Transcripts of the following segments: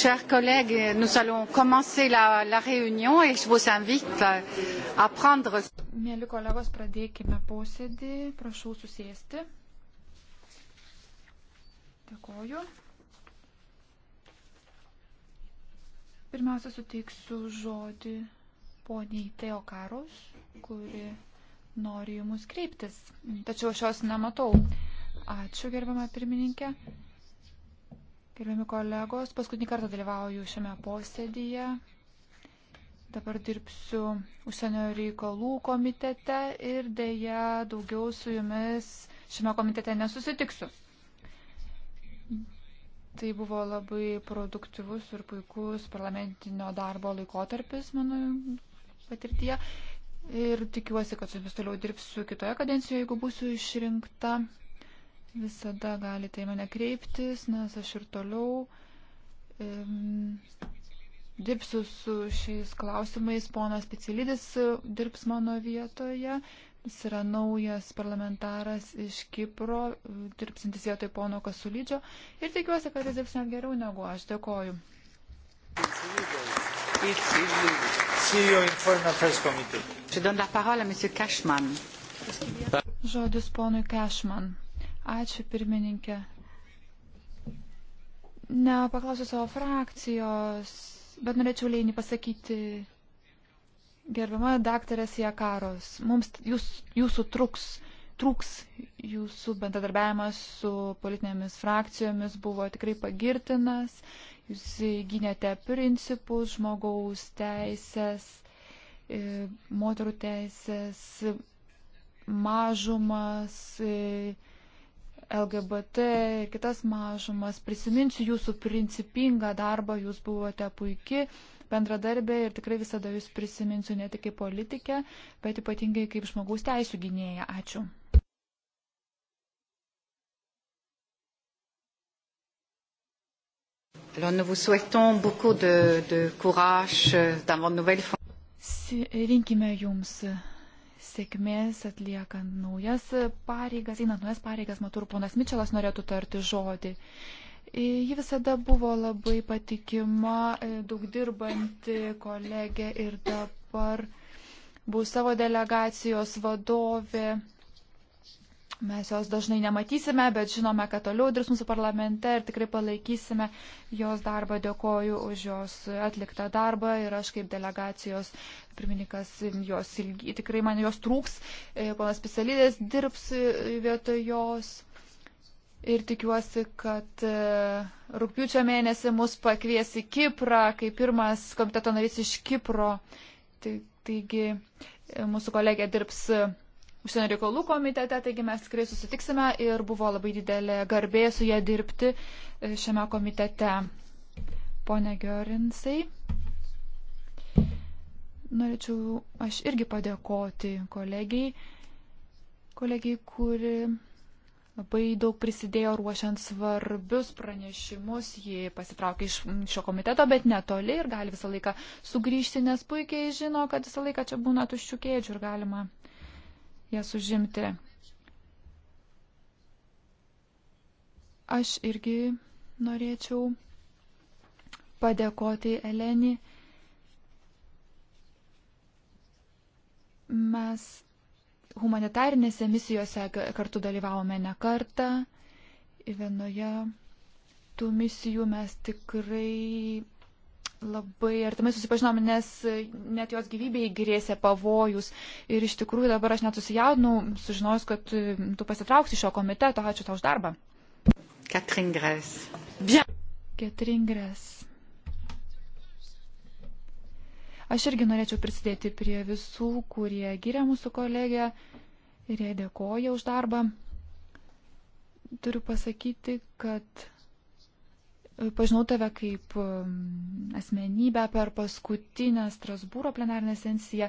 Chers collègues, nous allons commencer la, la réunion et je vous invite à prendre. Mėly kolegos, pradėkime posėdį. Prašau susėsti. Dėkoju. Pirmiausia, suteiksiu žodį poniai Teo Karos, kuri nori į mus kreiptis. Tačiau šios nematau. Ačiū, gerbama pirmininkė. Gerbiami kolegos, paskutinį kartą dalyvauju šiame posėdyje. Dabar dirbsiu užsienio reikalų komitete ir dėja daugiau su jumis šiame komitete nesusitiksiu. Tai buvo labai produktyvus ir puikus parlamentinio darbo laikotarpis mano patirtyje. Ir tikiuosi, kad su jumis toliau dirbsiu kitoje kadencijoje, jeigu būsiu išrinkta Visada galite į mane kreiptis, nes aš ir toliau um, dirbsiu su šiais klausimais. Ponas Picilidis e, dirbs mano vietoje. Jis yra naujas parlamentaras iš Kipro, e, dirbsintis vietoj pono Kasulydžio. Ir tikiuosi, kad jis dirbs net geriau negu aš. Dėkoju. Žodis ponui Cashman. Ačiū pirmininkė. Nepaklausiu savo frakcijos, bet norėčiau Leinį pasakyti, gerbama daktarės Jekaros, mums jūs, jūsų truks, trūks jūsų bendradarbiavimas su politinėmis frakcijomis buvo tikrai pagirtinas, jūs gynėte principus, žmogaus teisės, e, moterų teisės, mažumas. E, LGBT ir kitas mažumas. Prisiminsiu jūsų principingą darbą, jūs buvote puikiai bendradarbė ir tikrai visada jūs prisiminsiu ne tik kaip politikė, bet ypatingai kaip žmogaus teisų gynėja. Ačiū. Alors nous vous souhaitons beaucoup de, de courage euh, dans vos nouvelles fonctions. Rinkime jums sėkmės atliekant naujas pareigas, einant naujas pareigas, matau, ir ponas Mičelas norėtų tarti žodį. E, ji visada buvo labai patikima, e, daug dirbanti kolegė ir dabar bus savo delegacijos vadovė Mes jos dažnai nematysime, bet žinome, kad toliau dirbs mūsų parlamente ir tikrai palaikysime jos darbą. Dėkoju už jos atliktą darbą ir aš kaip delegacijos pirmininkas jos ilgi, tikrai man jos trūks. E, ponas Pisalydės dirbs vietoj jos. Ir tikiuosi, kad e, rūpiučio mėnesį mus pakvies į Kiprą, kaip pirmas komiteto narys iš Kipro. Tai, taigi e, mūsų kolegė dirbs užsienio reikalų komitete, taigi mes tikrai susitiksime ir buvo labai didelė garbė su ją dirbti e, šiame komitete. Pone Gerinsai, norėčiau aš irgi padėkoti kolegijai, kolegijai, kuri labai daug prisidėjo ruošiant svarbius pranešimus. Ji pasitraukė iš šio komiteto, bet netoli ir gali visą laiką sugrįžti, nes puikiai žino, kad visą laiką čia būna tuščių kėdžių ir galima jas užimti. Aš irgi norėčiau padėkoti Eleni. Mes humanitarinėse misijose kartu dalyvavome ne kartą. Vienoje tų misijų mes tikrai labai artimai susipažinom, nes net jos gyvybei grėsė pavojus. Ir iš tikrųjų dabar aš net susijaudinau, sužinojus, kad tu pasitrauksi šio komiteto. Ačiū tau už darbą. Ketringres. Bien. Ketringres. Aš irgi norėčiau prisidėti prie visų, kurie giria mūsų kolegę ir jai dėkoja už darbą. Turiu pasakyti, kad pažinau tave kaip mm, asmenybę per paskutinę Strasbūro plenarinę sesiją,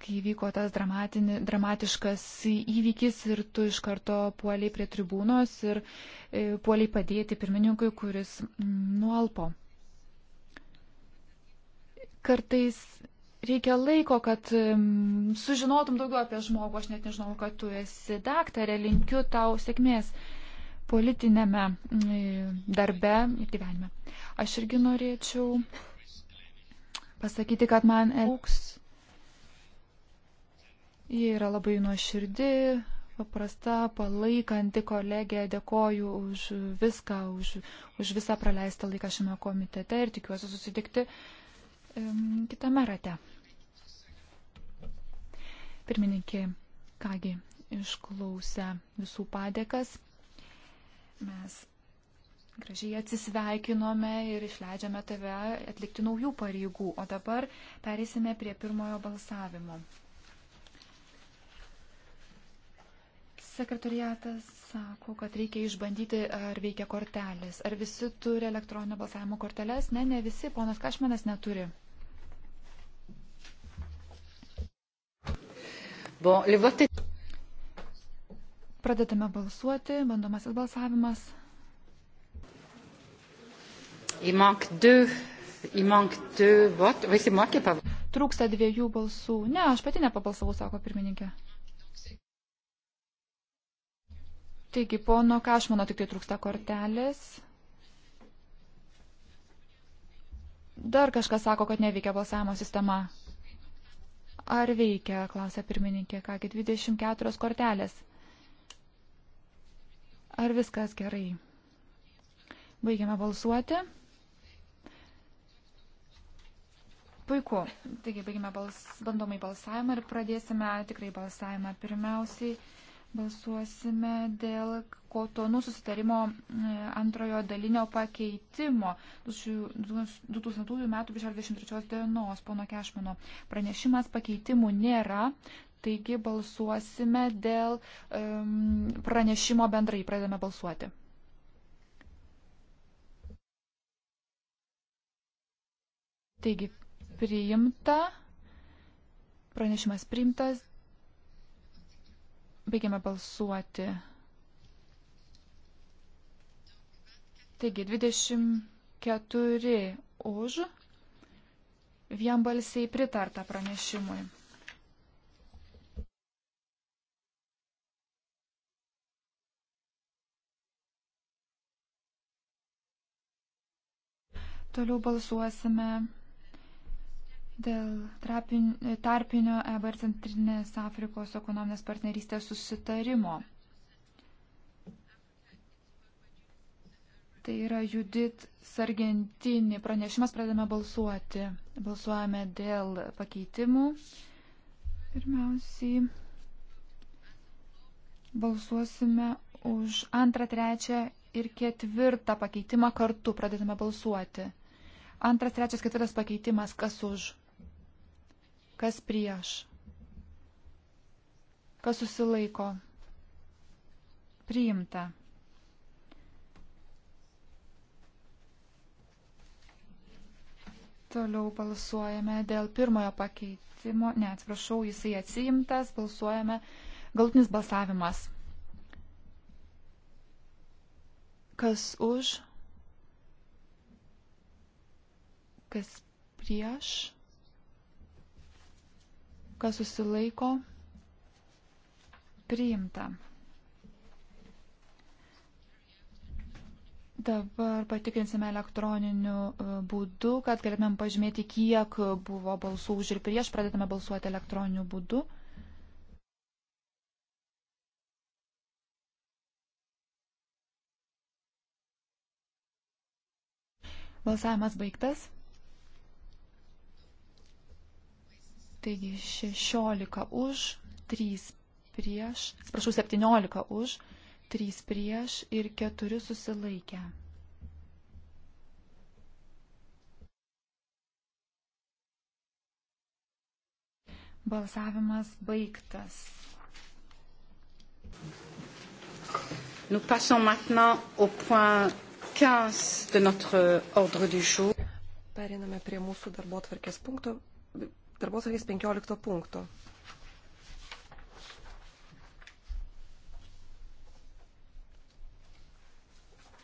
kai vyko tas dramatiškas įvykis ir tu iš karto puoliai prie tribūnos ir e, puoliai padėti pirmininkui, kuris mm, nuolpo. Kartais reikia laiko, kad mm, sužinotum daugiau apie žmogų, aš net nežinau, kad tu esi daktarė, linkiu tau sėkmės politinėme mm, darbe ir gyvenime. Aš irgi norėčiau pasakyti, kad man auks. Ji yra labai nuoširdi, paprasta, palaikanti kolegė. Dėkoju už viską, už, už visą praleistą laiką šiame komitete ir tikiuosi susitikti um, kitame rate. Pirmininkė, kągi, išklausę visų padėkas. Mes gražiai atsisveikinome ir išleidžiame tave atlikti naujų pareigų, o dabar perėsime prie pirmojo balsavimo. Sekretariatas sako, kad reikia išbandyti, ar veikia kortelės. Ar visi turi elektroninio balsavimo korteles? Ne, ne visi. Ponas Kašmenas neturi. Bon, le vote est... Pradedame balsuoti, bandomasis balsavimas. Trūksta dviejų balsų. Ne, aš pati nepabalsavau, sako pirmininkė. Taigi, pono Kašmano tik tai trūksta kortelės. Dar kažkas sako, kad neveikia balsavimo sistema. Ar veikia, klausia pirmininkė, kągi 24 kortelės. Ar viskas gerai? Baigiame balsuoti. Puiku. Taigi, baigime bals, bandomai balsavimą ir pradėsime tikrai balsavimą. Pirmiausiai balsuosime dėl kotonų susitarimo e, antrojo dalinio pakeitimo 2000 metų 23 dienos pono Kešmano pranešimas pakeitimų nėra, Taigi balsuosime dėl um, pranešimo bendrai. Pradedame balsuoti. Taigi, priimta. Pranešimas priimtas. Baigiame balsuoti. Taigi, 24 už. Vienbalsiai pritarta pranešimui. Toliau balsuosime dėl trapin, tarpinio EBA ir Centrinės Afrikos ekonominės partnerystės susitarimo. Tai yra Judit Sargentini pranešimas, pradame balsuoti. Balsuojame dėl pakeitimų. Pirmiausiai balsuosime už antrą, trečią ir ketvirtą pakeitimą kartu. Pradedame balsuoti. Antras, trečias, ketvirtas pakeitimas, kas už, kas prieš, kas susilaiko, priimta. Toliau balsuojame dėl pirmojo pakeitimo, ne atsiprašau, jisai atsiimtas, balsuojame galtinis balsavimas. Kas už? kas prieš, kas susilaiko, priimta. Dabar patikrinsime elektroniniu e, būdu, kad galėtumėm pažymėti, kiek buvo balsų už ir prieš. Pradedame balsuoti elektroniniu būdu. Balsavimas baigtas. Taigi 16 už, 3 prieš, atsiprašau, 17 už, 3 prieš ir 4 susilaikę. Balsavimas baigtas. Nous passons maintenant au point 15 de notre ordre du jour. Periname prie mūsų darbo tvarkės punkto darbos varės 15 punkto.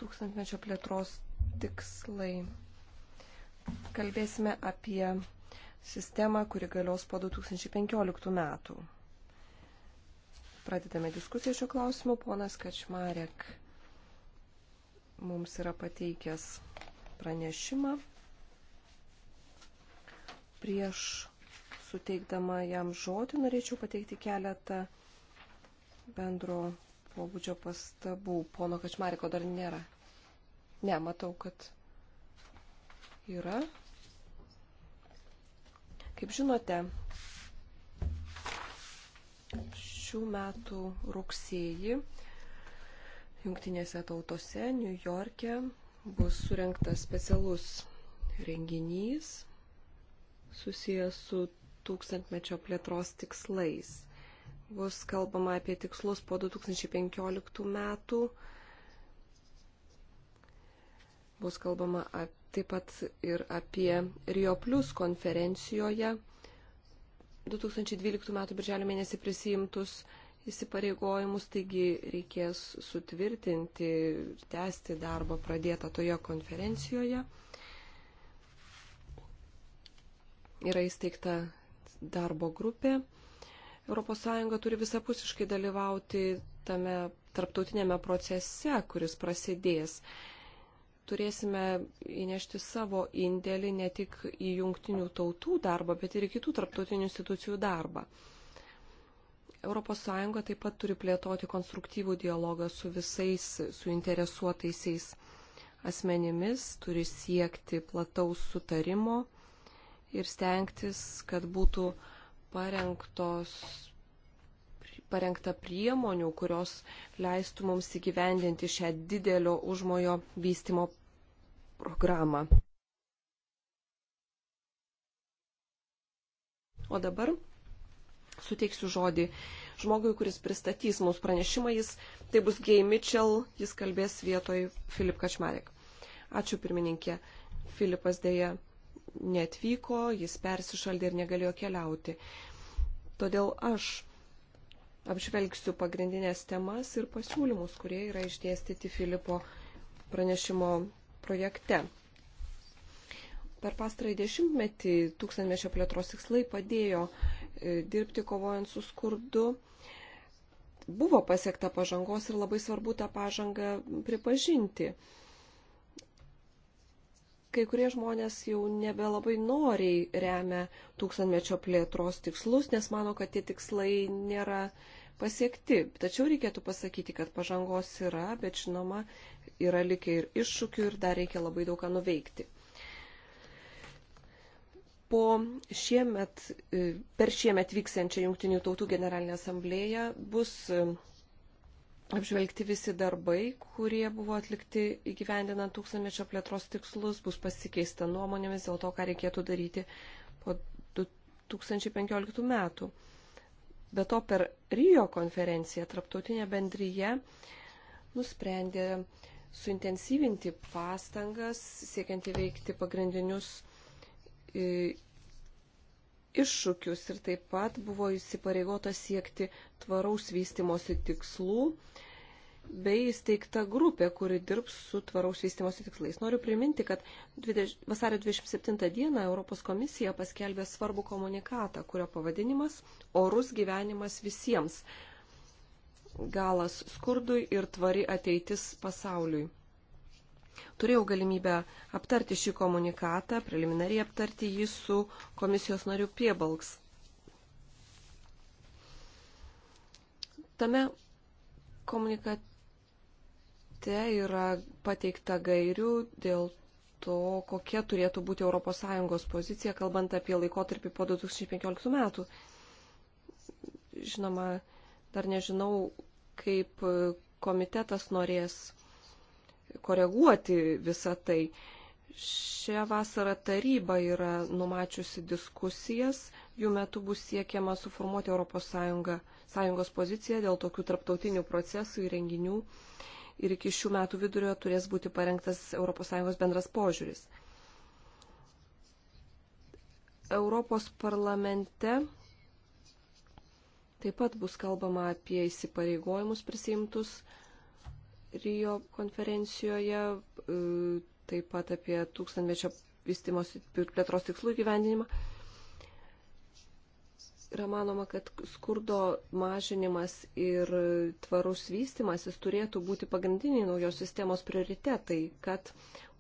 Tūkstantmečio plėtros tikslai. Kalbėsime apie sistemą, kuri galios po 2015 metų. Pradedame diskusiją šio klausimu. Ponas Kačmarek mums yra pateikęs pranešimą prieš suteikdama jam žodį, norėčiau pateikti keletą bendro pobūdžio pastabų. Pono Kačmariko dar nėra. Ne, matau, kad yra. Kaip žinote, šių metų rugsėjį Junktinėse tautose, New York'e bus surinktas specialus renginys susijęs su tūkstantmečio plėtros tikslais. Bus kalbama apie tikslus po 2015 metų. Bus kalbama taip pat ir apie Rio Plus konferencijoje 2012 metų birželio mėnesį prisijimtus įsipareigojimus, taigi reikės sutvirtinti ir tęsti darbą pradėtą toje konferencijoje. Yra įsteigta darbo grupė. ES turi visapusiškai dalyvauti tame tarptautinėme procese, kuris prasidės. Turėsime įnešti savo indėlį ne tik į jungtinių tautų darbą, bet ir į kitų tarptautinių institucijų darbą. ES taip pat turi plėtoti konstruktyvų dialogą su visais suinteresuotaisiais asmenimis, turi siekti plataus sutarimo ir stengtis, kad būtų parengtos, parengta priemonių, kurios leistų mums įgyvendinti šią didelio užmojo vystimo programą. O dabar suteiksiu žodį žmogui, kuris pristatys mūsų pranešimą. Jis, tai bus Gay Mitchell, jis kalbės vietoj Filip Kačmarek. Ačiū pirmininkė. Filipas dėja netvyko, jis persišaldė ir negalėjo keliauti. Todėl aš apžvelgsiu pagrindinės temas ir pasiūlymus, kurie yra išdėstyti Filipo pranešimo projekte. Per pastarąjį dešimtmetį tūkstantmečio plėtros tikslai padėjo e, dirbti kovojant su skurdu. Buvo pasiekta pažangos ir labai svarbu tą pažangą pripažinti kai kurie žmonės jau nebelabai noriai remia tūkstantmečio plėtros tikslus, nes mano, kad tie tikslai nėra pasiekti. Tačiau reikėtų pasakyti, kad pažangos yra, bet žinoma, yra likę ir iššūkių ir dar reikia labai daug ką nuveikti. Po šiemet, e, per šiemet vyksiančią Junktinių tautų generalinę asamblėją bus e, apžvelgti visi darbai, kurie buvo atlikti įgyvendinant tūkstantmečio plėtros tikslus, bus pasikeista nuomonėmis dėl to, ką reikėtų daryti po 2015 metų. Be to, per Rio konferenciją Traptautinė bendryje nusprendė suintensyvinti pastangas, siekiant įveikti pagrindinius e, iššūkius ir taip pat buvo įsipareigota siekti tvaraus vystimosi tikslų bei įsteigta grupė, kuri dirbs su tvaraus vystimosi tikslais. Noriu priminti, kad 20, vasario 27 dieną Europos komisija paskelbė svarbų komunikatą, kurio pavadinimas Orus gyvenimas visiems. Galas skurdui ir tvari ateitis pasauliui. Turėjau galimybę aptarti šį komunikatą, preliminariai aptarti jį su komisijos nariu Piebalgs. Tame komunikate Parlamente yra pateikta gairių dėl to, kokia turėtų būti ES pozicija, kalbant apie laikotarpį po 2015 metų. Žinoma, dar nežinau, kaip komitetas norės koreguoti visą tai. Šią vasarą taryba yra numačiusi diskusijas, jų metu bus siekiama suformuoti ES poziciją dėl tokių tarptautinių procesų ir renginių. Uh, ir iki šių metų vidurio turės būti parengtas ES bendras požiūris. Europos parlamente taip pat bus kalbama apie įsipareigojimus prisimtus Rio konferencijoje, e, taip pat apie tūkstantmečio vystimosi plėtros tikslų gyvendinimą yra manoma, kad skurdo mažinimas ir tvarus vystimasis turėtų būti pagrindiniai naujos sistemos prioritetai, kad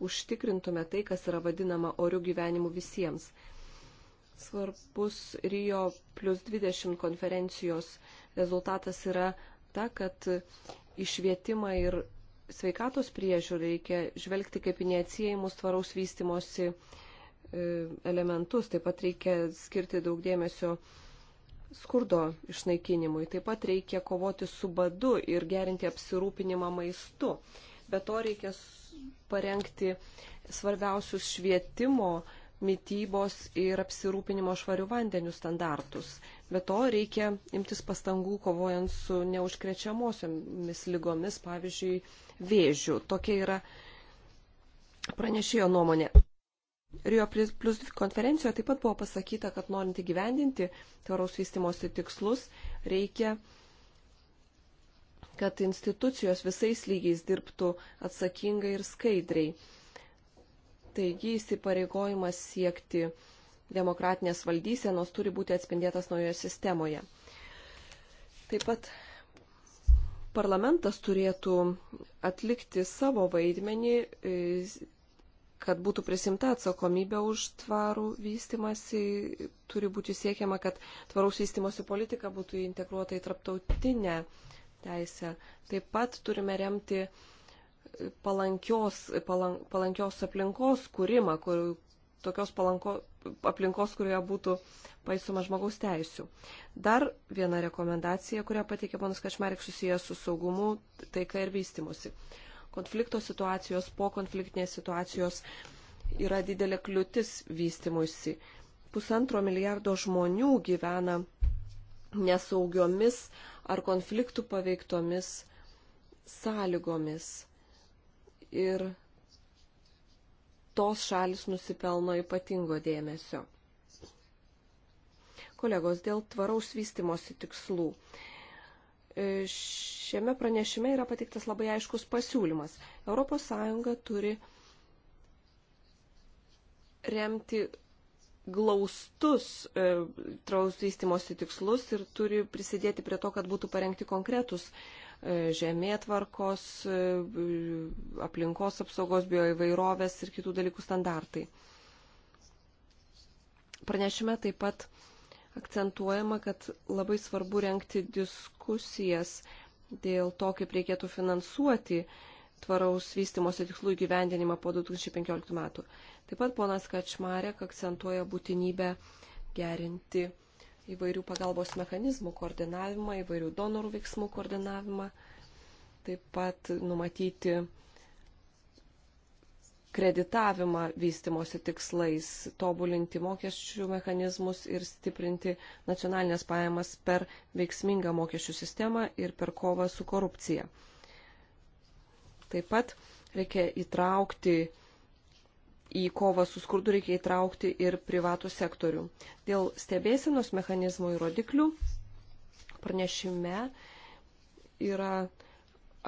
užtikrintume tai, kas yra vadinama orių gyvenimu visiems. Svarbus Rio plus 20 konferencijos rezultatas yra ta, kad išvietimą ir sveikatos priežiūrą reikia žvelgti kaip į neatsiejimus tvaraus vystimosi e, elementus. Taip pat reikia skirti daug dėmesio skurdo išnaikinimui. Taip pat reikia kovoti su badu ir gerinti apsirūpinimą maistu. Be to reikia parengti svarbiausius švietimo, mytybos ir apsirūpinimo švarių vandenių standartus. Be to reikia imtis pastangų kovojant su neužkrečiamosiomis lygomis, pavyzdžiui, vėžiu. Tokia yra pranešėjo nuomonė. Rio plus konferencijoje taip pat buvo pasakyta, kad norint įgyvendinti tvaraus vystimosi tikslus, reikia, kad institucijos visais lygiais dirbtų atsakingai ir skaidriai. Taigi įsipareigojimas siekti demokratinės valdysenos turi būti atspindėtas naujoje sistemoje. Taip pat parlamentas turėtų atlikti savo vaidmenį e, kad būtų prisimta atsakomybė už tvarų vystimasi, turi būti siekiama, kad tvaraus vystimosi politika būtų integruota į traptautinę teisę. Taip pat turime remti palankios, palank, palankios aplinkos kūrimą, kur, tokios palanko, aplinkos, kurioje būtų paisoma žmogaus teisių. Dar viena rekomendacija, kurią pateikė panas Kačmarek susijęs su saugumu, taika ir vystimusi konflikto situacijos, po konfliktinės situacijos yra didelė kliūtis vystimuisi. Pusantro milijardo žmonių gyvena nesaugiomis ar konfliktų paveiktomis sąlygomis. Ir tos šalis nusipelno ypatingo dėmesio. Kolegos, dėl tvaraus vystimosi tikslų. Šiame pranešime yra pateiktas labai aiškus pasiūlymas. ES turi remti glaustus e, traus vystimosi tikslus ir turi prisidėti prie to, kad būtų parengti konkretus e, žemėtvarkos, e, aplinkos apsaugos, bioįvairovės ir kitų dalykų standartai. Pranešime taip pat e, akcentuojama, kad labai svarbu renkti diskusijas dėl to, kaip reikėtų finansuoti tvaraus vystimosi tikslų įgyvendinimą po 2015 metų. Taip pat ponas Kačmarek akcentuoja būtinybę gerinti įvairių pagalbos mechanizmų koordinavimą, įvairių donorų veiksmų koordinavimą, taip pat numatyti kreditavimą vystimosi tikslais, tobulinti mokesčių mechanizmus ir stiprinti nacionalinės pajamas per veiksmingą mokesčių sistemą ir per kovą su korupcija. Taip pat reikia įtraukti į kovą su skurdu reikia įtraukti ir privatų sektorių. Dėl stebėsinos mechanizmų ir rodiklių pranešime yra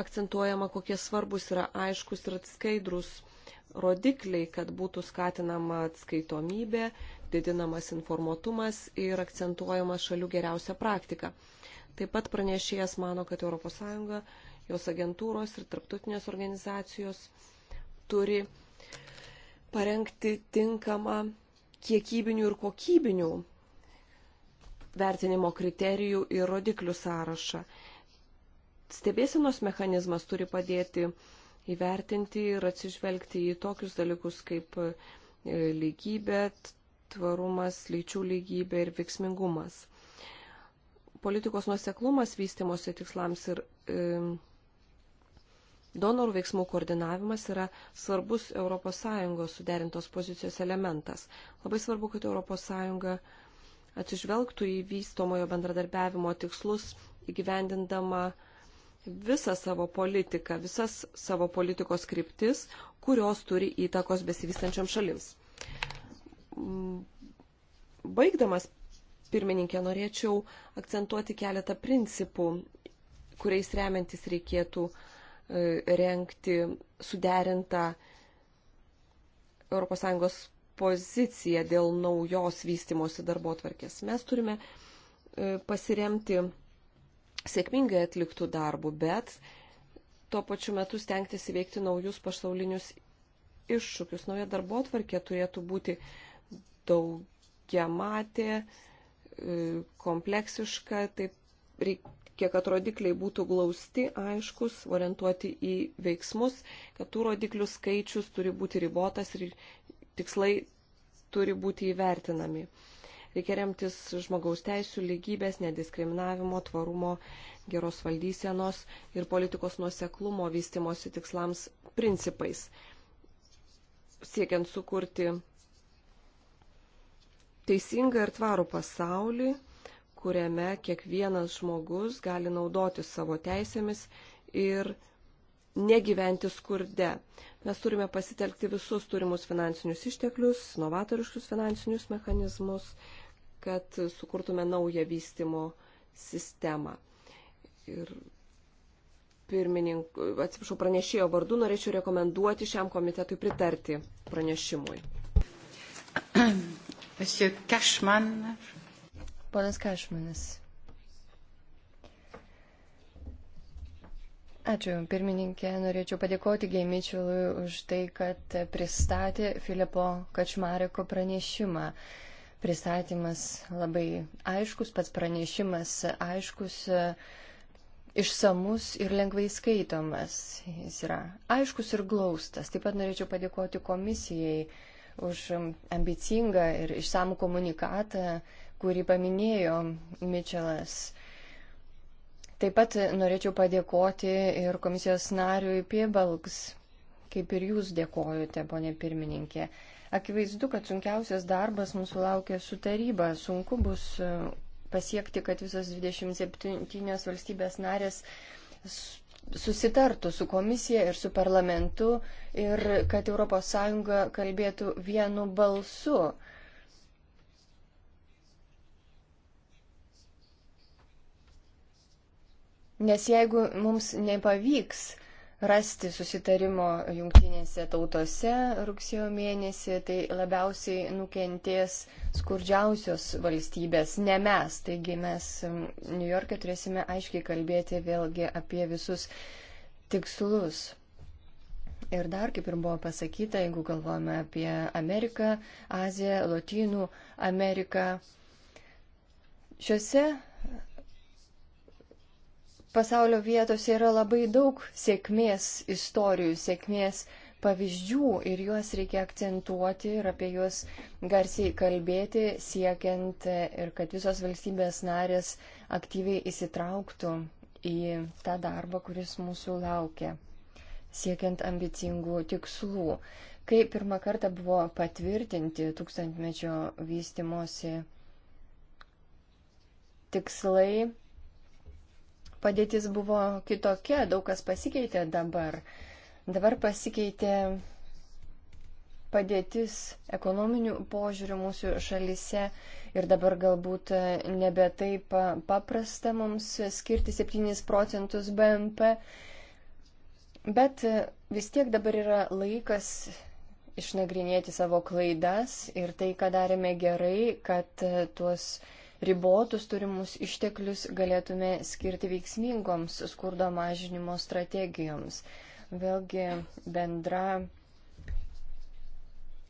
akcentuojama, kokie svarbus yra aiškus ir atskaidrus rodikliai, kad būtų skatinama atskaitomybė, didinamas informuotumas ir akcentuojama šalių geriausia praktika. Taip pat pranešėjas mano, kad ES, jos agentūros ir tarptautinės organizacijos turi parengti tinkamą kiekybinių ir kokybinių vertinimo kriterijų ir rodiklių sąrašą. Stebėsinos mechanizmas turi padėti uh, įvertinti ir atsižvelgti į tokius dalykus kaip e, lygybė, tvarumas, lyčių lygybė ir veiksmingumas. Politikos nuoseklumas vystimosi tikslams ir e, donorų veiksmų koordinavimas yra svarbus ES suderintos pozicijos elementas. Labai svarbu, kad ES atsižvelgtų į vystomojo bendradarbiavimo tikslus įgyvendindama e, visą savo politiką, visas savo politikos kryptis, kurios turi įtakos besivystančiam šalims. Mm, baigdamas, pirmininkė, norėčiau akcentuoti keletą principų, kuriais remiantis reikėtų e, renkti suderintą ES poziciją dėl naujos vystimosi darbo tvarkės. Mes turime e, pasiremti sėkmingai atliktų darbų, bet tuo pačiu metu stengtis įveikti naujus pasaulinius iššūkius. Nauja darbo atvarkė turėtų būti daugiamatė, e, kompleksiška, taip reikia, kad rodikliai būtų glausti, aiškus, orientuoti į veiksmus, kad tų rodiklių skaičius turi būti ribotas ir tikslai turi būti įvertinami. Reikia remtis žmogaus teisų lygybės, nediskriminavimo, tvarumo, geros valdysenos ir politikos nuoseklumo vystimosi tikslams principais, siekiant sukurti teisingą ir tvarų pasaulį, kuriame kiekvienas žmogus gali naudotis savo teisėmis ir negyventi skurde. Mes turime pasitelkti visus turimus finansinius išteklius, novatoriškus finansinius mechanizmus, kad sukurtume naują vystimo sistemą. Ir pirmininko, atsiprašau, pranešėjo vardu norėčiau rekomenduoti šiam komitetui pritarti pranešimui. Kašman. Ponas Kašmanas. Ačiū, pirmininkė. Norėčiau padėkoti Geimičiului už tai, kad pristatė Filipo Kačmareko pranešimą. Uh, pristatymas labai aiškus, pats pranešimas aiškus, išsamus ir lengvai skaitomas. Jis yra aiškus ir glaustas. Taip pat norėčiau padėkoti komisijai už ambicingą ir išsamų komunikatą, kurį paminėjo Mitčelas. Taip pat norėčiau padėkoti ir komisijos nariui Piebalgs, kaip ir jūs dėkojate, ponė pirmininkė. Akivaizdu, kad sunkiausias darbas mūsų laukia su taryba. Sunku bus e, pasiekti, kad visos 27 valstybės narės susitartų su komisija ir su parlamentu ir kad ES kalbėtų vienu balsu. Nes jeigu mums nepavyks rasti susitarimo jungtinėse tautose rugsėjo mėnesį, tai labiausiai nukentės skurdžiausios valstybės, ne mes. Taigi mes New York'e turėsime aiškiai kalbėti vėlgi apie visus tikslus. Ir dar, kaip ir buvo pasakyta, jeigu galvojame apie Ameriką, Aziją, Lotynų Ameriką, šiuose pasaulio vietose yra labai daug sėkmės istorijų, sėkmės pavyzdžių ir juos reikia akcentuoti ir apie juos garsiai kalbėti, siekiant e, ir kad visos valstybės narės aktyviai įsitrauktų į tą darbą, kuris mūsų laukia, siekiant ambicingų tikslų. Kai pirmą kartą buvo patvirtinti tūkstantmečio vystimosi tikslai, padėtis buvo kitokia, daug kas pasikeitė dabar. Dabar pasikeitė padėtis ekonominių požiūrių mūsų šalise ir dabar galbūt nebe taip paprasta mums skirti 7 procentus BMP, bet vis tiek dabar yra laikas išnagrinėti savo klaidas ir tai, ką darėme gerai, kad tuos ribotus turimus išteklius galėtume skirti veiksmingoms skurdo mažinimo strategijoms. Vėlgi bendra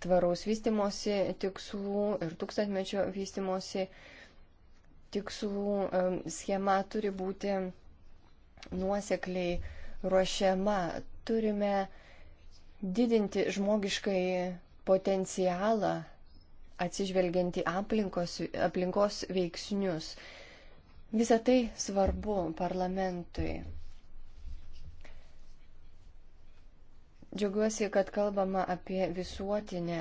tvaraus vystimosi tikslų ir tūkstantmečio vystimosi tikslų schema turi būti nuosekliai ruošiama. Turime didinti žmogiškai potencialą atsižvelgiant į aplinkos, aplinkos veiksnius. Visą tai svarbu parlamentui. Džiaugiuosi, kad kalbama apie visuotinę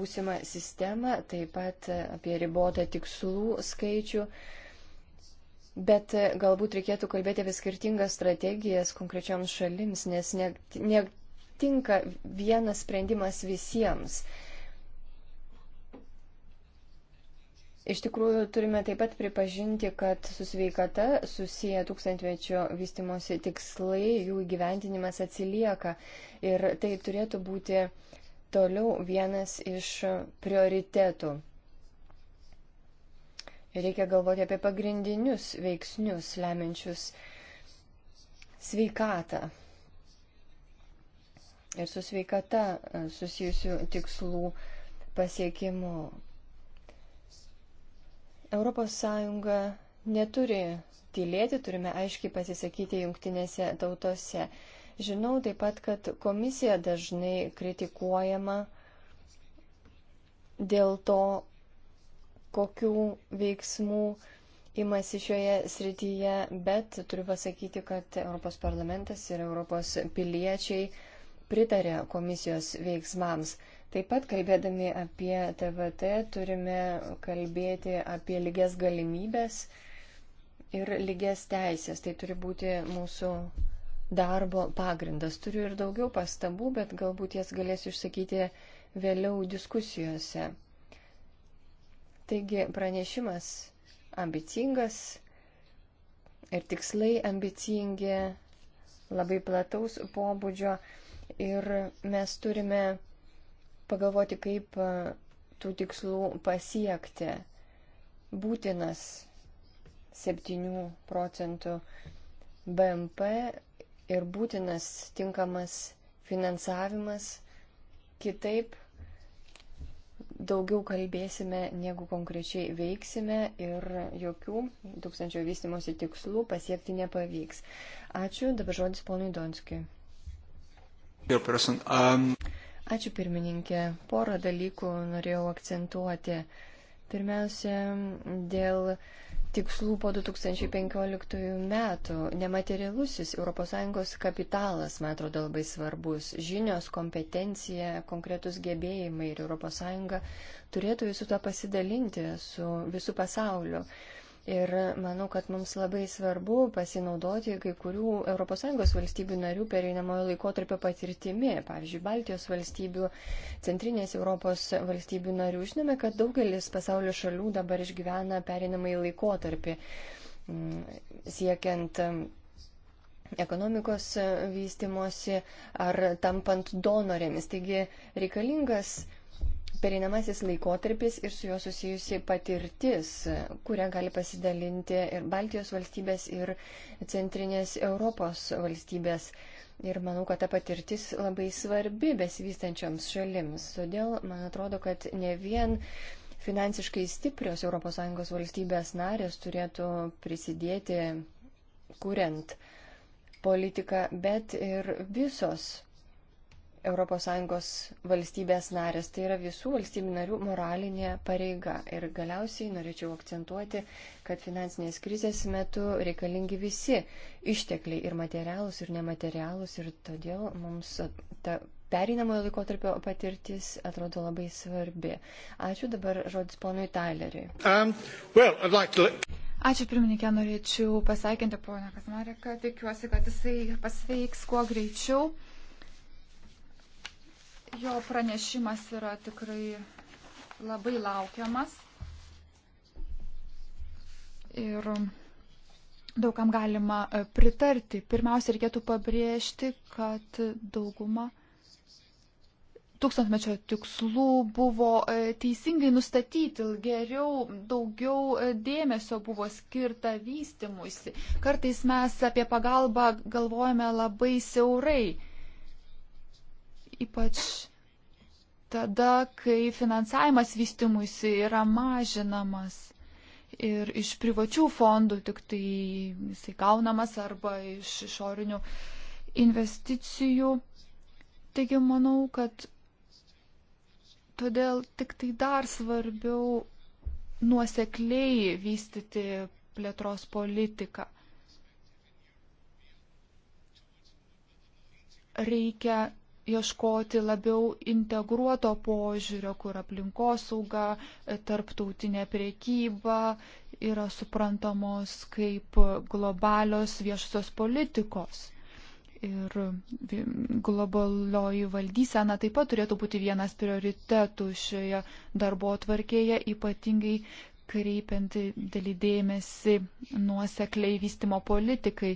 būsimą sistemą, taip pat apie ribotą tikslų skaičių. Bet galbūt reikėtų kalbėti apie skirtingas strategijas konkrečioms šalims, nes netinka vienas sprendimas visiems. Iš tikrųjų, turime taip pat pripažinti, kad su sveikata susiję tūkstantmečio vystimosi tikslai, jų įgyvendinimas atsilieka. Ir tai turėtų būti toliau vienas iš prioritetų. Reikia galvoti apie pagrindinius veiksnius lemiančius sveikatą ir su sveikata susijusių tikslų pasiekimu. ES neturi tylėti, turime aiškiai pasisakyti jungtinėse tautose. Žinau taip pat, kad komisija dažnai kritikuojama dėl to, kokių veiksmų imasi šioje srityje, bet turiu pasakyti, kad Europos parlamentas ir Europos piliečiai pritarė komisijos veiksmams. Taip pat kalbėdami apie TVT turime kalbėti apie lygias galimybės ir lygias teisės. Tai turi būti mūsų darbo pagrindas. Turiu ir daugiau pastabų, bet galbūt jas galėsiu išsakyti vėliau diskusijose. Taigi pranešimas ambicingas ir tikslai ambicingi, labai plataus pobūdžio ir mes turime pagalvoti, kaip e, tų tikslų pasiekti. Būtinas 7 procentų BMP ir būtinas tinkamas finansavimas. Kitaip daugiau kalbėsime, negu konkrečiai veiksime ir jokių tūkstančio vystimosi tikslų pasiekti nepavyks. Ačiū, dabar žodis ponui Donskiui. Um... Ačiū pirmininkė. Porą dalykų norėjau akcentuoti. Pirmiausia, dėl tikslų po 2015 metų nematerialusis ES kapitalas, man atrodo, labai svarbus. Žinios, kompetencija, konkretus gebėjimai ir ES turėtų visų tą pasidalinti su visų pasauliu. Ir manau, kad mums labai svarbu pasinaudoti kai kurių ES valstybių narių pereinamojo laikotarpio patirtimi, pavyzdžiui, Baltijos valstybių, Centrinės Europos valstybių narių. Žinome, kad daugelis pasaulio šalių dabar išgyvena pereinamąjį laikotarpį mm, siekiant mm, ekonomikos mm, vystimosi ar tampant donorėmis. Taigi reikalingas pereinamasis laikotarpis ir su juo susijusi patirtis, kurią gali pasidalinti ir Baltijos valstybės, ir centrinės Europos valstybės. Ir manau, kad ta patirtis labai svarbi besivystančioms šalims. Todėl man atrodo, kad ne vien finansiškai stiprios ES valstybės narės turėtų prisidėti kuriant politiką, bet ir visos ES valstybės narės. Tai yra visų valstybių narių moralinė pareiga. Ir galiausiai norėčiau akcentuoti, kad finansinės krizės metu reikalingi visi ištekliai ir materialus, ir nematerialus. Ir todėl mums ta pereinamojo laikotarpio patirtis atrodo labai svarbi. Ačiū dabar žodis ponui Taileriui. Um, well, like to... Ačiū pirmininkė, norėčiau pasveikinti poną Kasmareką, tikiuosi, kad jisai pasveiks kuo greičiau. Jo pranešimas yra tikrai labai laukiamas. Ir daugam galima e, pritarti. Pirmiausia, reikėtų pabrėžti, kad dauguma tūkstantmečio tikslų buvo e, teisingai nustatyti, geriau, daugiau e, dėmesio buvo skirta vystimuisi. Kartais mes apie pagalbą galvojame labai siaurai ypač tada, kai finansavimas vystimuisi yra mažinamas ir iš privačių fondų tik tai jisai gaunamas arba iš išorinių investicijų. Taigi manau, kad todėl tik tai dar svarbiau nuosekliai vystyti plėtros politiką. Reikia ieškoti labiau integruoto požiūrio, kur aplinkosauga, tarptautinė priekyba yra suprantamos kaip globalios viešosios politikos. Ir globalioji valdysena taip pat turėtų būti vienas prioritetų šioje darbo atvarkėje, ypatingai kreipiant dėlį dėmesį nuosekliai vystimo politikai,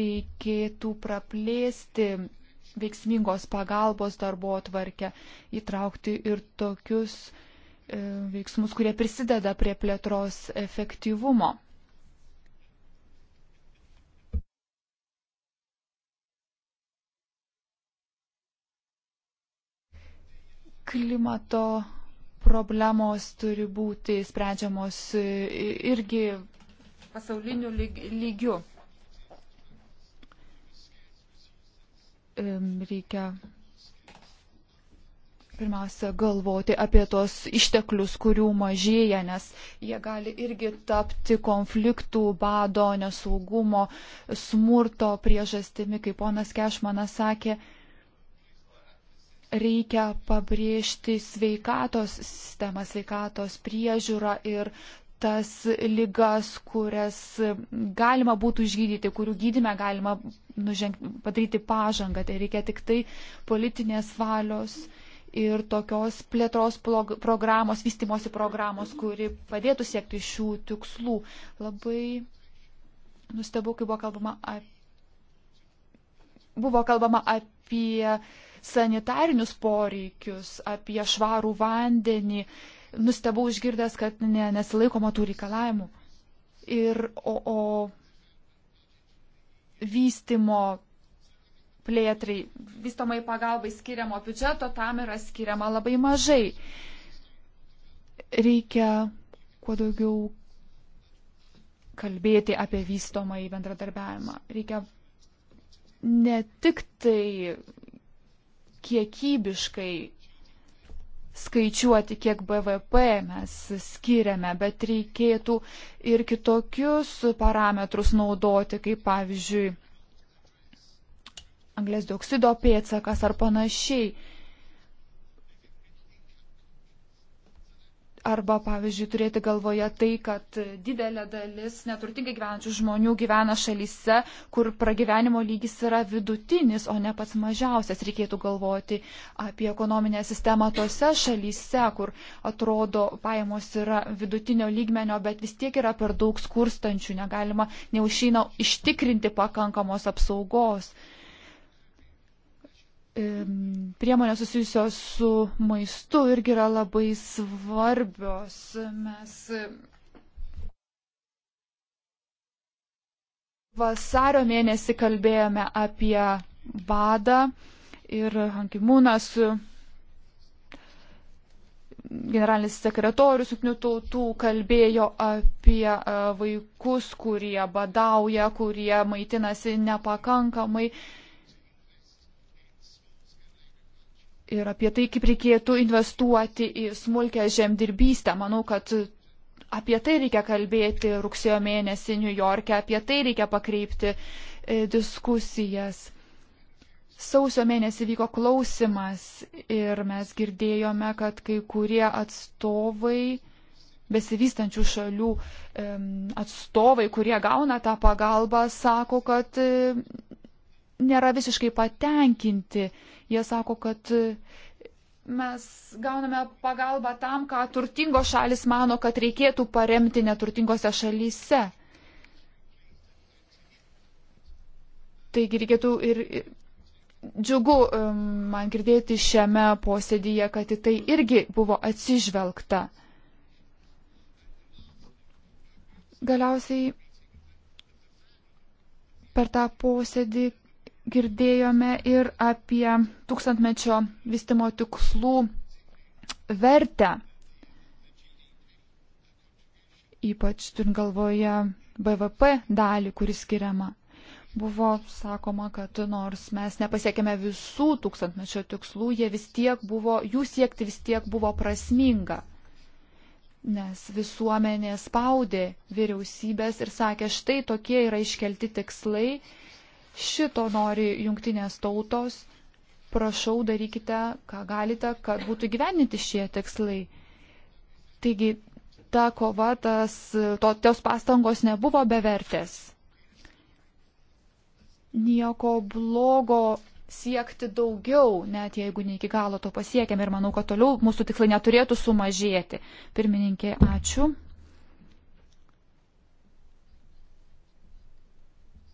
reikėtų praplėsti veiksmingos pagalbos darbo atvarkę, įtraukti ir tokius e, veiksmus, kurie prisideda prie plėtros efektyvumo. Klimato problemos turi būti sprendžiamos e, irgi pasauliniu lygiu. reikia pirmiausia galvoti apie tos išteklius, kurių mažėja, nes jie gali irgi tapti konfliktų, bado, nesaugumo, smurto priežastimi, kaip ponas Kešmanas sakė. Reikia pabrėžti sveikatos sistemą, sveikatos priežiūrą ir tas lygas, kurias galima būtų išgydyti, kurių gydime galima nužengt, padaryti pažangą. Tai reikia tik tai politinės valios ir tokios plėtros programos, vystimosi programos, kuri padėtų siekti šių tikslų. Labai nustebau, kai buvo kalbama apie. Buvo kalbama apie sanitarinius poreikius, apie švarų vandenį, uh, nustebau išgirdęs, kad ne, nesilaikoma tų reikalavimų. Ir o, o vystimo plėtrai, vystomai pagalbai skiriamo biudžeto tam yra skiriama labai mažai. Reikia kuo daugiau kalbėti apie vystomą į bendradarbiavimą. Reikia ne tik tai kiekybiškai skaičiuoti, kiek BVP mes skiriame, bet reikėtų ir kitokius parametrus naudoti, kaip pavyzdžiui, anglės dioksido pėtsakas ar panašiai. Arba, pavyzdžiui, turėti galvoje tai, kad didelė dalis neturtingai gyvenančių žmonių gyvena šalyse, kur pragyvenimo lygis yra vidutinis, o ne pats mažiausias. Reikėtų galvoti apie ekonominę sistemą tose šalyse, kur atrodo pajamos yra vidutinio lygmenio, bet vis tiek yra per daug skurstančių, negalima neužšyna užtikrinti pakankamos apsaugos. Uh, priemonės susijusios su maistu irgi yra labai svarbios. Mes vasario mėnesį kalbėjome apie badą ir Hankimūnas generalinis sekretorius jungtinių tautų kalbėjo apie e, vaikus, kurie badauja, kurie maitinasi nepakankamai. ir apie tai, kaip reikėtų investuoti į smulkę žemdirbystę. Manau, kad apie tai reikia kalbėti rugsėjo mėnesį New York'e, apie tai reikia pakreipti e, diskusijas. Sausio mėnesį vyko klausimas ir mes girdėjome, kad kai kurie atstovai, besivystančių šalių atstovai, kurie gauna tą pagalbą, sako, kad nėra visiškai patenkinti. Jie sako, kad e, mes gauname pagalbą tam, ką turtingos šalis mano, kad reikėtų paremti neturtingose šalyse. Taigi reikėtų ir džiugu man girdėti šiame posėdyje, kad į tai irgi buvo atsižvelgta. Galiausiai per tą posėdį girdėjome ir apie tūkstantmečio vystimo tikslų vertę. Ypač turint galvoje BVP dalį, kuri skiriama. Buvo sakoma, kad nors mes nepasiekėme visų tūkstantmečio tikslų, jie vis tiek buvo, jų siekti vis tiek buvo prasminga. Nes visuomenė spaudė vyriausybės ir sakė, štai tokie yra iškelti tikslai Šito nori jungtinės tautos. Prašau, darykite, ką galite, kad būtų gyveninti šie tikslai. Taigi, ta kova, tas, to, tos pastangos nebuvo bevertės. Nieko blogo siekti daugiau, net jeigu ne iki galo to pasiekėm ir manau, kad toliau mūsų tikslai neturėtų sumažėti. Pirmininkė, ačiū.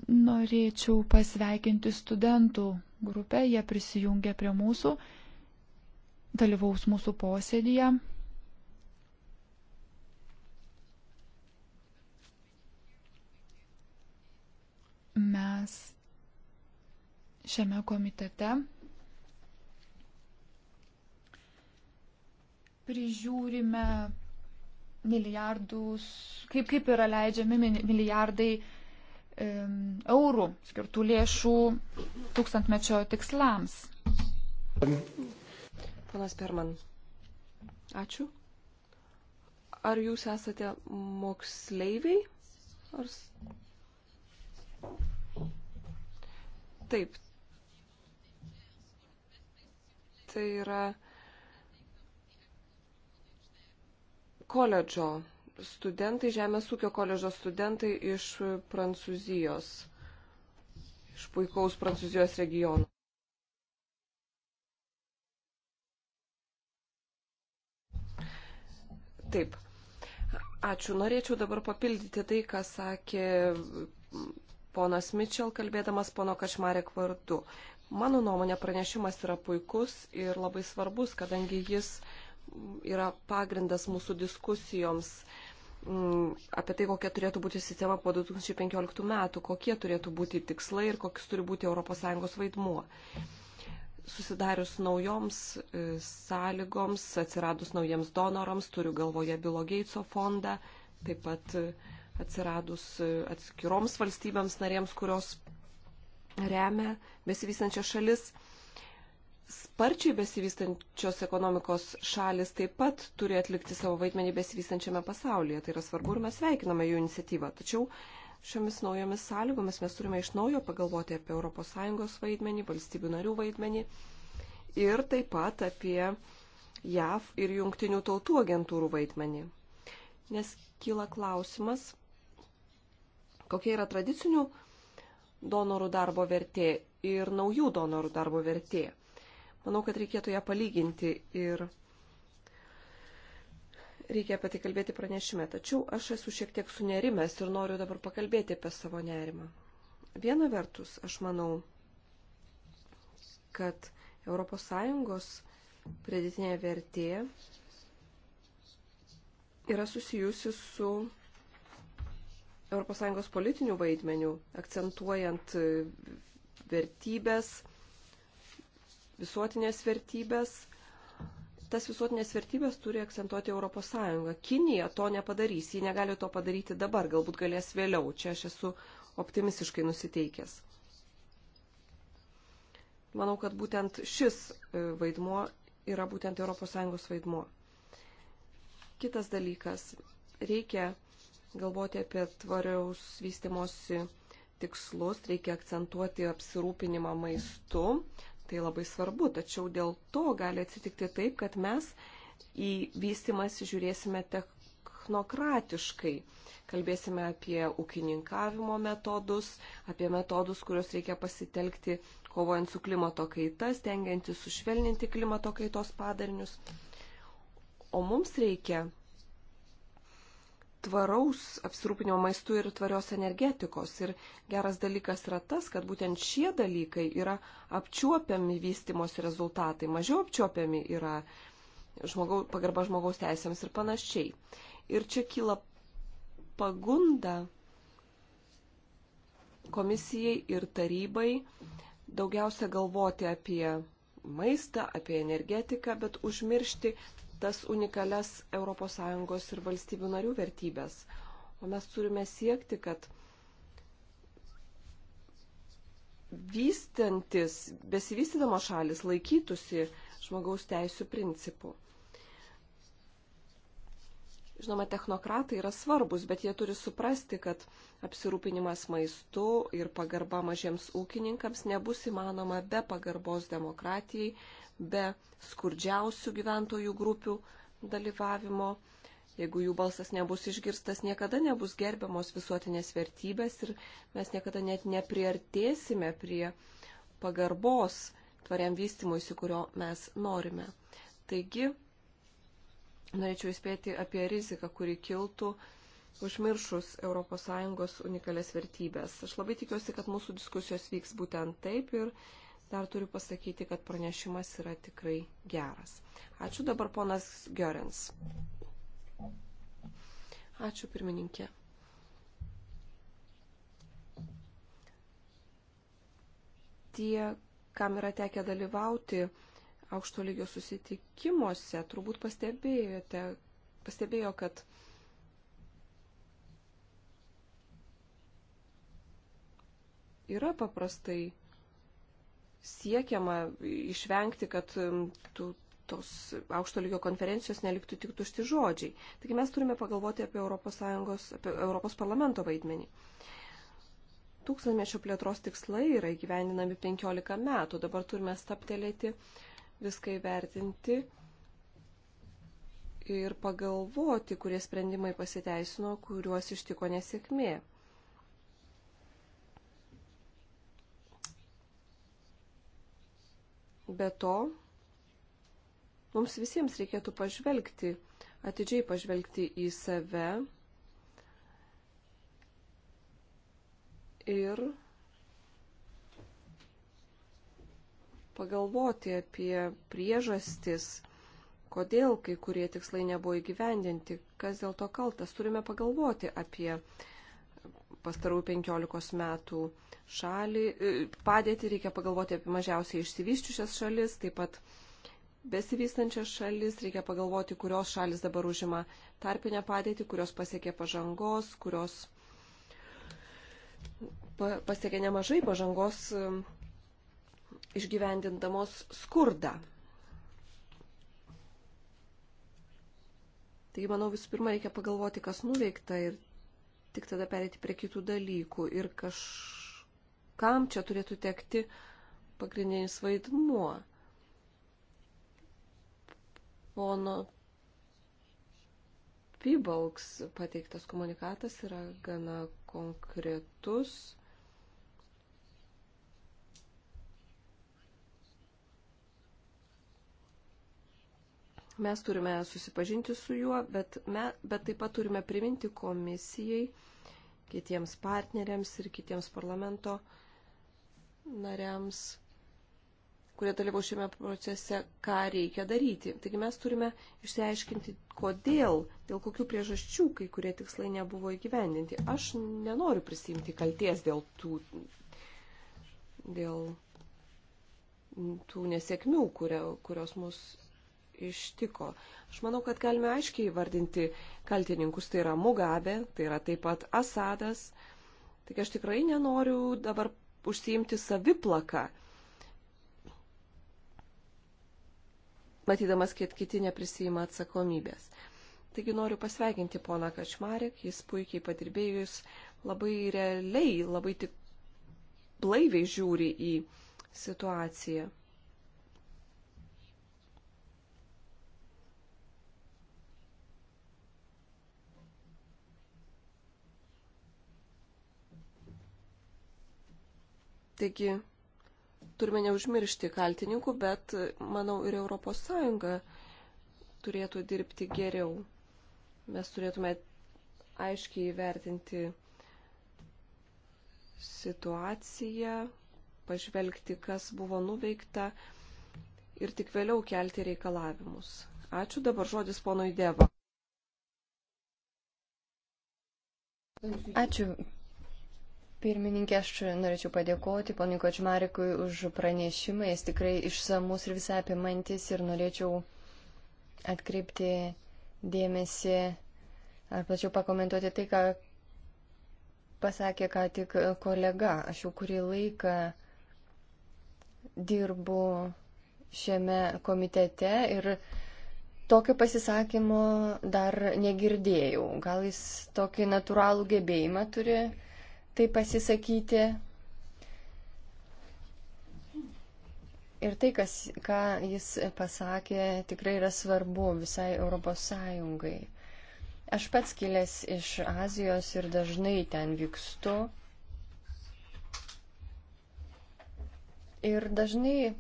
Norėčiau pasveikinti studentų grupę, jie prisijungia prie mūsų, dalyvaus mūsų posėdėje. Mes šiame komitete prižiūrime milijardus, kaip, kaip yra leidžiami milijardai eurų skirtų lėšų tūkstantmečio tikslams. Panas Perman, ačiū. Ar jūs esate moksleiviai? Ar... Taip. Tai yra koledžo studentai, Žemės ūkio koledžo studentai iš Prancūzijos, iš puikaus Prancūzijos regiono. Taip. Ačiū. Norėčiau dabar papildyti tai, ką sakė ponas Mitchell, kalbėdamas pono Kašmarek vardu. Mano nuomonė pranešimas yra puikus ir labai svarbus, kadangi jis yra pagrindas mūsų diskusijoms Mm, apie tai, kokia turėtų būti sistema po 2015 metų, kokie turėtų būti tikslai ir koks turi būti ES vaidmuo. Susidarius naujoms e, sąlygoms, atsiradus naujiems donorams, turiu galvoje Bilo Geitso fondą, taip pat e, atsiradus e, atskiroms valstybėms narėms, kurios remia besivystančias šalis sparčiai besivystančios ekonomikos šalis taip pat turi atlikti savo vaidmenį besivystančiame pasaulyje. Tai yra svarbu ir mes sveikiname jų iniciatyvą. Tačiau šiomis naujomis sąlygomis mes turime iš naujo pagalvoti apie ES vaidmenį, valstybių narių vaidmenį ir taip pat apie JAV ir jungtinių tautų agentūrų vaidmenį. Nes kyla klausimas, kokia yra tradicinių donorų darbo vertė ir naujų donorų darbo vertė Manau, kad reikėtų ją palyginti ir reikia apie tai kalbėti pranešime. Tačiau aš esu šiek tiek sunerimęs ir noriu dabar pakalbėti apie savo nerimą. Viena vertus, aš manau, kad ES pridėtinė vertė yra susijusi su ES politiniu vaidmeniu, akcentuojant vertybės, visuotinės vertybės. Tas visuotinės vertybės turi akcentuoti ES. Kinija to nepadarys, ji negali to padaryti dabar, galbūt galės vėliau. Čia aš esu optimistiškai nusiteikęs. Manau, kad būtent šis e, vaidmuo yra būtent ES vaidmuo. Kitas dalykas. Reikia galvoti apie tvariaus vystimosi tikslus, reikia akcentuoti apsirūpinimą maistu. Tai labai svarbu, tačiau dėl to gali atsitikti taip, kad mes į vystimąsi žiūrėsime technokratiškai. Kalbėsime apie ūkininkavimo metodus, apie metodus, kuriuos reikia pasitelkti kovojant su klimato kaita, stengiantis sušvelninti klimato kaitos padarinius. O mums reikia tvaraus apsirūpinimo maistu ir tvarios energetikos. Ir geras dalykas yra tas, kad būtent šie dalykai yra apčiuopiami vystimos rezultatai, mažiau apčiuopiami yra žmogau, pagarba žmogaus teisėms ir panašiai. Ir čia kyla pagunda komisijai ir tarybai daugiausia galvoti apie maistą, apie energetiką, bet užmiršti tas unikalias ES ir valstybių narių vertybės. O mes turime siekti, kad vystantis, besivystydamos šalis laikytųsi žmogaus teisų principų. Žinoma, technokratai yra svarbus, bet jie turi suprasti, kad apsirūpinimas maistu ir pagarba mažiems ūkininkams nebus įmanoma be pagarbos demokratijai, be skurdžiausių gyventojų grupių dalyvavimo. Jeigu jų balsas nebus išgirstas, niekada nebus gerbiamos visuotinės vertybės ir mes niekada net nepriartėsime prie pagarbos tvariam vystimuisi, kurio mes norime. Taigi, norėčiau įspėti apie riziką, kuri kiltų užmiršus ES unikalias vertybės. Aš labai tikiuosi, kad mūsų diskusijos vyks būtent taip ir dar turiu pasakyti, kad pranešimas yra tikrai geras. Ačiū dabar ponas Görens. Ačiū pirmininkė. Tie, kam yra tekę dalyvauti aukšto lygio susitikimuose, turbūt pastebėjote, pastebėjo, kad yra paprastai siekiama išvengti, kad tų, tos aukšto lygio konferencijos neliktų tik tušti žodžiai. Taigi mes turime pagalvoti apie Europos, Sąjungos, apie Europos parlamento vaidmenį. Tūkstantmečio plėtros tikslai yra įgyvendinami 15 metų, dabar turime staptelėti, viską įvertinti ir pagalvoti, kurie sprendimai pasiteisino, kuriuos ištiko nesėkmė. Be to, mums visiems reikėtų pažvelgti, atidžiai pažvelgti į save ir pagalvoti apie priežastis, kodėl kai kurie tikslai nebuvo įgyvendinti, kas dėl to kaltas. Turime pagalvoti apie pastarų 15 metų šalį, e, padėti reikia pagalvoti apie mažiausiai išsivyščiusias šalis, taip pat besivystančias šalis, reikia pagalvoti, kurios šalis dabar užima tarpinę padėtį, kurios pasiekė pažangos, kurios pasiekė nemažai pažangos e, išgyvendindamos skurdą. Taigi, manau, visų pirma reikia pagalvoti, kas nuveikta ir tik tada perėti prie kitų dalykų ir kažkam čia turėtų tekti pagrindinis vaidmuo. Pono Pibalks pateiktas komunikatas yra gana konkretus Mes turime susipažinti su juo, bet, me, bet taip pat turime priminti komisijai, kitiems partneriams ir kitiems parlamento nariams, kurie dalyvau šiame procese, ką reikia daryti. Taigi mes turime išsiaiškinti, kodėl, dėl kokių priežasčių kai kurie tikslai nebuvo įgyvendinti. Aš nenoriu prisimti kalties dėl tų, dėl tų nesėkmių, kurio, kurios mus ištiko. Aš manau, kad galime aiškiai įvardinti kaltininkus. Tai yra Mugabe, tai yra taip pat Asadas. Tik aš tikrai nenoriu dabar užsiimti saviplaką. Matydamas, kad kiti neprisima atsakomybės. Taigi noriu pasveikinti poną Kačmarek, jis puikiai padirbėjus, labai realiai, labai tik blaiviai žiūri į situaciją. Taigi turime neužmiršti kaltininkų, bet manau ir ES turėtų dirbti geriau. Mes turėtume aiškiai įvertinti situaciją, pažvelgti, kas buvo nuveikta ir tik vėliau kelti reikalavimus. Ačiū dabar žodis ponui Deva. Ačiū Pirmininkė, aš norėčiau padėkoti ponui Kočmarikui už pranešimą. Jis tikrai išsamus ir visą apimantis ir norėčiau atkreipti dėmesį ar plačiau pakomentuoti tai, ką pasakė ką tik kolega. Aš jau kurį laiką dirbu šiame komitete ir tokio pasisakymo dar negirdėjau. Gal jis tokį natūralų gebėjimą turi? tai pasisakyti. Ir tai, kas, ką jis pasakė, tikrai yra svarbu visai Europos Sąjungai. Aš pats kilęs iš Azijos ir dažnai ten vykstu. Ir dažnai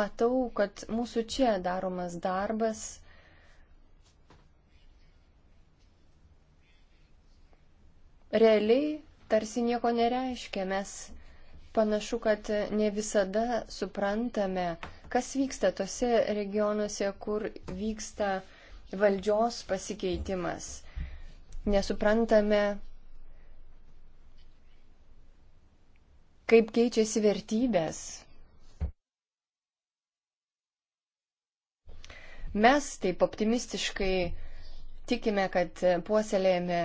matau, kad mūsų čia daromas darbas realiai tarsi nieko nereiškia. Mes panašu, kad ne visada suprantame, kas vyksta tose regionuose, kur vyksta valdžios pasikeitimas. Nesuprantame, kaip keičiasi vertybės. Mes taip optimistiškai tikime, kad puoselėjame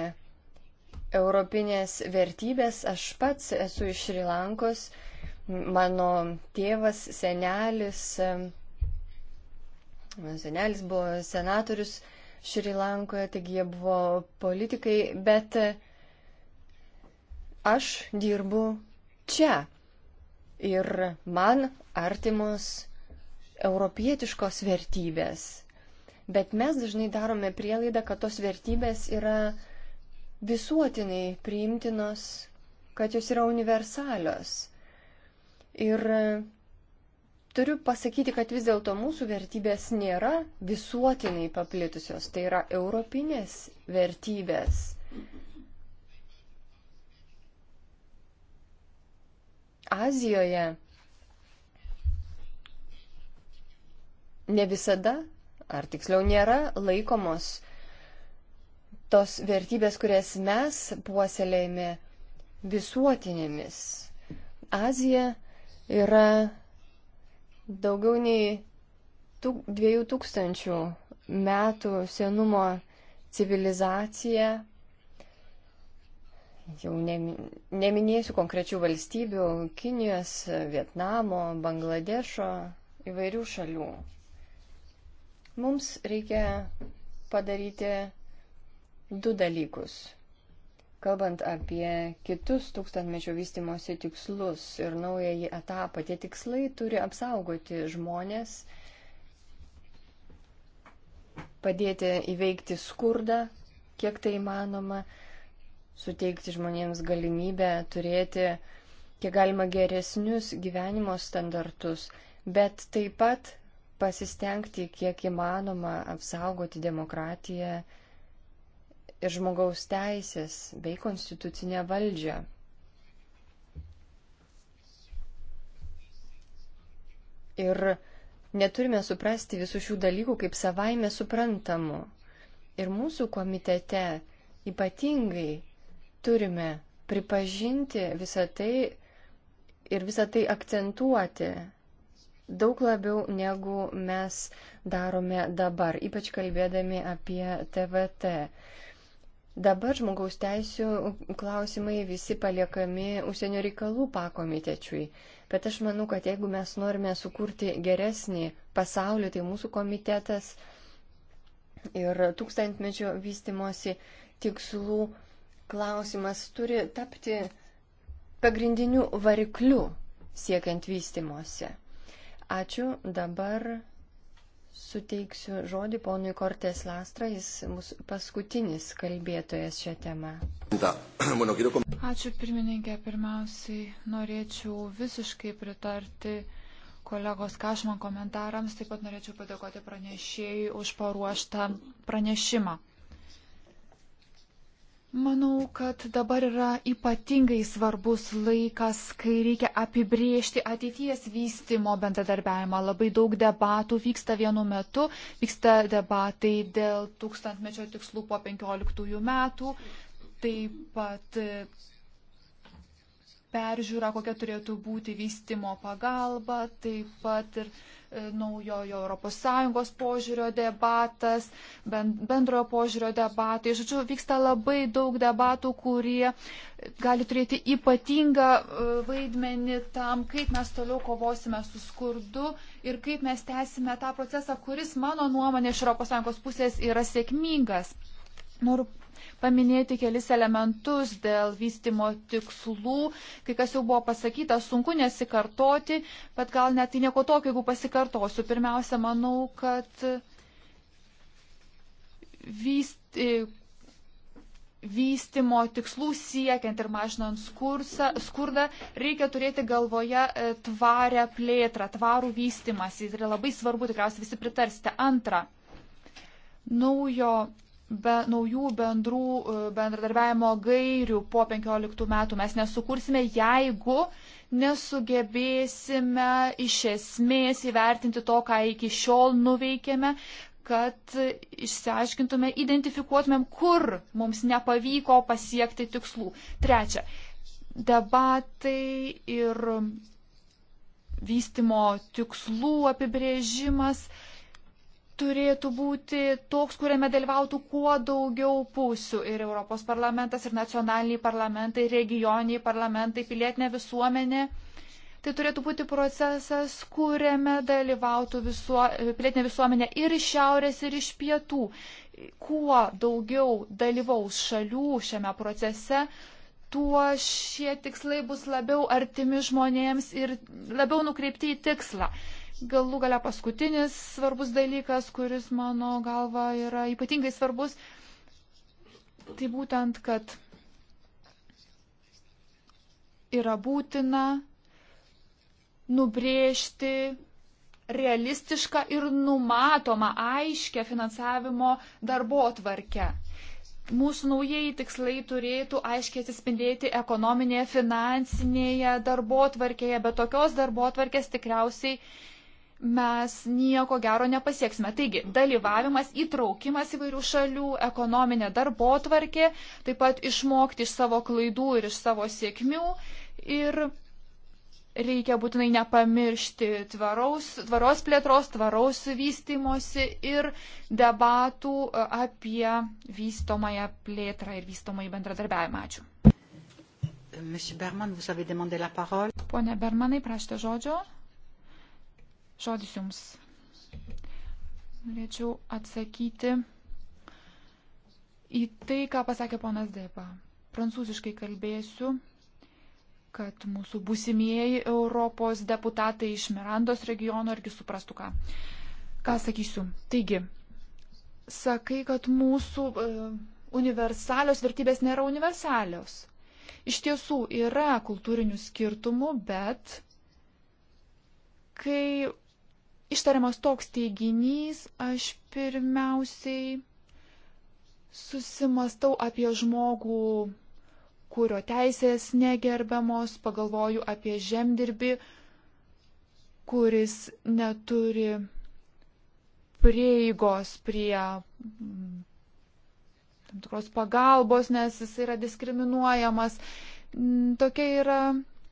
europinės vertybės. Aš pats esu iš Šrilankos, mano tėvas, senelis, mano senelis buvo senatorius Šrilankoje, taigi jie buvo politikai, bet aš dirbu čia. Ir man artimos europietiškos vertybės. Bet mes dažnai darome prielaidą, kad tos vertybės yra uh, visuotinai priimtinos, kad jos yra universalios. Ir e, turiu pasakyti, kad vis dėlto mūsų vertybės nėra visuotinai paplitusios, tai yra europinės vertybės. Azijoje ne visada, ar tiksliau nėra laikomos tos vertybės, kurias mes puoselėjame visuotinėmis. Azija yra daugiau nei 2000 metų senumo civilizacija. Jau neminėsiu konkrečių valstybių - Kinijos, Vietnamo, Bangladešo, įvairių šalių. Mums reikia padaryti du dalykus. Kalbant apie kitus tūkstantmečio vystimosi tikslus ir naująjį etapą, tie tikslai turi apsaugoti žmonės, padėti įveikti skurdą, kiek tai įmanoma, suteikti žmonėms galimybę turėti kiek galima geresnius gyvenimo standartus, bet taip pat pasistengti kiek įmanoma apsaugoti demokratiją ir žmogaus teisės bei konstitucinę valdžią. Ir neturime suprasti visų šių dalykų kaip savaime suprantamų. Ir mūsų komitete ypatingai turime pripažinti visą tai ir visą tai akcentuoti daug labiau negu mes darome dabar, ypač kalbėdami apie TVT. Dabar žmogaus teisų klausimai visi paliekami užsienio reikalų pakomitečiui. Bet aš manau, kad jeigu mes norime sukurti geresnį pasaulį, tai mūsų komitetas ir tūkstantmečio vystimosi tikslų klausimas turi tapti pagrindiniu varikliu siekiant vystimosi. Ačiū dabar suteiksiu žodį ponui Kortės Lastra, jis mūsų paskutinis kalbėtojas šią temą. Ačiū pirmininkė, pirmiausiai norėčiau visiškai pritarti kolegos Kašman komentarams, taip pat norėčiau padėkoti pranešėjai už paruoštą pranešimą. Manau, kad dabar yra ypatingai svarbus laikas, kai reikia apibriežti ateities vystimo bendradarbiavimą. Labai daug debatų vyksta vienu metu, vyksta debatai dėl tūkstantmečio tikslų po 15 metų, taip pat e, peržiūra, kokia turėtų būti vystimo pagalba, taip pat ir E, naujojo ES požiūrio debatas, bendrojo požiūrio debatai. Žodžiu, vyksta labai daug debatų, kurie gali turėti ypatingą e, vaidmenį tam, kaip mes toliau kovosime su skurdu ir kaip mes tęsime tą procesą, kuris, mano nuomonė, iš ES pusės yra sėkmingas. Noriu paminėti kelis elementus dėl vystimo tikslų. Kai kas jau buvo pasakyta, sunku nesikartoti, bet gal net tai nieko tokio, jeigu pasikartosiu. Pirmiausia, manau, kad vysti, e, vystimo tikslų siekiant ir mažinant skursą, skurdą, reikia turėti galvoje e, tvarę plėtrą, tvarų vystimas. Tai Jis yra labai svarbu, tikriausiai visi pritarsite. Antra, naujo be naujų bendrų e, bendradarbiavimo gairių po 15 metų mes nesukursime, jeigu nesugebėsime iš esmės įvertinti to, ką iki šiol nuveikėme, kad išsiaiškintume, identifikuotumėm, kur mums nepavyko pasiekti tikslų. Trečia, debatai ir vystimo tikslų apibrėžimas turėtų būti toks, kuriame dalyvautų kuo daugiau pusių ir Europos parlamentas, ir nacionaliniai parlamentai, regioniniai parlamentai, pilietinė visuomenė. Tai turėtų būti procesas, kuriame dalyvautų visuo, pilietinė visuomenė ir iš šiaurės, ir iš pietų. Kuo daugiau dalyvaus šalių šiame procese, tuo šie tikslai bus labiau artimi žmonėms ir labiau nukreipti į tikslą. Galų galia paskutinis svarbus dalykas, kuris mano galva yra ypatingai svarbus, tai būtent, kad yra būtina nubrėžti realistišką ir numatomą aiškę finansavimo darbo tvarkę. Mūsų naujieji tikslai turėtų aiškiai atsispindėti ekonominėje, finansinėje darbo tvarkėje, bet tokios darbo tvarkės tikriausiai mes nieko gero nepasieksime. Taigi, dalyvavimas, įtraukimas įvairių šalių, ekonominė darbo tvarkė, taip pat išmokti iš savo klaidų ir iš savo sėkmių. Ir reikia būtinai nepamiršti tvaraus, tvaros plėtros, tvaraus vystimosi ir debatų e, apie vystomąją plėtrą ir vystomąjį bendradarbiavimą. Ačiū. Berman, Pone Bermanai, prašote žodžio. Žodis Jums. Norėčiau atsakyti į tai, ką pasakė ponas Deba. Prancūziškai kalbėsiu, kad mūsų busimieji Europos deputatai iš Mirandos regiono irgi suprastų ką. Ką sakysiu? Taigi, sakai, kad mūsų e, universalios vertybės nėra universalios. Iš tiesų yra kultūrinių skirtumų, bet kai ištariamas toks teiginys, aš pirmiausiai susimastau apie žmogų, kurio teisės negerbiamos, pagalvoju apie žemdirbį, kuris neturi prieigos prie mm, tam tikros pagalbos, nes jis yra diskriminuojamas. Mm, tokia yra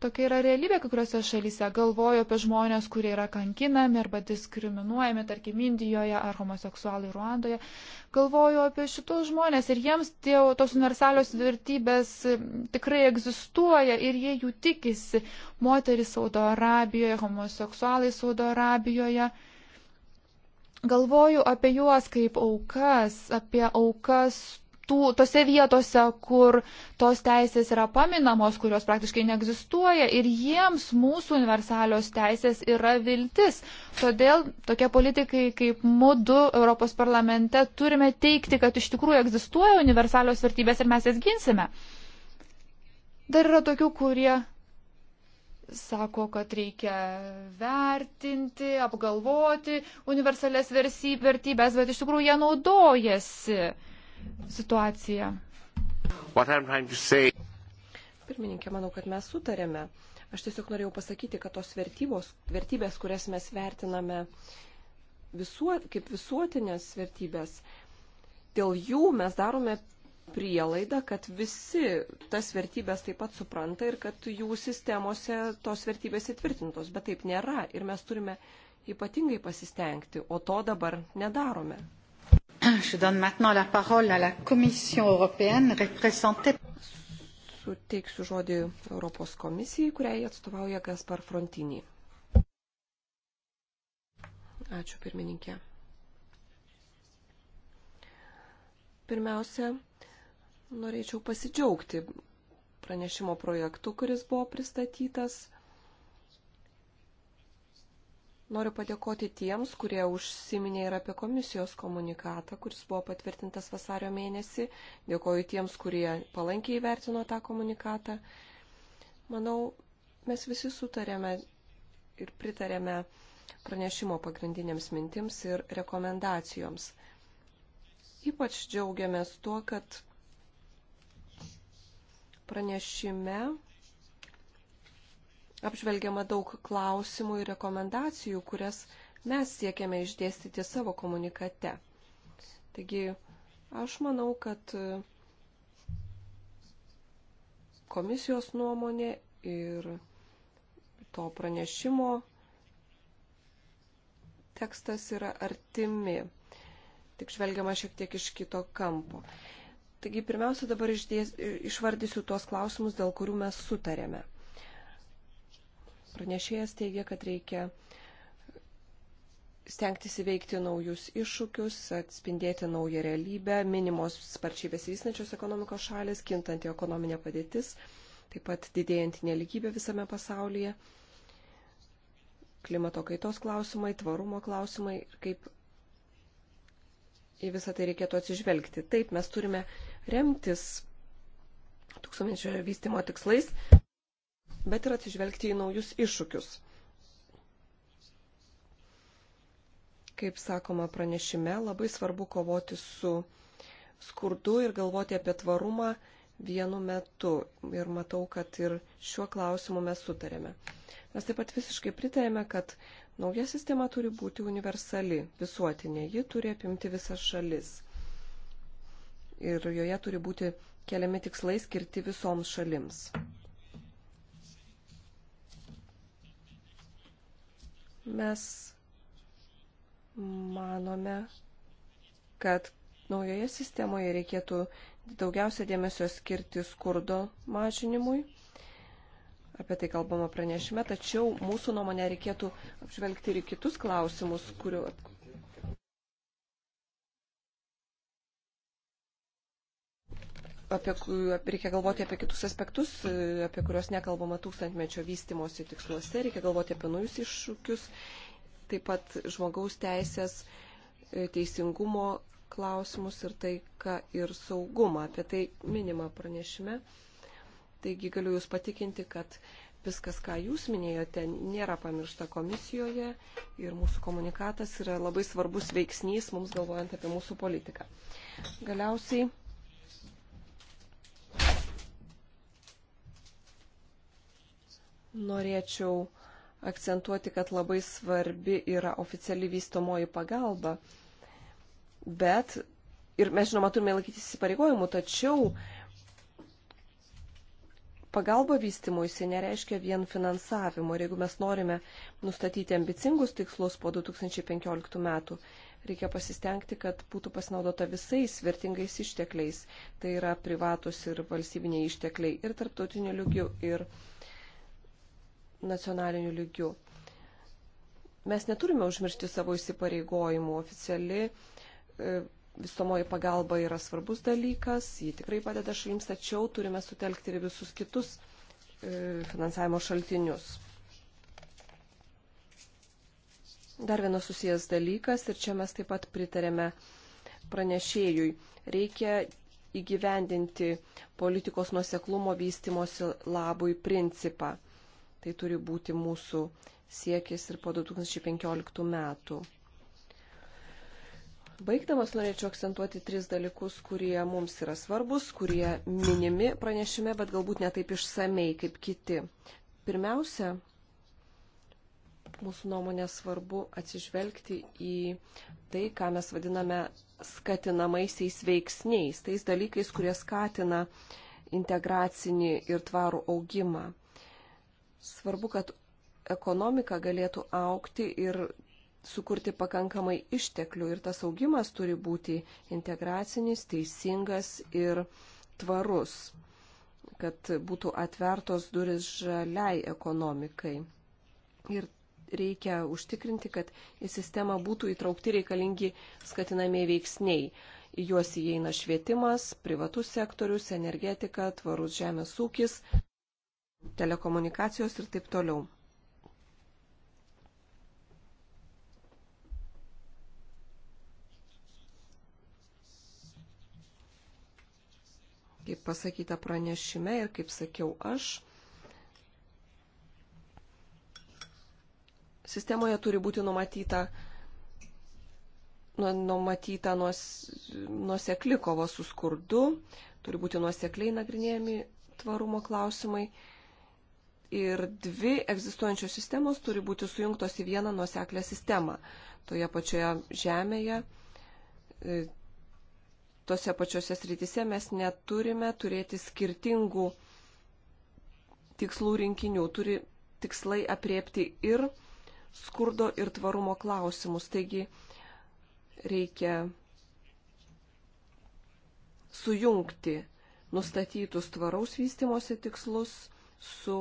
Tokia yra realybė kai kuriuose šalyse. Galvoju apie žmonės, kurie yra kankinami arba diskriminuojami, tarkim, Indijoje ar homoseksualai Ruandoje. Galvoju apie šitos žmonės ir jiems tie, tos universalios vertybės tikrai egzistuoja ir jie jų tikisi. Moteris Saudo Arabijoje, homoseksualai Saudo Arabijoje. Galvoju apie juos kaip aukas, apie aukas tų, tose vietose, kur tos teisės yra paminamos, kurios praktiškai neegzistuoja ir jiems mūsų universalios teisės yra viltis. Todėl tokie politikai kaip mūdu Europos parlamente turime teikti, kad iš tikrųjų egzistuoja universalios vertybės ir mes jas ginsime. Dar yra tokių, kurie sako, kad reikia vertinti, apgalvoti universalias vertybės, bet iš tikrųjų jie naudojasi situaciją. Pirmininkė, manau, kad mes sutarėme. Aš tiesiog norėjau pasakyti, kad tos vertybos, vertybės, kurias mes vertiname visuot, kaip visuotinės vertybės, dėl jų mes darome prielaidą, kad visi tas vertybės taip pat supranta ir kad jų sistemose tos vertybės įtvirtintos, bet taip nėra ir mes turime ypatingai pasistengti, o to dabar nedarome. Je donne maintenant la parole à la Commission européenne représentée. Suteiksiu žodį Europos komisijai, kuriai atstovauja Gaspar Frontinį. Ačiū pirmininkė. Pirmiausia, norėčiau pasidžiaugti pranešimo projektu, kuris buvo pristatytas Noriu padėkoti tiems, kurie užsiminė ir apie komisijos komunikatą, kuris buvo patvirtintas vasario mėnesį. Dėkoju tiems, kurie palankiai įvertino tą komunikatą. Manau, mes visi sutarėme ir pritarėme pranešimo pagrindinėms mintims ir rekomendacijoms. Ypač džiaugiamės tuo, kad pranešime apžvelgiama daug klausimų ir rekomendacijų, kurias mes siekiame išdėstyti savo komunikate. Taigi, aš manau, kad e, komisijos nuomonė ir to pranešimo tekstas yra artimi, tik žvelgiama šiek tiek iš kito kampo. Taigi, pirmiausia, dabar išdės, išvardysiu tuos klausimus, dėl kurių mes sutarėme. Pranešėjas teigia, kad reikia stengtis įveikti naujus iššūkius, atspindėti naują realybę, minimos sparčiai besivystančios ekonomikos šalis, kintanti ekonominė padėtis, taip pat didėjanti neligybė visame pasaulyje, klimato kaitos klausimai, tvarumo klausimai ir kaip į visą tai reikėtų atsižvelgti. Taip, mes turime remtis tūkstančio vystimo tikslais bet ir atsižvelgti į naujus iššūkius. Kaip sakoma pranešime, labai svarbu kovoti su skurdu ir galvoti apie tvarumą vienu metu. Ir matau, kad ir šiuo klausimu mes sutarėme. Mes taip pat visiškai pritarėme, kad nauja sistema turi būti universali, visuotinė, ji turi apimti visas šalis. Ir joje turi būti keliami tikslai skirti visoms šalims. Mes manome, kad naujoje sistemoje reikėtų daugiausia dėmesio skirti skurdo mažinimui. Apie tai kalbama pranešime, tačiau mūsų nuomonė reikėtų apžvelgti ir kitus klausimus, kuriu, apie, reikia galvoti apie kitus aspektus, e, apie kuriuos nekalbama tūkstantmečio vystimosi tiksluose, reikia galvoti apie naujus iššūkius, taip pat žmogaus teisės, e, teisingumo klausimus ir taiką ir saugumą. Apie tai minima pranešime. Taigi galiu Jūs patikinti, kad viskas, ką Jūs minėjote, nėra pamiršta komisijoje ir mūsų komunikatas yra labai svarbus veiksnys mums galvojant apie mūsų politiką. Galiausiai Norėčiau akcentuoti, kad labai svarbi yra oficiali vystomoji pagalba. Bet, ir mes žinoma turime laikytis įsipareigojimų, tačiau pagalba vystimuisi nereiškia vien finansavimo. Ir jeigu mes norime nustatyti ambicingus tikslus po 2015 metų, reikia pasistengti, kad būtų pasinaudota visais vertingais ištekliais. Tai yra privatus ir valstybiniai ištekliai ir tarptautiniu lygiu, ir nacionaliniu lygiu. Mes neturime užmiršti savo įsipareigojimų. Oficiali e, visomoji pagalba yra svarbus dalykas, ji tikrai padeda šalims, tačiau turime sutelkti ir visus kitus e, finansavimo šaltinius. Dar vienas susijęs dalykas ir čia mes taip pat pritarėme pranešėjui. Reikia įgyvendinti politikos nuseklumo vystimosi labui principą. Tai turi būti mūsų siekis ir po 2015 metų. Baigdamas norėčiau akcentuoti tris dalykus, kurie mums yra svarbus, kurie minimi pranešime, bet galbūt netaip išsamei kaip kiti. Pirmiausia, mūsų nuomonė svarbu atsižvelgti į tai, ką mes vadiname skatinamaisiais veiksniais, tais dalykais, kurie skatina integracinį ir tvarų augimą. Svarbu, kad ekonomika galėtų aukti ir sukurti pakankamai išteklių ir tas augimas turi būti integracinis, teisingas ir tvarus, kad būtų atvertos duris žaliai ekonomikai. Ir reikia užtikrinti, kad į sistemą būtų įtraukti reikalingi skatinamieji veiksniai. Į juos įeina švietimas, privatus sektorius, energetika, tvarus žemės ūkis telekomunikacijos ir taip toliau. Kaip pasakyta pranešime ir kaip sakiau aš, sistemoje turi būti numatyta nu, numatyta nuosekli kova su skurdu, turi būti nuosekliai nagrinėjami tvarumo klausimai ir dvi egzistuojančios sistemos turi būti sujungtos į vieną nuoseklę sistemą. Toje pačioje žemėje, e, tose pačiose srityse mes neturime turėti skirtingų tikslų rinkinių. Turi tikslai apriepti ir skurdo ir tvarumo klausimus. Taigi reikia sujungti nustatytus tvaraus vystimosi tikslus su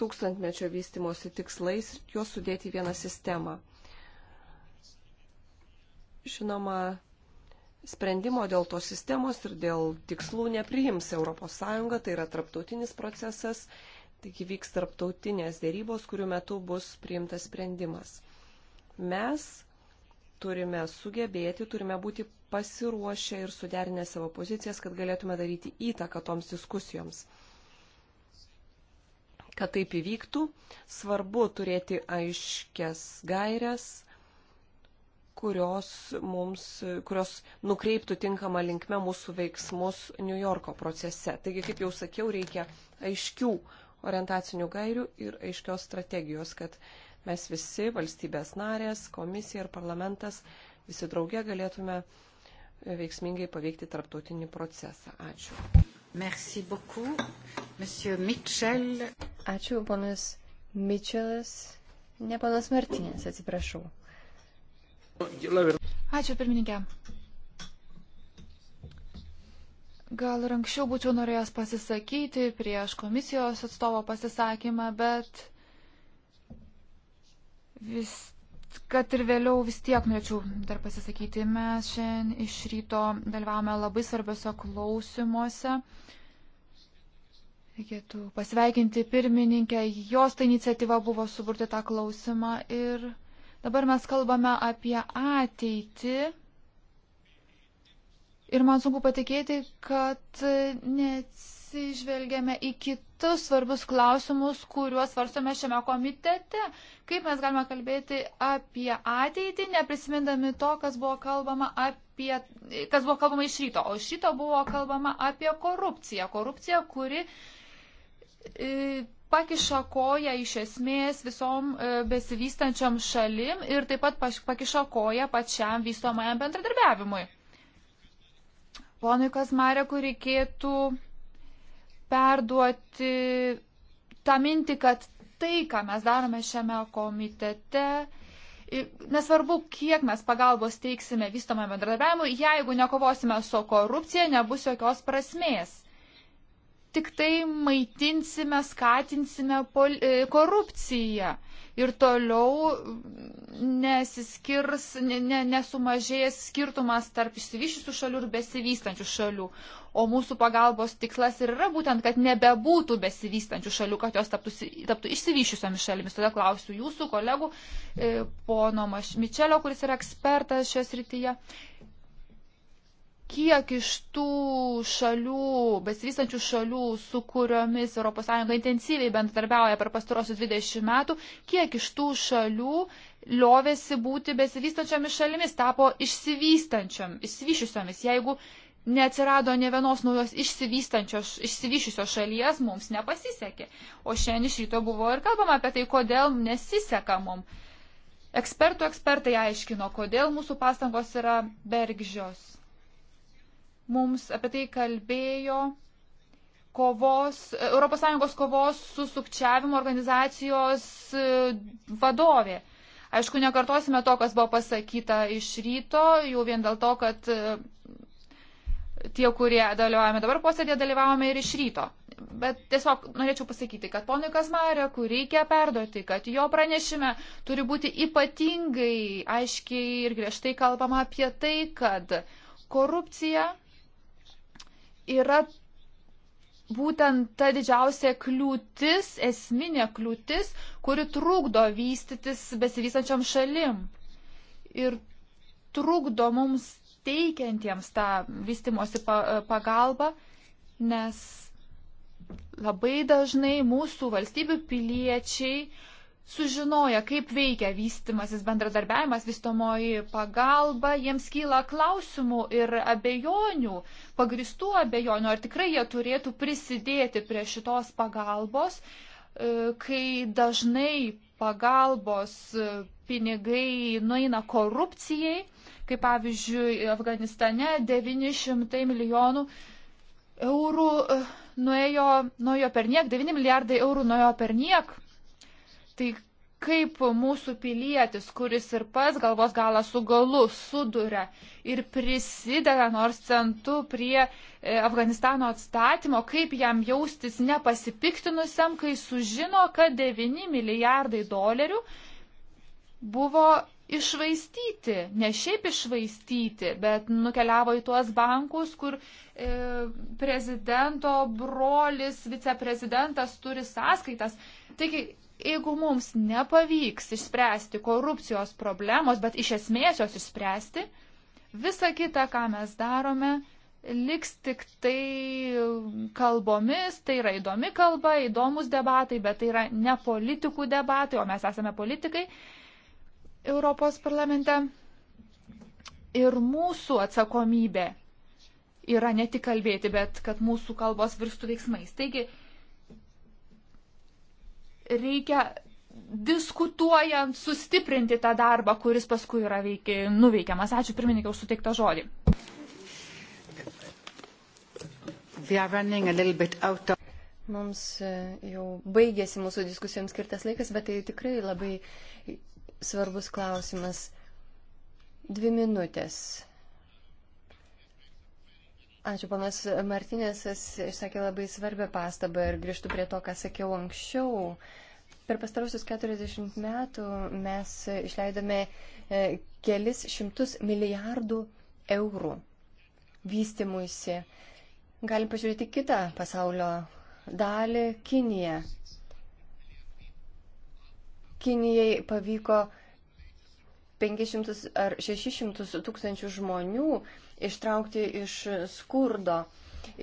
tūkstantmečio vystimosi tikslais ir juos sudėti į vieną sistemą. Žinoma, sprendimo dėl tos sistemos ir dėl tikslų nepriims ES, tai yra tarptautinis procesas, taigi vyks tarptautinės dėrybos, kurių metu bus priimtas sprendimas. Mes turime sugebėti, turime būti pasiruošę ir suderinę savo pozicijas, kad galėtume daryti įtaką toms diskusijoms. Kad taip įvyktų, svarbu turėti aiškias gairias, kurios, mums, kurios nukreiptų tinkamą linkmę mūsų veiksmus New Yorko procese. Taigi, kaip jau sakiau, reikia aiškių orientacinių gairių ir aiškios strategijos, kad mes visi, valstybės narės, komisija ir parlamentas, visi draugė galėtume veiksmingai paveikti tarptautinį procesą. Ačiū. Merci beaucoup, monsieur Mitchell. Ačiū, ponas Mitchellas, ne ponas Martinės, atsiprašau. Ačiū, pirmininkė. Gal ir anksčiau būčiau norėjęs pasisakyti prieš komisijos atstovo pasisakymą, bet vis kad ir vėliau vis tiek norėčiau dar pasisakyti. Mes šiandien iš ryto dalyvavome labai svarbiose klausimuose. Reikėtų pasveikinti pirmininkę, jos ta iniciatyva buvo suburti tą klausimą ir dabar mes kalbame apie ateitį. Ir man sunku patikėti, kad neatsitikti atsižvelgiame į kitus svarbius klausimus, kuriuos svarstome šiame komitete. Kaip mes galime kalbėti apie ateitį, neprisimindami to, kas buvo kalbama apie, kas buvo kalbama iš ryto. O iš ryto buvo kalbama apie korupciją. Korupciją, kuri e, pakiša koją iš esmės visom e, besivystančiom šalim ir taip pat pakiša koją pačiam vystomajam bendradarbiavimui. Ponui Kazmarė, kur reikėtų perduoti tą mintį, kad tai, ką mes darome šiame komitete, nesvarbu, kiek mes pagalbos teiksime vystomam bendradarbiavimui, jeigu nekovosime su korupcija, nebus jokios prasmės. Tik tai maitinsime, skatinsime pol, e, korupciją ir toliau nesiskirs, ne, ne, nesumažės skirtumas tarp išsivyščiusių šalių ir besivystančių šalių. O mūsų pagalbos tikslas ir yra būtent, kad nebebūtų besivystančių šalių, kad jos taptų, taptų išsivyšiusiomis šalimis. Todėl klausiu jūsų kolegų, e, pono Mičelio, kuris yra ekspertas šioje srityje. Kiek iš tų šalių, besivystančių šalių, su kuriomis ES intensyviai bendradarbiauja per pastarosius 20 metų, kiek iš tų šalių liovėsi būti besivystančiomis šalimis, tapo išsivystančiomis, išsivyšiusiomis. Jeigu neatsirado ne vienos naujos išsivyšusios šalies, mums nepasisekė. O šiandien iš ryto buvo ir kalbama apie tai, kodėl nesiseka mum. Ekspertų ekspertai aiškino, kodėl mūsų pastangos yra bergžios. Mums apie tai kalbėjo kovos, ES kovos su sukčiavimo organizacijos e, vadovė. Aišku, nekartosime to, kas buvo pasakyta iš ryto, jau vien dėl to, kad e, tie, kurie dalyvavome dabar posėdėje, dalyvavome ir iš ryto. Bet tiesiog norėčiau pasakyti, kad ponui Kazmarėku reikia perduoti, kad jo pranešime turi būti ypatingai aiškiai ir griežtai kalbama apie tai, kad korupcija yra būtent ta didžiausia kliūtis, esminė kliūtis, kuri trukdo vystytis besivystančiam šalim. Ir trukdo mums teikiantiems tą vystimosi pagalbą, nes labai dažnai mūsų valstybių piliečiai sužinoja, kaip veikia vystimasis bendradarbiavimas, vystomoji pagalba, jiems kyla klausimų ir abejonių, pagristų abejonių, ar tikrai jie turėtų prisidėti prie šitos pagalbos, e, kai dažnai pagalbos e, pinigai nueina korupcijai kaip pavyzdžiui Afganistane 900 milijonų eurų eh, nuėjo, nuėjo per niek, 9 milijardai eurų nuėjo per niek. Tai kaip mūsų pilietis, kuris ir pats galvos galą su galu suduria ir prisideda nors centu prie e, Afganistano atstatymo, kaip jam jaustis nepasipiktinusiam, kai sužino, kad 9 milijardai dolerių buvo išvaistyti, ne šiaip išvaistyti, bet nukeliavo į tuos bankus, kur e, prezidento brolis, viceprezidentas turi sąskaitas. Taigi, jeigu mums nepavyks išspręsti korupcijos problemos, bet iš esmės jos išspręsti, visa kita, ką mes darome, liks tik tai kalbomis, tai yra įdomi kalba, įdomus debatai, bet tai yra ne politikų debatai, o mes esame politikai Europos parlamente. Ir mūsų atsakomybė yra ne tik kalbėti, bet kad mūsų kalbos virstų veiksmais. Taigi, reikia diskutuojant sustiprinti tą darbą, kuris paskui yra veiki, nuveikiamas. Ačiū pirmininkai už suteiktą žodį. Mums e, jau baigėsi mūsų diskusijoms skirtas laikas, bet tai tikrai labai svarbus klausimas. Dvi minutės. Ačiū, panas Martinėsas išsakė labai svarbę pastabą ir grįžtų prie to, ką sakiau anksčiau. Per pastarusius 40 metų mes išleidome e, kelis šimtus milijardų eurų vystimuisi. Galim pažiūrėti kitą pasaulio dalį - Kiniją. Kinijai pavyko 500 ar 600 tūkstančių žmonių ištraukti iš skurdo.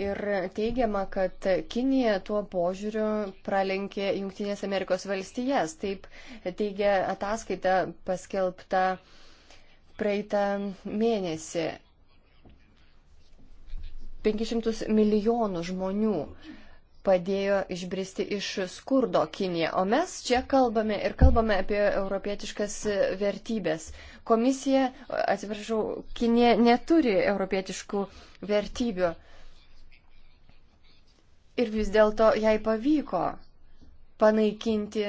Ir teigiama, kad Kinija tuo požiūriu pralenkė Junktinės Amerikos valstijas. Taip teigia ataskaita paskelbta praeitą mėnesį. 500 milijonų žmonių padėjo išbristi iš skurdo Kinija. O mes čia kalbame ir kalbame apie europietiškas vertybės. Komisija, atsiprašau, Kinija neturi europietiškų vertybių. Ir vis dėlto jai pavyko panaikinti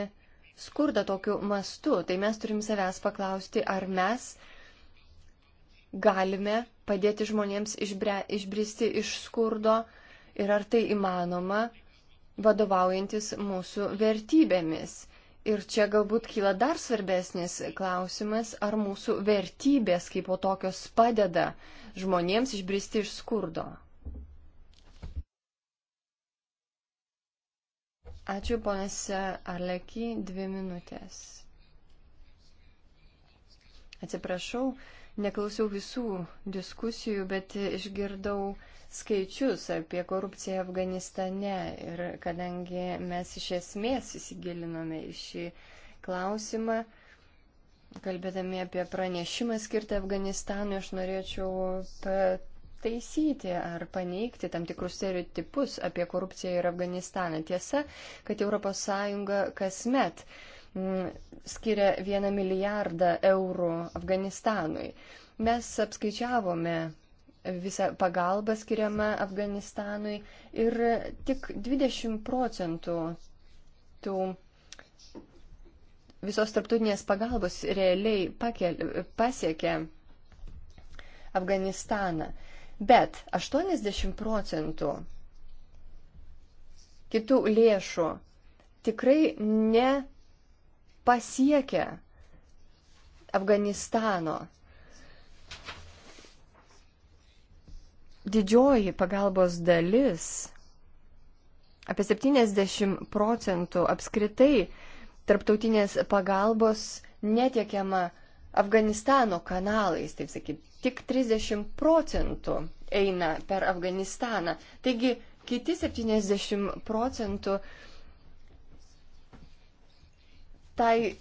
skurdą tokiu mastu. Tai mes turim savęs paklausti, ar mes galime padėti žmonėms išbre, išbristi iš skurdo ir ar tai įmanoma vadovaujantis mūsų vertybėmis. Ir čia galbūt kyla dar svarbesnis klausimas, ar mūsų vertybės kaip po tokios padeda žmonėms išbristi iš skurdo. Ačiū, ponas Arleki, dvi minutės. Atsiprašau, neklausiau visų diskusijų, bet išgirdau skaičius apie korupciją Afganistane ir kadangi mes iš esmės įsigilinome į šį klausimą, kalbėdami apie pranešimą skirtą Afganistanui, aš norėčiau pataisyti ar paneigti tam tikrus stereotipus apie korupciją ir Afganistaną. Tiesa, kad ES kasmet mm, skiria vieną milijardą eurų Afganistanui. Mes apskaičiavome visą pagalbą skiriamą Afganistanui ir tik 20 procentų tų visos tarptautinės pagalbos realiai pakel, pasiekia Afganistaną. Bet 80 procentų kitų lėšų tikrai nepasiekia Afganistano didžioji pagalbos dalis, apie 70 procentų apskritai tarptautinės pagalbos netiekiama Afganistano kanalais, taip sakyti, tik 30 procentų eina per Afganistaną. Taigi kiti 70 procentų tai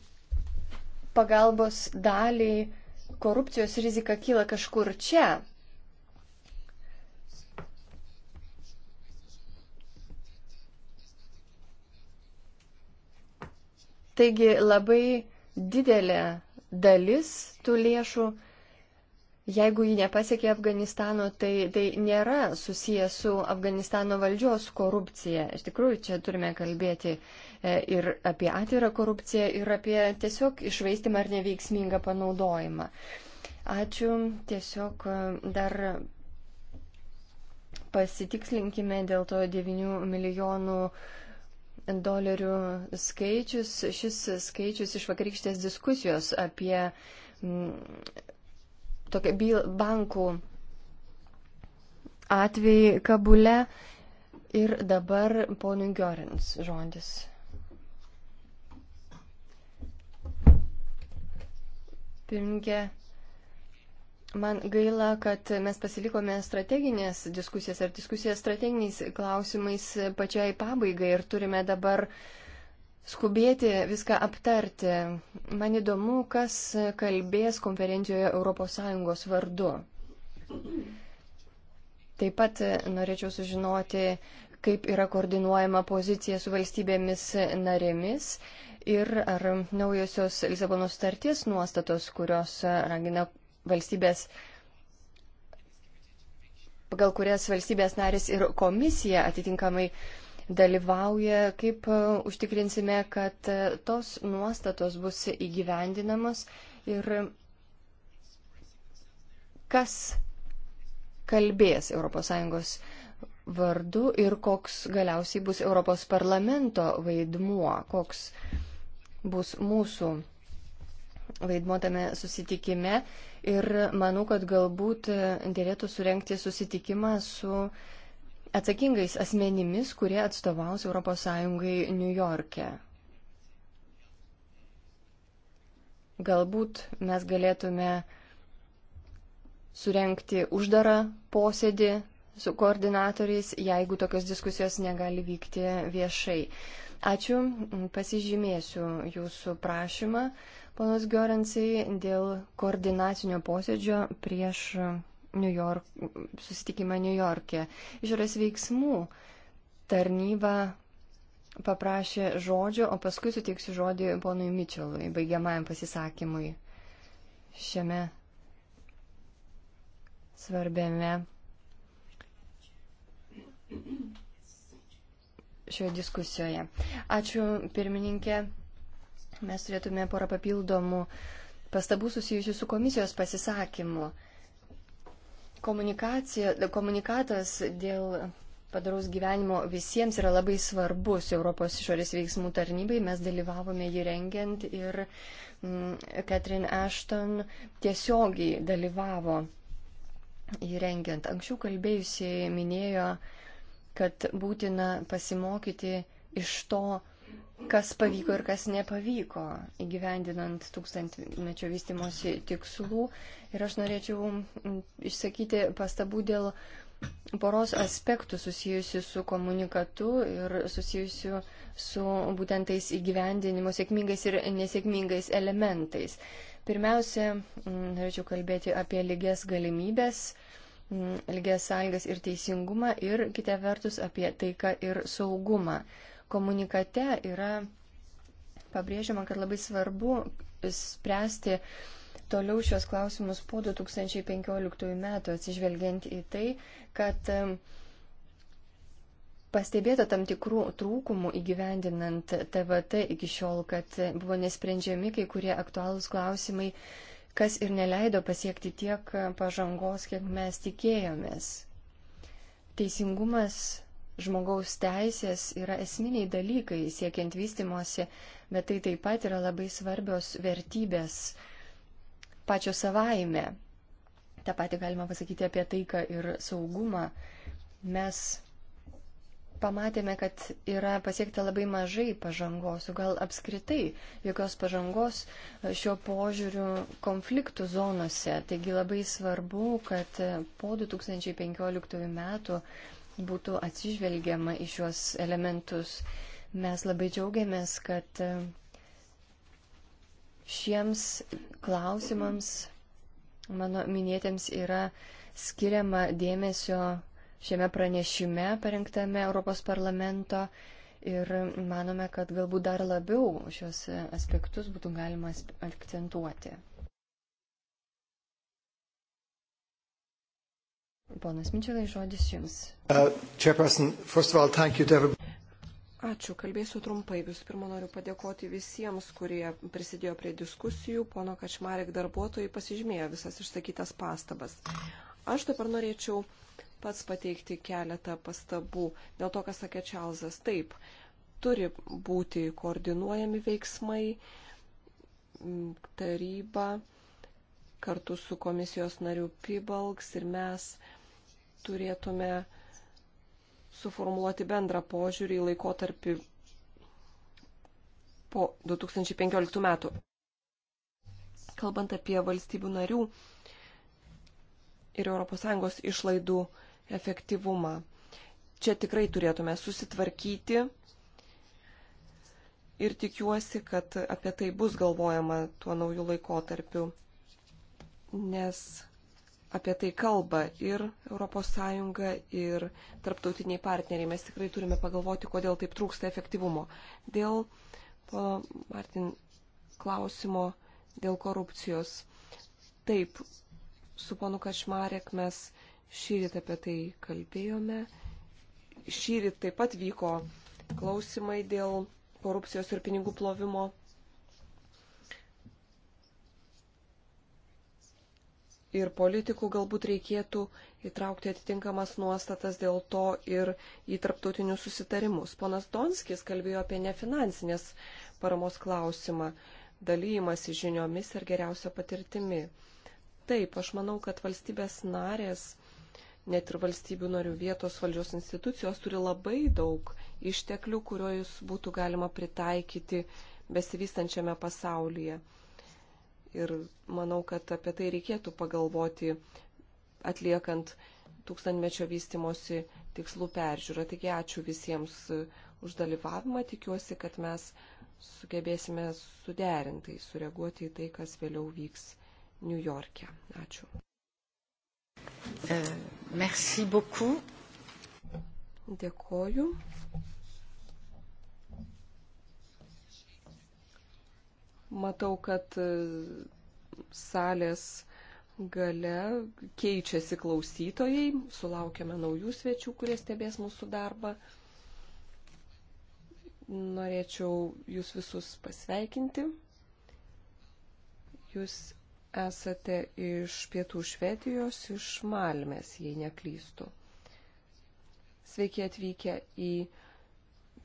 pagalbos daliai korupcijos rizika kyla kažkur čia, Taigi labai didelė dalis tų lėšų, jeigu ji nepasiekė Afganistano, tai, tai nėra susiję su Afganistano valdžios korupcija. Iš tikrųjų, čia turime kalbėti e, ir apie atvirą korupciją, ir apie tiesiog išvaistimą ar neveiksmingą panaudojimą. Ačiū. Tiesiog e, dar pasitikslinkime dėl to 9 milijonų dolerių skaičius, šis skaičius iš vakarykštės diskusijos apie m, mm, tokią byl, bankų atvejį Kabule ir dabar ponui Giorins žodis. Pirmininkė, Man gaila, kad mes pasilikome strateginės diskusijas ar diskusijas strateginiais klausimais pačiai pabaigai ir turime dabar skubėti viską aptarti. Man įdomu, kas kalbės konferencijoje ES vardu. Taip pat norėčiau sužinoti, kaip yra koordinuojama pozicija su valstybėmis narėmis ir ar naujosios Lisabonos starties nuostatos, kurios ragina valstybės pagal kurias valstybės narės ir komisija atitinkamai dalyvauja, kaip e, užtikrinsime, kad e, tos nuostatos bus įgyvendinamos ir kas kalbės ES vardu ir koks galiausiai bus Europos parlamento vaidmuo, koks bus mūsų vaidmo tame susitikime ir manau, kad galbūt dėlėtų surenkti susitikimą su atsakingais asmenimis, kurie atstovaus ES New York'e. Galbūt mes galėtume surenkti uždarą posėdį su koordinatoriais, jeigu tokios diskusijos negali vykti viešai. Ačiū, pasižymėsiu jūsų prašymą ponos Giorensai, dėl koordinacinio posėdžio prieš New York, susitikimą New York'e. Išorės veiksmų tarnyba paprašė žodžio, o paskui suteiksiu žodį ponui Mičelui, baigiamajam pasisakymui šiame svarbiame šioje diskusijoje. Ačiū pirmininkė. Mes turėtume porą papildomų pastabų susijusių su komisijos pasisakymu. Komunikatas dėl padaraus gyvenimo visiems yra labai svarbus Europos išorės veiksmų tarnybai. Mes dalyvavome jį rengiant ir mm, Catherine Ashton tiesiogiai dalyvavo jį rengiant. Anksčiau kalbėjusiai minėjo, kad būtina pasimokyti iš to, kas pavyko ir kas nepavyko įgyvendinant tūkstantmečio vystimosi tikslų. Ir aš norėčiau išsakyti pastabų dėl poros aspektų susijusių su komunikatu ir susijusių su būtent tais įgyvendinimo sėkmingais ir nesėkmingais elementais. Pirmiausia, norėčiau kalbėti apie lygias galimybės, lygias sąlygas ir teisingumą ir kitą vertus apie taiką ir saugumą komunikate yra pabrėžiama, kad labai svarbu spręsti toliau šios klausimus po 2015 metų, atsižvelgiant į tai, kad pastebėta tam tikrų trūkumų įgyvendinant TVT iki šiol, kad buvo nesprendžiami kai kurie aktualūs klausimai, kas ir neleido pasiekti tiek pažangos, kiek mes tikėjomės. Teisingumas žmogaus teisės yra esminiai dalykai siekiant vystimosi, bet tai taip pat yra labai svarbios vertybės pačio savaime. Ta pati galima pasakyti apie taiką ir saugumą. Mes pamatėme, kad yra pasiekta labai mažai pažangos, o gal apskritai jokios pažangos šiuo požiūriu konfliktų zonose. Taigi labai svarbu, kad po 2015 metų būtų atsižvelgiama į šiuos elementus. Mes labai džiaugiamės, kad e, šiems klausimams mano minėtėms yra skiriama dėmesio šiame pranešime parengtame Europos parlamento ir manome, kad galbūt dar labiau šios aspektus būtų galima akcentuoti. Ponas Mičelai, žodis Jums. Uh, Ačiū, kalbėsiu trumpai. Visų pirma, noriu padėkoti visiems, kurie prisidėjo prie diskusijų. Pono Kačmarek darbuotojai pasižymėjo visas išsakytas pastabas. Aš dabar norėčiau pats pateikti keletą pastabų dėl to, ką sakė Čelzas. Taip, turi būti koordinuojami veiksmai, taryba kartu su komisijos nariu Pibalks ir mes turėtume suformuoluoti bendrą požiūrį į laikotarpį po 2015 metų. Kalbant apie valstybių narių ir ES išlaidų efektyvumą, čia tikrai turėtume susitvarkyti ir tikiuosi, kad apie tai bus galvojama tuo naujų laikotarpiu, nes apie tai kalba ir ES, ir tarptautiniai partneriai. Mes tikrai turime pagalvoti, kodėl taip trūksta efektyvumo. Dėl po Martin klausimo dėl korupcijos. Taip, su ponu Kašmarek mes šyrit apie tai kalbėjome. Šyrit taip pat vyko klausimai dėl korupcijos ir pinigų plovimo ir politikų galbūt reikėtų įtraukti atitinkamas nuostatas dėl to ir į tarptautinius susitarimus. Ponas Donskis kalbėjo apie nefinansinės paramos klausimą, dalymasi žiniomis ir geriausia patirtimi. Taip, aš manau, kad valstybės narės, net ir valstybių narių vietos valdžios institucijos turi labai daug išteklių, kuriuos būtų galima pritaikyti besivystančiame pasaulyje. Ir manau, kad apie tai reikėtų pagalvoti atliekant tūkstantmečio vystimosi tikslų peržiūrą. Taigi ačiū visiems už dalyvavimą. Tikiuosi, kad mes sugebėsime suderintai sureaguoti į tai, kas vėliau vyks New York'e. Ačiū. Euh, merci beaucoup. Dėkoju. Matau, kad e, salės gale keičiasi klausytojai, sulaukėme naujų svečių, kurie stebės mūsų darbą. Norėčiau jūs visus pasveikinti. Jūs esate iš pietų Švedijos, iš Malmės, jei neklystu. Sveiki atvykę į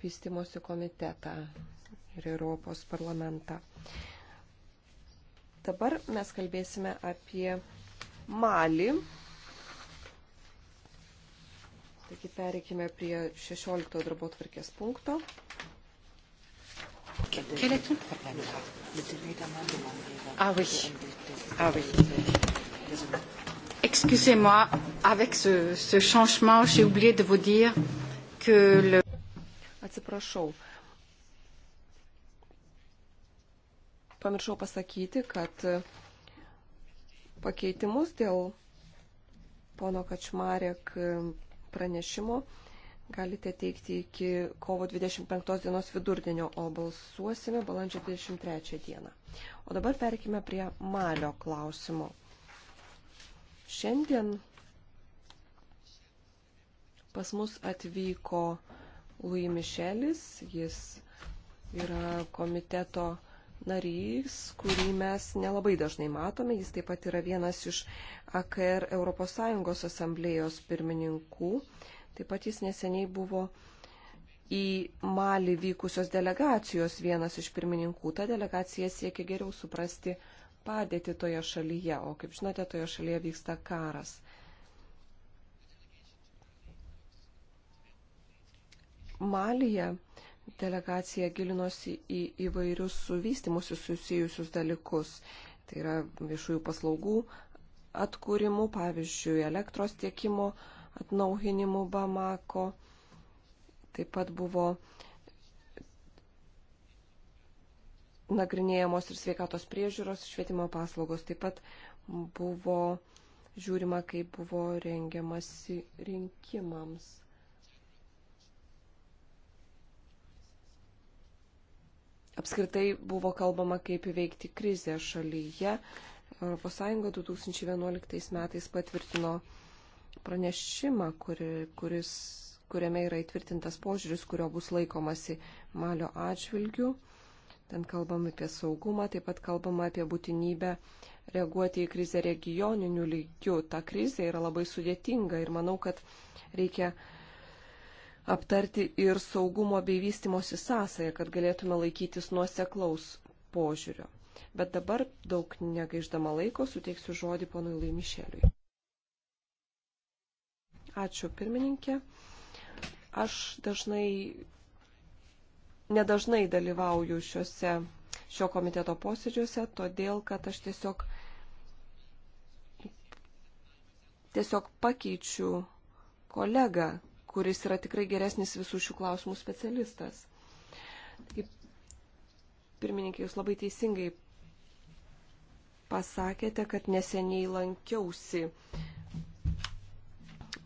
vystimosi komitetą ir Europos parlamentą. Dabar mes kalbėsime apie Mali. Taigi pereikime prie 16 darbo tvarkės punkto. Quel est ton problème là Le délai d'amendement. Ah oui. Ah oui. Excusez-moi, avec ce, ce changement, j'ai oublié de vous dire que le. Atsiprašau, Pamiršau pasakyti, kad e, pakeitimus dėl pono Kačmarek e, pranešimo galite teikti iki kovo 25 dienos vidurdienio, o balsuosime balandžio 23 dieną. O dabar perkime prie Malio klausimo. Šiandien pas mus atvyko Louis Michelis, jis yra komiteto narys, kurį mes nelabai dažnai matome. Jis taip pat yra vienas iš AKR ES asamblėjos pirmininkų. Taip pat jis neseniai buvo į Malį vykusios delegacijos vienas iš pirmininkų. Ta delegacija siekia geriau suprasti padėti toje šalyje, o kaip žinote, toje šalyje vyksta karas. Malyje delegacija gilinosi į įvairius su vystimusi susijusius dalykus. Tai yra viešųjų paslaugų atkūrimų, pavyzdžiui, elektros tiekimo atnauhinimų Bamako. Taip pat buvo nagrinėjamos ir sveikatos priežiūros švietimo paslaugos. Taip pat buvo žiūrima, kaip buvo rengiamasi rinkimams. apskritai buvo kalbama, kaip įveikti krizę šalyje. ES 2011 metais patvirtino pranešimą, kuri, kuris, kuriame yra įtvirtintas požiūris, kurio bus laikomasi malio atžvilgių. Ten kalbam apie saugumą, taip pat kalbam apie būtinybę reaguoti į krizę regioniniu lygiu. Ta krizė yra labai sudėtinga ir manau, kad reikia aptarti ir saugumo bei vystimosi sąsąją, kad galėtume laikytis nuoseklaus požiūrio. Bet dabar daug negaiždama laiko suteiksiu žodį ponui Laimišeliui. Ačiū pirmininkė. Aš dažnai, nedažnai dalyvauju šiuose, šio komiteto posėdžiuose, todėl kad aš tiesiog, tiesiog pakeičiu kolegą, kuris yra tikrai geresnis visų šių klausimų specialistas. Kaip pirmininkai, jūs labai teisingai pasakėte, kad neseniai lankiausi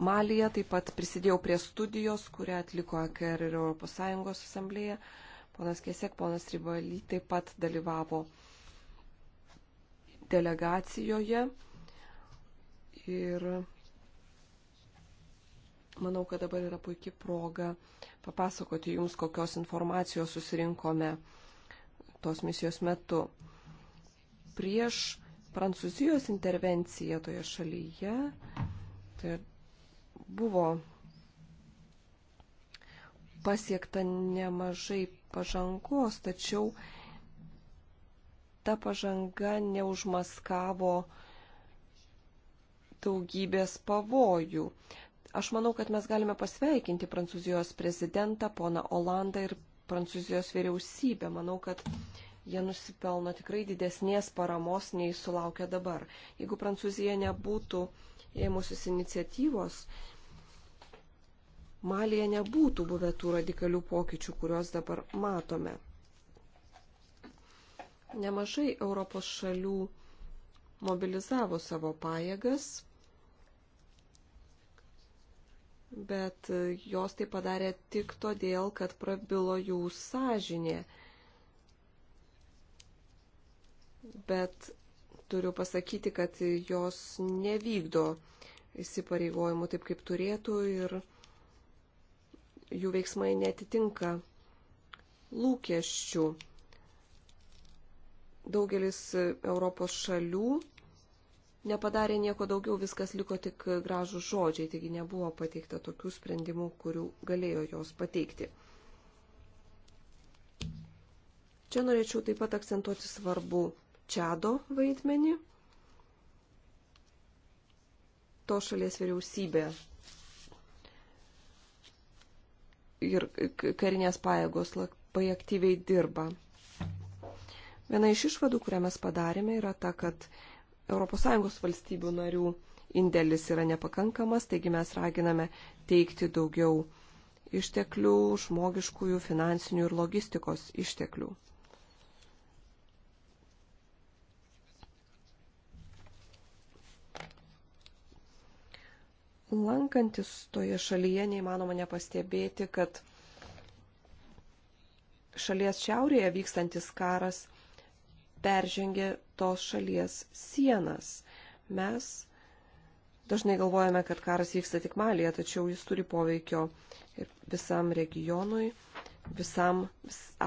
Malyje, taip pat prisidėjau prie studijos, kurią atliko AKR ir ES asamblėje. Ponas Kesek, ponas Ribaly taip pat dalyvavo delegacijoje. Ir manau, kad dabar yra puikia proga papasakoti Jums, kokios informacijos susirinkome tos misijos metu. Prieš Prancūzijos intervenciją toje šalyje tai buvo pasiekta nemažai pažangos, tačiau ta pažanga neužmaskavo daugybės pavojų. Aš manau, kad mes galime pasveikinti Prancūzijos prezidentą, poną Olandą ir Prancūzijos vyriausybę. Manau, kad jie nusipelno tikrai didesnės paramos, nei sulaukia dabar. Jeigu Prancūzija nebūtų ėmusius iniciatyvos, Malija nebūtų buvę tų radikalių pokyčių, kuriuos dabar matome. Nemažai Europos šalių mobilizavo savo pajėgas, bet e, jos tai padarė tik todėl, kad prabilo jų sąžinė. Bet turiu pasakyti, kad jos nevykdo įsipareigojimų taip, kaip turėtų ir jų veiksmai netitinka lūkesčių. Daugelis Europos šalių nepadarė nieko daugiau, viskas liko tik gražų žodžiai, taigi nebuvo pateikta tokių sprendimų, kurių galėjo jos pateikti. Čia norėčiau taip pat akcentuoti svarbu Čado vaidmenį. To šalies vyriausybė ir karinės pajėgos labai aktyviai dirba. Viena iš išvadų, kurią mes padarėme, yra ta, kad ES valstybių narių indėlis yra nepakankamas, taigi mes raginame teikti daugiau išteklių, žmogiškųjų, finansinių ir logistikos išteklių. Lankantis toje šalyje neįmanoma nepastebėti, kad šalies šiaurėje vykstantis karas peržengė tos šalies sienas. Mes dažnai galvojame, kad karas vyksta tik Malėje, tačiau jis turi poveikio ir visam regionui, visam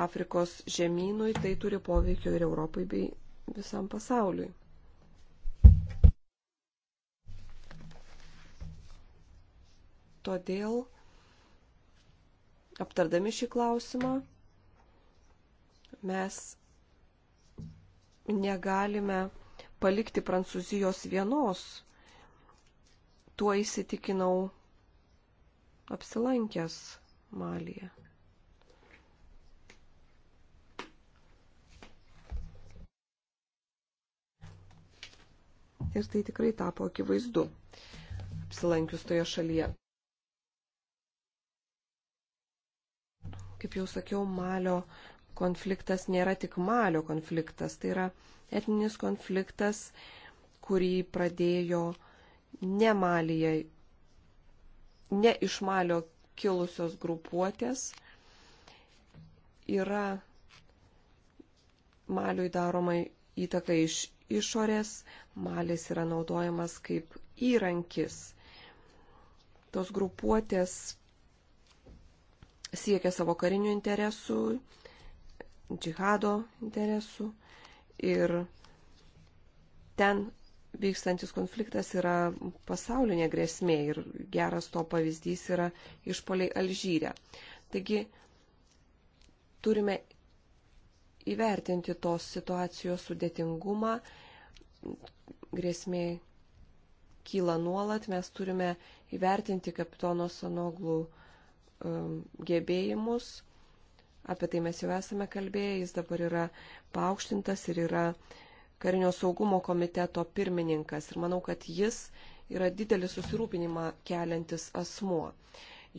Afrikos žemynui, tai turi poveikio ir Europai bei visam pasauliui. Todėl, aptardami šį klausimą, mes negalime palikti Prancūzijos vienos. Tuo įsitikinau apsilankęs Malyje. Ir tai tikrai tapo akivaizdu, apsilankius toje šalyje. Kaip jau sakiau, Malio konfliktas nėra tik Malio konfliktas, tai yra etninis konfliktas, kurį pradėjo ne Malija, ne iš Malio kilusios grupuotės. Yra Maliui daroma įtaka iš išorės, Malis yra naudojamas kaip įrankis. Tos grupuotės siekia savo karinių interesų, džihado interesų ir ten vykstantis konfliktas yra pasaulinė grėsmė ir geras to pavyzdys yra išpoliai Alžyre. Taigi turime įvertinti tos situacijos sudėtingumą, grėsmė kyla nuolat, mes turime įvertinti kapitono Sanoglų um, gebėjimus Apie tai mes jau esame kalbėję, jis dabar yra paaukštintas ir yra karinio saugumo komiteto pirmininkas. Ir manau, kad jis yra didelį susirūpinimą keliantis asmuo.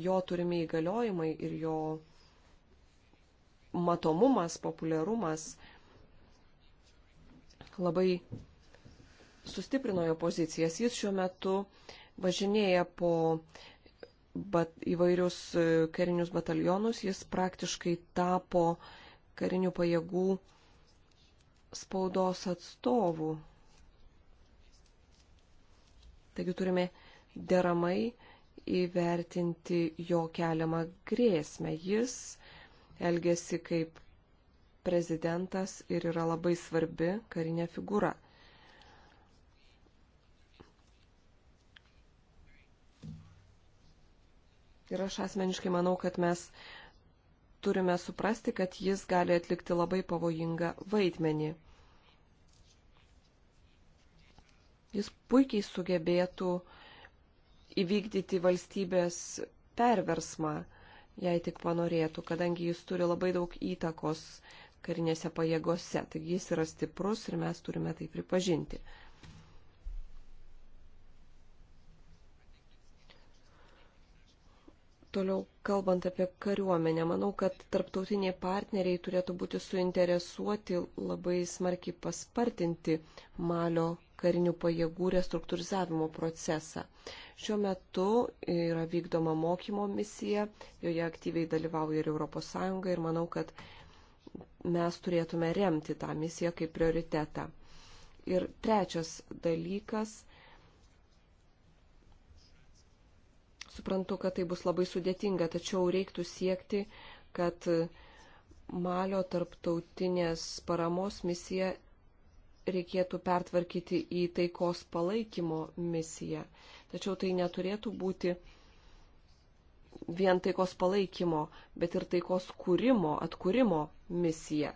Jo turimi įgaliojimai ir jo matomumas, populiarumas labai sustiprino jo pozicijas. Jis šiuo metu važinėja po bat, įvairius e, karinius batalionus, jis praktiškai tapo karinių pajėgų spaudos atstovų. Taigi turime deramai įvertinti jo keliamą grėsmę. Jis elgesi kaip prezidentas ir yra labai svarbi karinė figūra. Ir aš asmeniškai manau, kad mes turime suprasti, kad jis gali atlikti labai pavojingą vaidmenį. Jis puikiai sugebėtų įvykdyti valstybės perversmą, jei tik panorėtų, kadangi jis turi labai daug įtakos karinėse pajėgose. Taigi jis yra stiprus ir mes turime tai pripažinti. Toliau kalbant apie kariuomenę, manau, kad tarptautiniai partneriai turėtų būti suinteresuoti labai smarkiai paspartinti Malio karinių pajėgų restruktūrizavimo procesą. Šiuo metu yra vykdoma mokymo misija, joje aktyviai dalyvauja ir ES ir manau, kad mes turėtume remti tą misiją kaip prioritetą. Ir trečias dalykas Suprantu, kad tai bus labai sudėtinga, tačiau reiktų siekti, kad Malio tarptautinės paramos misiją reikėtų pertvarkyti į taikos palaikymo misiją. Tačiau tai neturėtų būti vien taikos palaikymo, bet ir taikos kūrimo, atkūrimo misija.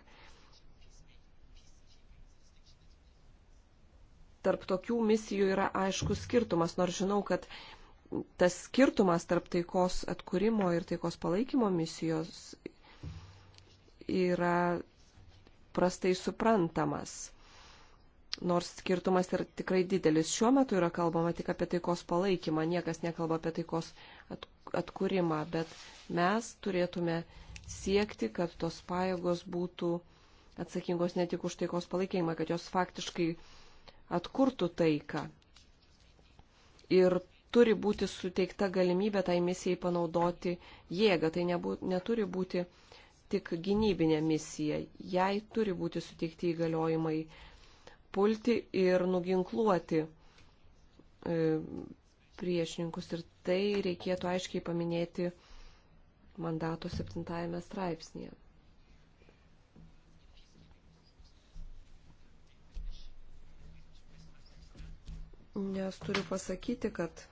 Tarp tokių misijų yra aiškus skirtumas, nors žinau, kad tas skirtumas tarp taikos atkūrimo ir taikos palaikymo misijos yra prastai suprantamas. Nors skirtumas yra tikrai didelis. Šiuo metu yra kalbama tik apie taikos palaikymą, niekas nekalba apie taikos atkūrimą, bet mes turėtume siekti, kad tos pajėgos būtų atsakingos ne tik už taikos palaikymą, kad jos faktiškai atkurtų taiką. Ir turi būti suteikta galimybė tai misijai panaudoti jėgą. Tai nebū, neturi būti tik gynybinė misija. Jai turi būti suteikti įgaliojimai pulti ir nuginkluoti e, priešininkus. Ir tai reikėtų aiškiai paminėti mandato septintajame straipsnėje. Nes turiu pasakyti, kad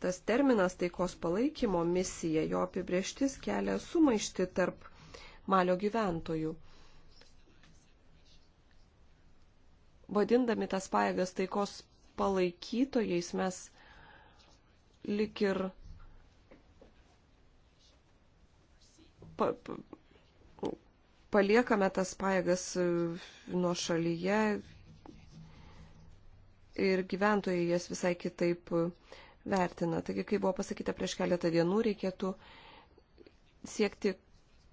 tas terminas taikos palaikymo misija, jo apibrieštis kelia sumaišti tarp Malio gyventojų. Vadindami tas paėgas taikos palaikytojais mes lik ir pa, pa, paliekame tas paėgas e, nuo šalyje ir gyventojai jas visai kitaip e, vertina. Taigi, kaip buvo pasakyta prieš keletą dienų, reikėtų siekti,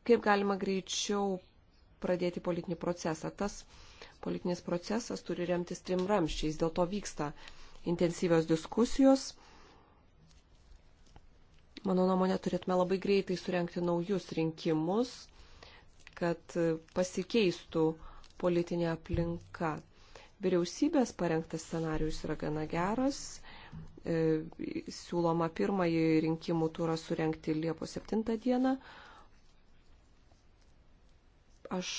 kaip galima greičiau pradėti politinį procesą. Tas politinis procesas turi remtis trim ramščiais, dėl to vyksta intensyvios diskusijos. Mano nuomonė, turėtume labai greitai surenkti naujus rinkimus, kad pasikeistų politinė aplinka. Vyriausybės parengtas scenarius yra gana geras, E, siūloma pirmąjį rinkimų turą surenkti Liepos 7 dieną. Aš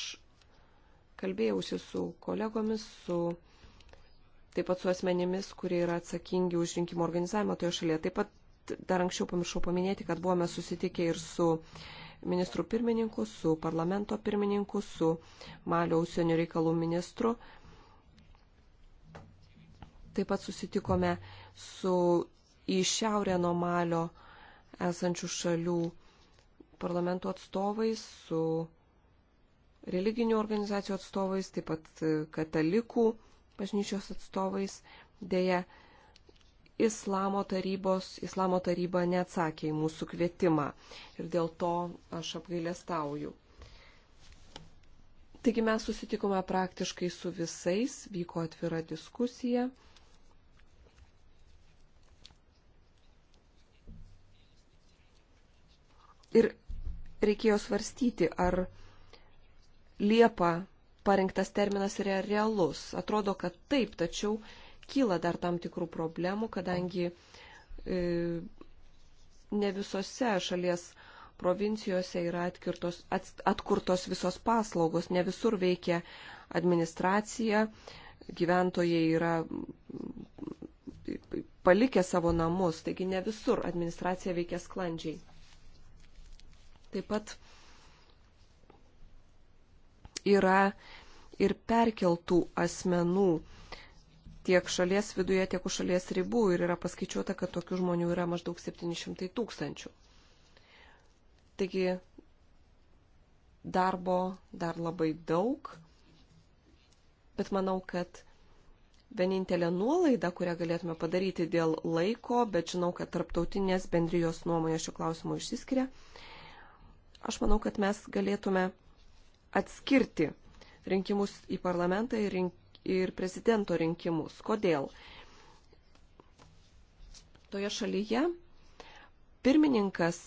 kalbėjausi su kolegomis, su, taip pat su asmenimis, kurie yra atsakingi už rinkimų organizavimą toje šalyje. Taip pat dar anksčiau pamiršau paminėti, kad buvome susitikę ir su ministru pirmininku, su parlamento pirmininku, su Malio užsienio reikalų ministru. Taip pat susitikome su į šiaurę nuo Malio esančių šalių parlamento atstovais, su religinių organizacijų atstovais, taip pat katalikų bažnyčios atstovais. Deja, Islamo tarybos, Islamo taryba neatsakė į mūsų kvietimą ir dėl to aš apgailestauju. Taigi mes susitikome praktiškai su visais, vyko atvira diskusija ir reikėjo svarstyti, ar Liepa parengtas terminas yra realus. Atrodo, kad taip, tačiau kyla dar tam tikrų problemų, kadangi e, ne visose šalies provincijose yra atkirtos, at, atkurtos visos paslaugos, ne visur veikia administracija, gyventojai yra palikę savo namus, taigi ne visur administracija veikia sklandžiai. Taip pat yra ir perkeltų asmenų tiek šalies viduje, tiek už šalies ribų ir yra paskaičiuota, kad tokių žmonių yra maždaug 700 tūkstančių. Taigi darbo dar labai daug, bet manau, kad vienintelė nuolaida, kurią galėtume padaryti dėl laiko, bet žinau, kad tarptautinės bendrijos nuomonė šiuo klausimu išsiskiria, Aš manau, kad mes galėtume atskirti rinkimus į parlamentą ir, rink, ir prezidento rinkimus. Kodėl? Toje šalyje pirmininkas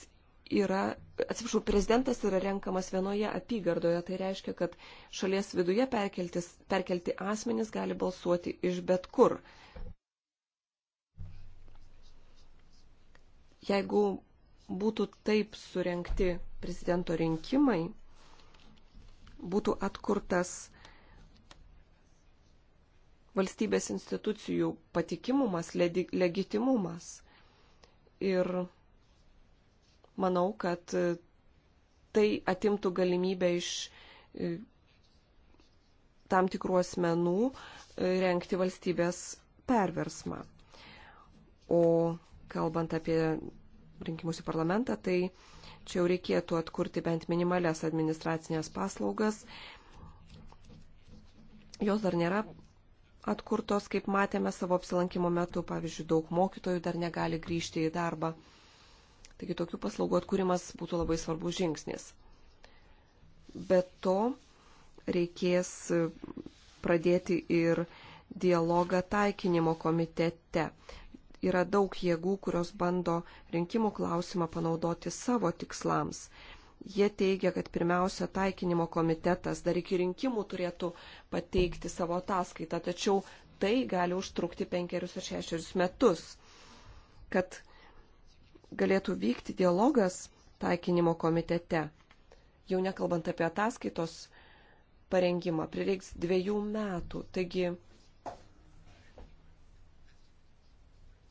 yra, atsiprašau, prezidentas yra renkamas vienoje apygardoje, tai reiškia, kad šalies viduje perkelti asmenys gali balsuoti iš bet kur. Jeigu būtų taip surenkti prezidento rinkimai, būtų atkurtas valstybės institucijų patikimumas, legitimumas. Ir manau, kad tai atimtų galimybę iš e, tam tikrų asmenų e, renkti valstybės perversmą. O kalbant apie rinkimus į parlamentą, tai čia jau reikėtų atkurti bent minimales administracinės paslaugas. Jos dar nėra atkurtos, kaip matėme savo apsilankimo metu, pavyzdžiui, daug mokytojų dar negali grįžti į darbą. Taigi tokių paslaugų atkūrimas būtų labai svarbus žingsnis. Be to reikės pradėti ir dialogą taikinimo komitete yra daug jėgų, kurios bando rinkimų klausimą panaudoti savo tikslams. Jie teigia, kad pirmiausia taikinimo komitetas dar iki rinkimų turėtų pateikti savo ataskaitą, tačiau tai gali užtrukti penkerius ar šešerius metus. Kad galėtų vykti dialogas taikinimo komitete, jau nekalbant apie ataskaitos parengimą, prireiks dviejų metų. Taigi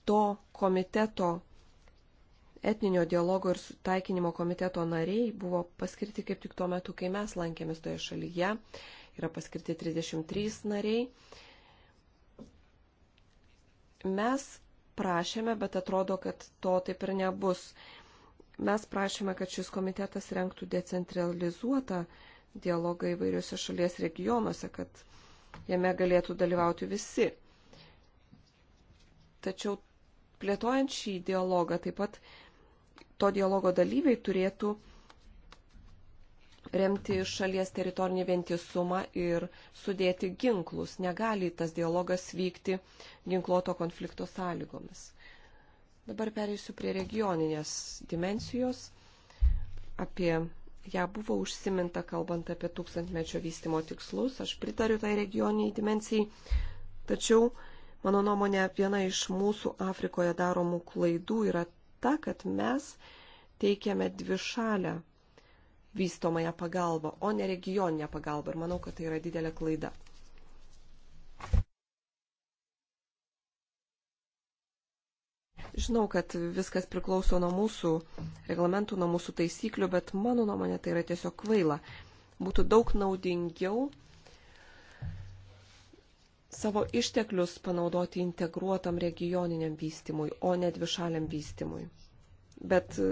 to komiteto etninio dialogo ir sutaikinimo komiteto nariai buvo paskirti kaip tik tuo metu, kai mes lankėmės toje šalyje. Yra paskirti 33 nariai. Mes prašėme, bet atrodo, kad to taip ir nebus. Mes prašėme, kad šis komitetas renktų decentralizuotą dialogą įvairiuose šalies regionuose, kad jame galėtų dalyvauti visi. Tačiau plėtojant šį dialogą, taip pat to dialogo dalyviai turėtų remti šalies teritorinį vientisumą ir sudėti ginklus. Negali tas dialogas vykti ginkluoto konflikto sąlygomis. Dabar pereisiu prie regioninės dimensijos. Apie ją buvo užsiminta, kalbant apie tūkstantmečio vystimo tikslus. Aš pritariu tai regioniniai dimensijai. Tačiau Mano nuomonė, viena iš mūsų Afrikoje daromų klaidų yra ta, kad mes teikiame dvišalę vystomąją pagalbą, o ne regioninę pagalbą. Ir manau, kad tai yra didelė klaida. Žinau, kad viskas priklauso nuo mūsų reglamentų, nuo mūsų taisyklių, bet mano nuomonė tai yra tiesiog kvaila. Būtų daug naudingiau savo išteklius panaudoti integruotam regioniniam vystimui, o ne dvišaliam vystimui. Bet e,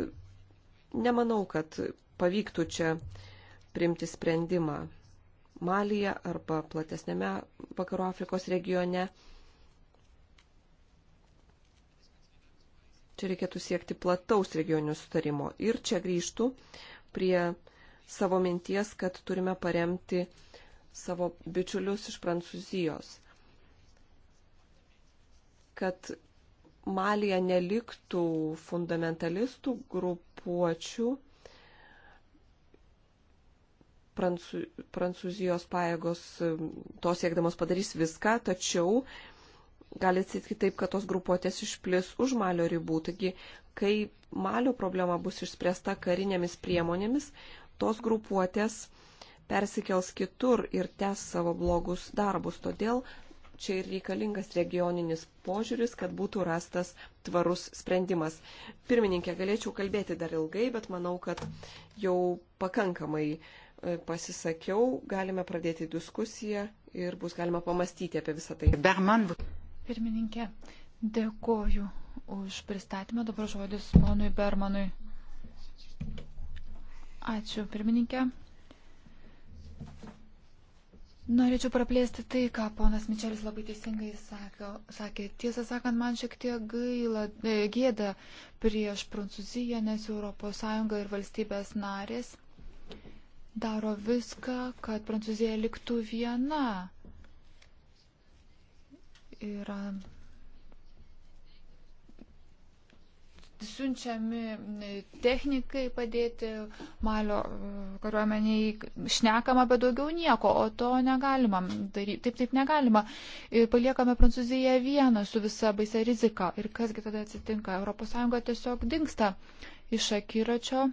nemanau, kad pavyktų čia primti sprendimą Malyje arba platesnėme Vakarų Afrikos regione. Čia reikėtų siekti plataus regionių sutarimo. Ir čia grįžtų prie savo minties, kad turime paremti savo bičiulius iš Prancūzijos kad Malija neliktų fundamentalistų grupuočių. Prancū, prancūzijos pajėgos to siekdamos padarys viską, tačiau gali atsitikti taip, kad tos grupuotės išplis už Malio ribų. Taigi, kai Malio problema bus išspręsta karinėmis priemonėmis, tos grupuotės persikels kitur ir tęs savo blogus darbus. Todėl čia ir reikalingas regioninis požiūris, kad būtų rastas tvarus sprendimas. Pirmininkė, galėčiau kalbėti dar ilgai, bet manau, kad jau pakankamai e, pasisakiau, galime pradėti diskusiją ir bus galima pamastyti apie visą tai. Berman. Pirmininkė, dėkoju už pristatymą. Dabar žodis ponui Bermanui. Ačiū, pirmininkė. Norėčiau praplėsti tai, ką ponas Mičelis labai teisingai sakė. sakė. Tiesą sakant, man šiek tiek gaila, e, gėda prieš Prancūziją, nes ES ir valstybės narės daro viską, kad Prancūzija liktų viena. Yra siunčiami e, technikai padėti Malio e, kariuomeniai, šnekam apie daugiau nieko, o to negalima daryti. Taip, taip negalima. Paliekame Prancūziją vieną su visa baisa rizika. Ir kasgi tada atsitinka? ES tiesiog dinksta iš akiračio.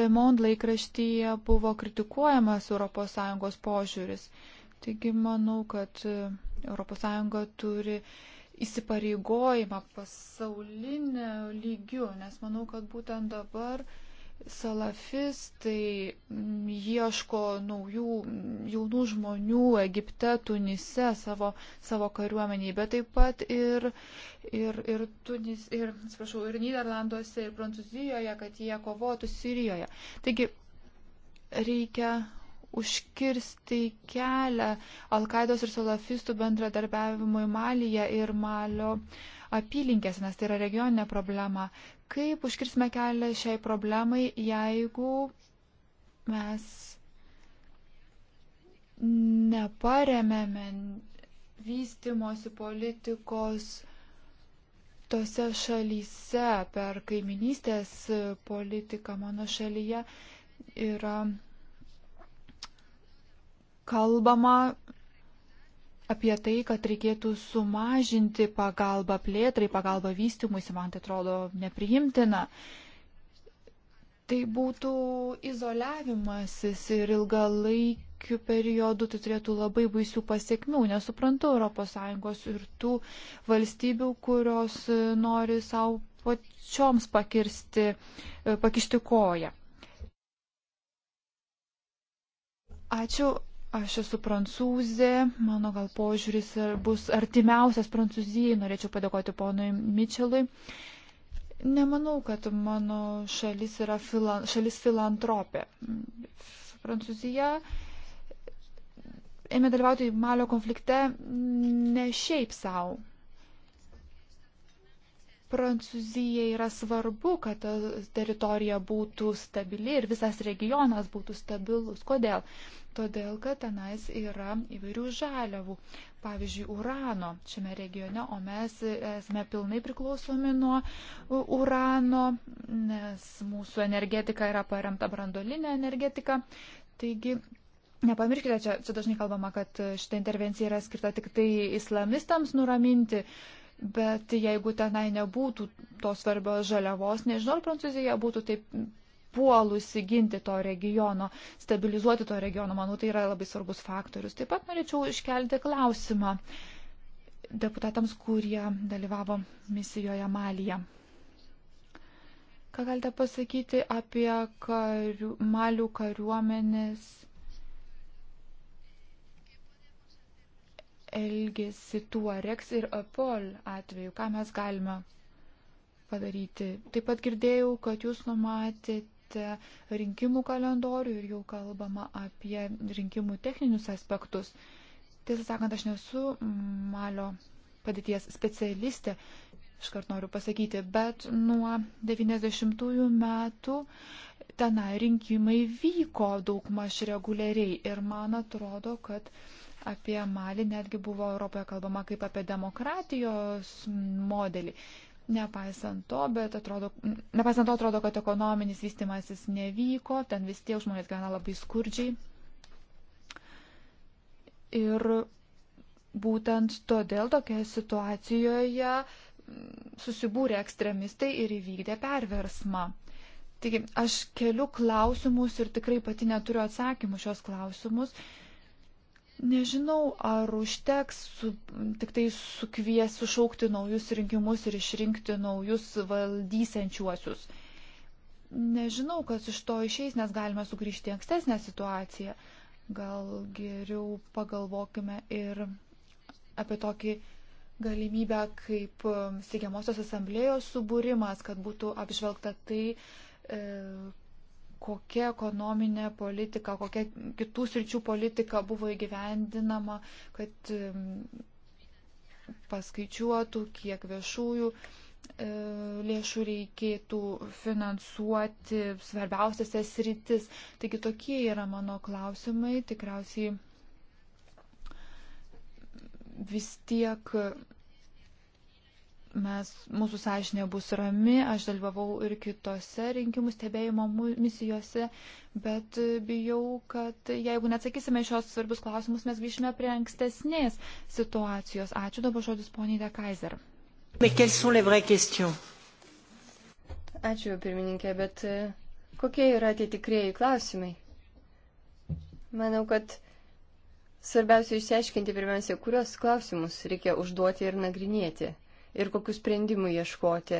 Le Monde laikraštyje buvo kritikuojamas ES požiūris. Taigi manau, kad ES turi įsipareigojimą pasaulinę lygių, nes manau, kad būtent dabar salafistai ieško naujų jaunų žmonių Egipte, Tunise savo, savo kariuomeniai, bet taip pat ir, ir, ir, Tunis, ir, sprašau, ir Niderlanduose, ir Prancūzijoje, kad jie kovotų Sirijoje. Taigi reikia užkirsti kelią Alkaidos ir salafistų bendradarbiavimui Malyje ir Malio apylinkės, nes tai yra regioninė problema. Kaip užkirsime kelią šiai problemai, jeigu mes neparemėme vystimosi politikos tose šalyse per kaiminystės politiką mano šalyje yra kalbama apie tai, kad reikėtų sumažinti pagalbą plėtrai, pagalbą vystimuisi, man tai atrodo nepriimtina. Tai būtų izoliavimasis ir ilgalaikiu periodu tai turėtų labai baisių pasiekmių. Nesuprantu ES ir tų valstybių, kurios nori savo pačioms pakirsti, pakišti koją. Ačiū. Aš esu prancūzė, mano gal požiūris bus artimiausias prancūzijai, norėčiau padėkoti ponui Mičelui. Nemanau, kad mano šalis yra filan, šalis filantropė. Prancūzija ėmė dalyvauti Malio konflikte ne šiaip savo. Prancūzijai yra svarbu, kad ta teritorija būtų stabili ir visas regionas būtų stabilus. Kodėl? Todėl, kad tenais yra įvairių žaliavų, pavyzdžiui, urano šiame regione, o mes esame pilnai priklausomi nuo urano, nes mūsų energetika yra paremta brandolinė energetika. Taigi, nepamirškite, čia, čia dažnai kalbama, kad šita intervencija yra skirta tik tai islamistams nuraminti bet jeigu tenai nebūtų tos svarbios žaliavos, nežinau, ar Prancūzija būtų taip puolusi ginti to regiono, stabilizuoti to regiono, manau, tai yra labai svarbus faktorius. Taip pat norėčiau iškelti klausimą deputatams, kurie dalyvavo misijoje Malyje. Ką galite pasakyti apie karių, Malių kariuomenės elgėsi tuo Rex ir Apol atveju, ką mes galime padaryti. Taip pat girdėjau, kad jūs numatėte rinkimų kalendorių ir jau kalbama apie rinkimų techninius aspektus. Tiesą sakant, aš nesu malio padėties specialistė, iškart noriu pasakyti, bet nuo 90-ųjų metų tenai rinkimai vyko daugmaž reguliariai ir man atrodo, kad apie Malį netgi buvo Europoje kalbama kaip apie demokratijos modelį. Nepaisant to, bet atrodo, nepaisant to atrodo, kad ekonominis vystimasis nevyko, ten vis tiek žmonės gyvena labai skurdžiai. Ir būtent todėl tokioje situacijoje susibūrė ekstremistai ir įvykdė perversmą. Taigi, aš keliu klausimus ir tikrai pati neturiu atsakymų šios klausimus, Nežinau, ar užteks su, tik tai sukvies, sušaukti naujus rinkimus ir išrinkti naujus valdysenčiuosius. Nežinau, kas iš to išeis, nes galime sugrįžti į ankstesnę situaciją. Gal geriau pagalvokime ir apie tokį galimybę kaip um, Sėgiamosios asamblėjos subūrimas, kad būtų apžvelgta tai, e, kokia ekonominė politika, kokia kitų sričių politika buvo įgyvendinama, kad paskaičiuotų, kiek viešųjų e, lėšų reikėtų finansuoti svarbiausiose sritis. Taigi tokie yra mano klausimai. Tikriausiai vis tiek mes, mūsų sąžinė bus rami, aš dalyvavau ir kitose rinkimų stebėjimo misijose, bet bijau, kad jeigu neatsakysime šios svarbus klausimus, mes grįšime prie ankstesnės situacijos. Ačiū dabar žodis poniai De Kaiser. Ačiū pirmininkė, bet e, kokie yra tie tikrieji klausimai? Manau, kad svarbiausia išsiaiškinti pirmiausia, kurios klausimus reikia užduoti ir nagrinėti ir kokius sprendimų ieškoti.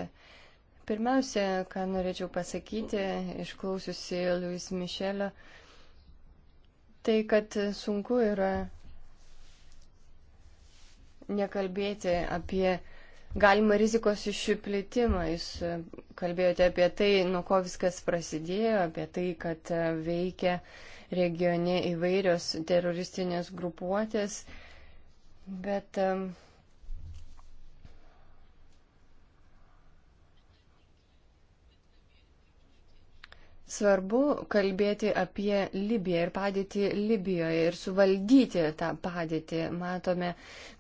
Pirmiausia, ką norėčiau pasakyti, išklausiusi Luis Mišelio, tai kad sunku yra nekalbėti apie galimą rizikos išplitimą. Jūs kalbėjote apie tai, nuo ko viskas prasidėjo, apie tai, kad veikia regione įvairios teroristinės grupuotės, bet um, Svarbu kalbėti apie Libiją ir padėti Libijoje ir suvaldyti tą padėtį. Matome,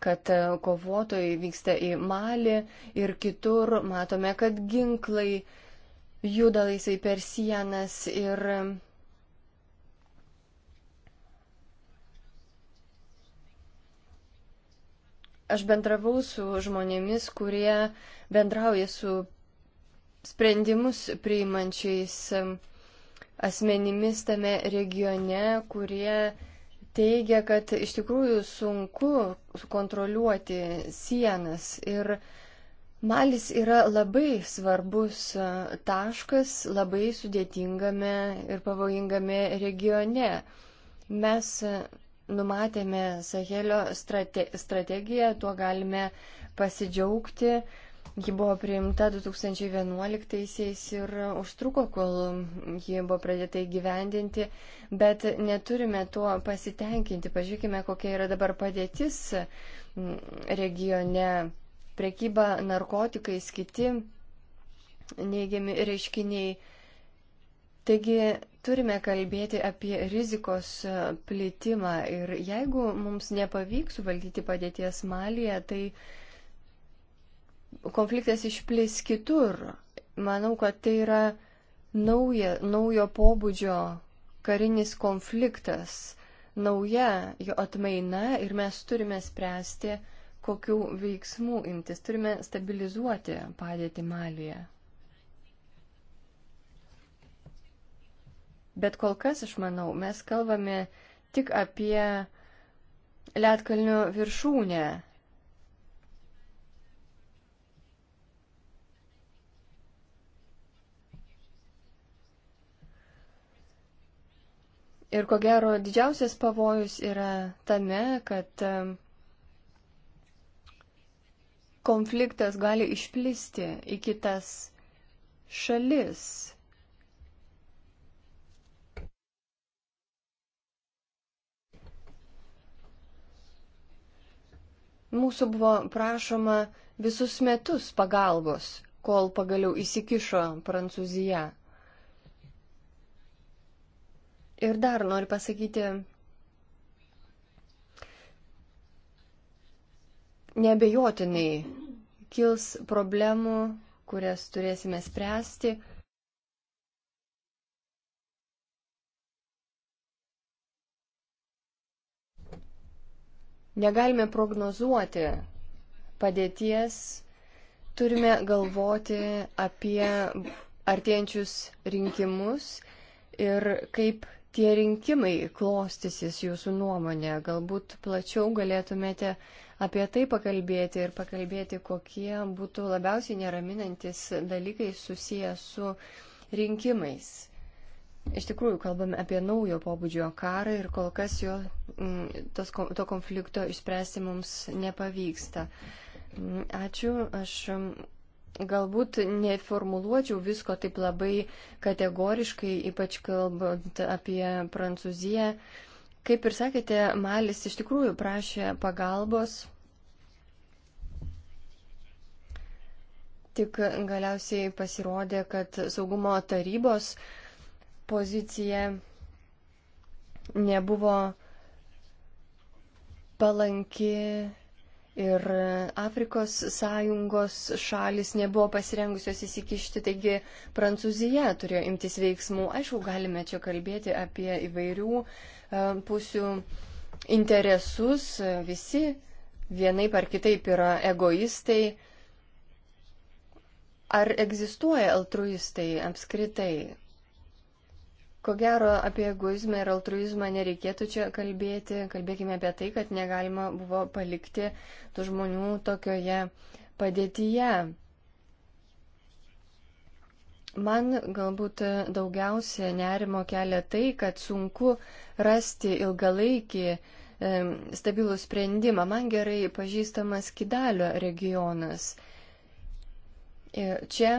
kad kovotojai vyksta į Malį ir kitur. Matome, kad ginklai juda laisvai per sienas ir aš bendravau su žmonėmis, kurie bendrauja su sprendimus priimančiais asmenimis tame regione, kurie teigia, kad iš tikrųjų sunku kontroliuoti sienas. Ir Malis yra labai svarbus e, taškas labai sudėtingame ir pavojingame regione. Mes e, numatėme Sahelio strate strategiją, tuo galime pasidžiaugti. Ji buvo priimta 2011-aisiais ir užtruko, kol ji buvo pradėta įgyvendinti, bet neturime tuo pasitenkinti. Pažiūrėkime, kokia yra dabar padėtis regione. Prekyba narkotikais, kiti neigiami reiškiniai. Taigi turime kalbėti apie rizikos plitimą ir jeigu mums nepavyks suvaldyti padėties malyje, tai konfliktas išplis kitur. Manau, kad tai yra nauja, naujo pobūdžio karinis konfliktas, nauja jo atmaina ir mes turime spręsti, kokių veiksmų imtis. Turime stabilizuoti padėtį Malyje. Bet kol kas, aš manau, mes kalbame tik apie Lietkalnių viršūnę, Ir ko gero didžiausias pavojus yra tame, kad konfliktas gali išplisti į kitas šalis. Mūsų buvo prašoma visus metus pagalbos, kol pagaliau įsikišo Prancūzija Ir dar noriu pasakyti, nebejotinai kils problemų, kurias turėsime spręsti. Negalime prognozuoti padėties, turime galvoti apie artėjančius rinkimus ir kaip tie rinkimai klostysis jūsų nuomonė? Galbūt plačiau galėtumėte apie tai pakalbėti ir pakalbėti, kokie būtų labiausiai neraminantis dalykai susiję su rinkimais. Iš tikrųjų, kalbame apie naujo pobūdžio karą ir kol kas jo, mm, tos, to konflikto išspręsti mums nepavyksta. Mm, ačiū. Aš Galbūt neformuluočiau visko taip labai kategoriškai, ypač kalbant apie Prancūziją. Kaip ir sakėte, Malis iš tikrųjų prašė pagalbos. Tik galiausiai pasirodė, kad saugumo tarybos pozicija nebuvo palanki ir Afrikos sąjungos šalis nebuvo pasirengusios įsikišti, taigi Prancūzija turėjo imtis veiksmų. Aišku, galime čia kalbėti apie įvairių e, pusių interesus, visi vienai par kitaip yra egoistai. Ar egzistuoja altruistai apskritai? Ko gero, apie egoizmą ir altruizmą nereikėtų čia kalbėti. Kalbėkime apie tai, kad negalima buvo palikti tų žmonių tokioje padėtyje. Man galbūt daugiausia nerimo kelia tai, kad sunku rasti ilgalaikį e, stabilų sprendimą. Man gerai pažįstamas Kidalio regionas. E, čia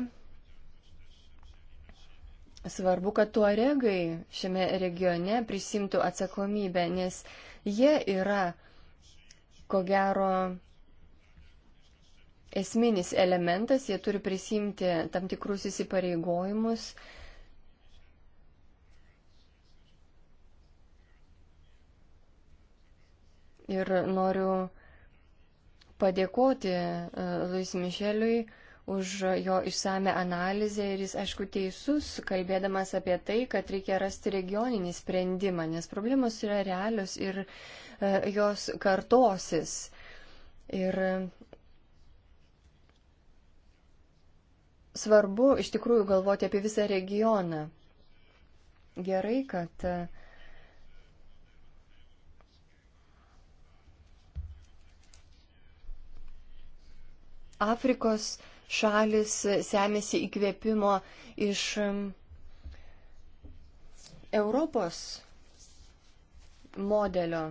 Svarbu, kad tuaregai šiame regione prisimtų atsakomybę, nes jie yra, ko gero, esminis elementas, jie turi prisimti tam tikrus įsipareigojimus. Ir noriu padėkoti e, Luis Mišeliui už jo išsame analizę ir jis, aišku, teisus, kalbėdamas apie tai, kad reikia rasti regioninį sprendimą, nes problemos yra realios ir e, jos kartosis. Ir svarbu iš tikrųjų galvoti apie visą regioną. Gerai, kad e, Afrikos uh, šalis semėsi įkvėpimo iš um, Europos modelio.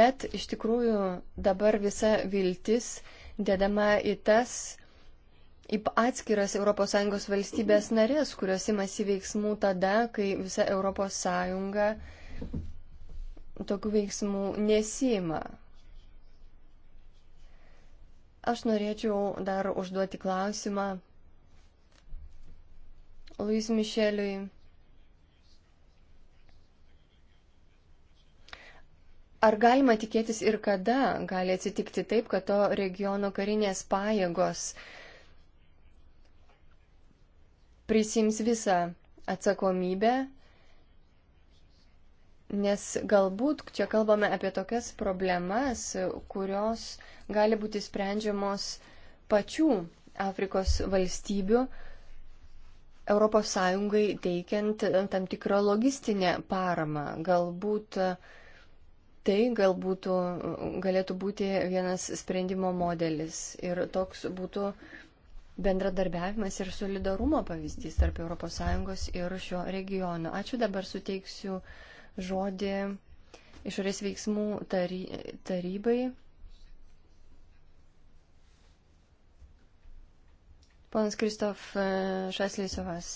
Bet iš tikrųjų dabar visa viltis dedama į tas, į atskiras ES valstybės narės, kurios imasi veiksmų tada, kai visa ES tokių veiksmų nesima. Aš norėčiau dar užduoti klausimą Luis Mišeliui. Ar galima tikėtis ir kada gali atsitikti taip, kad to regiono karinės pajėgos prisims visą atsakomybę Nes galbūt čia kalbame apie tokias problemas, kurios gali būti sprendžiamos pačių Afrikos valstybių ES teikiant tam tikrą logistinę paramą. Galbūt tai galbūt, galėtų būti vienas sprendimo modelis ir toks būtų bendradarbiavimas ir solidarumo pavyzdys tarp ES ir šio regiono. Ačiū dabar suteiksiu uh, žodį išorės veiksmų tary, tarybai. Ponas Kristof e, Šaslysovas.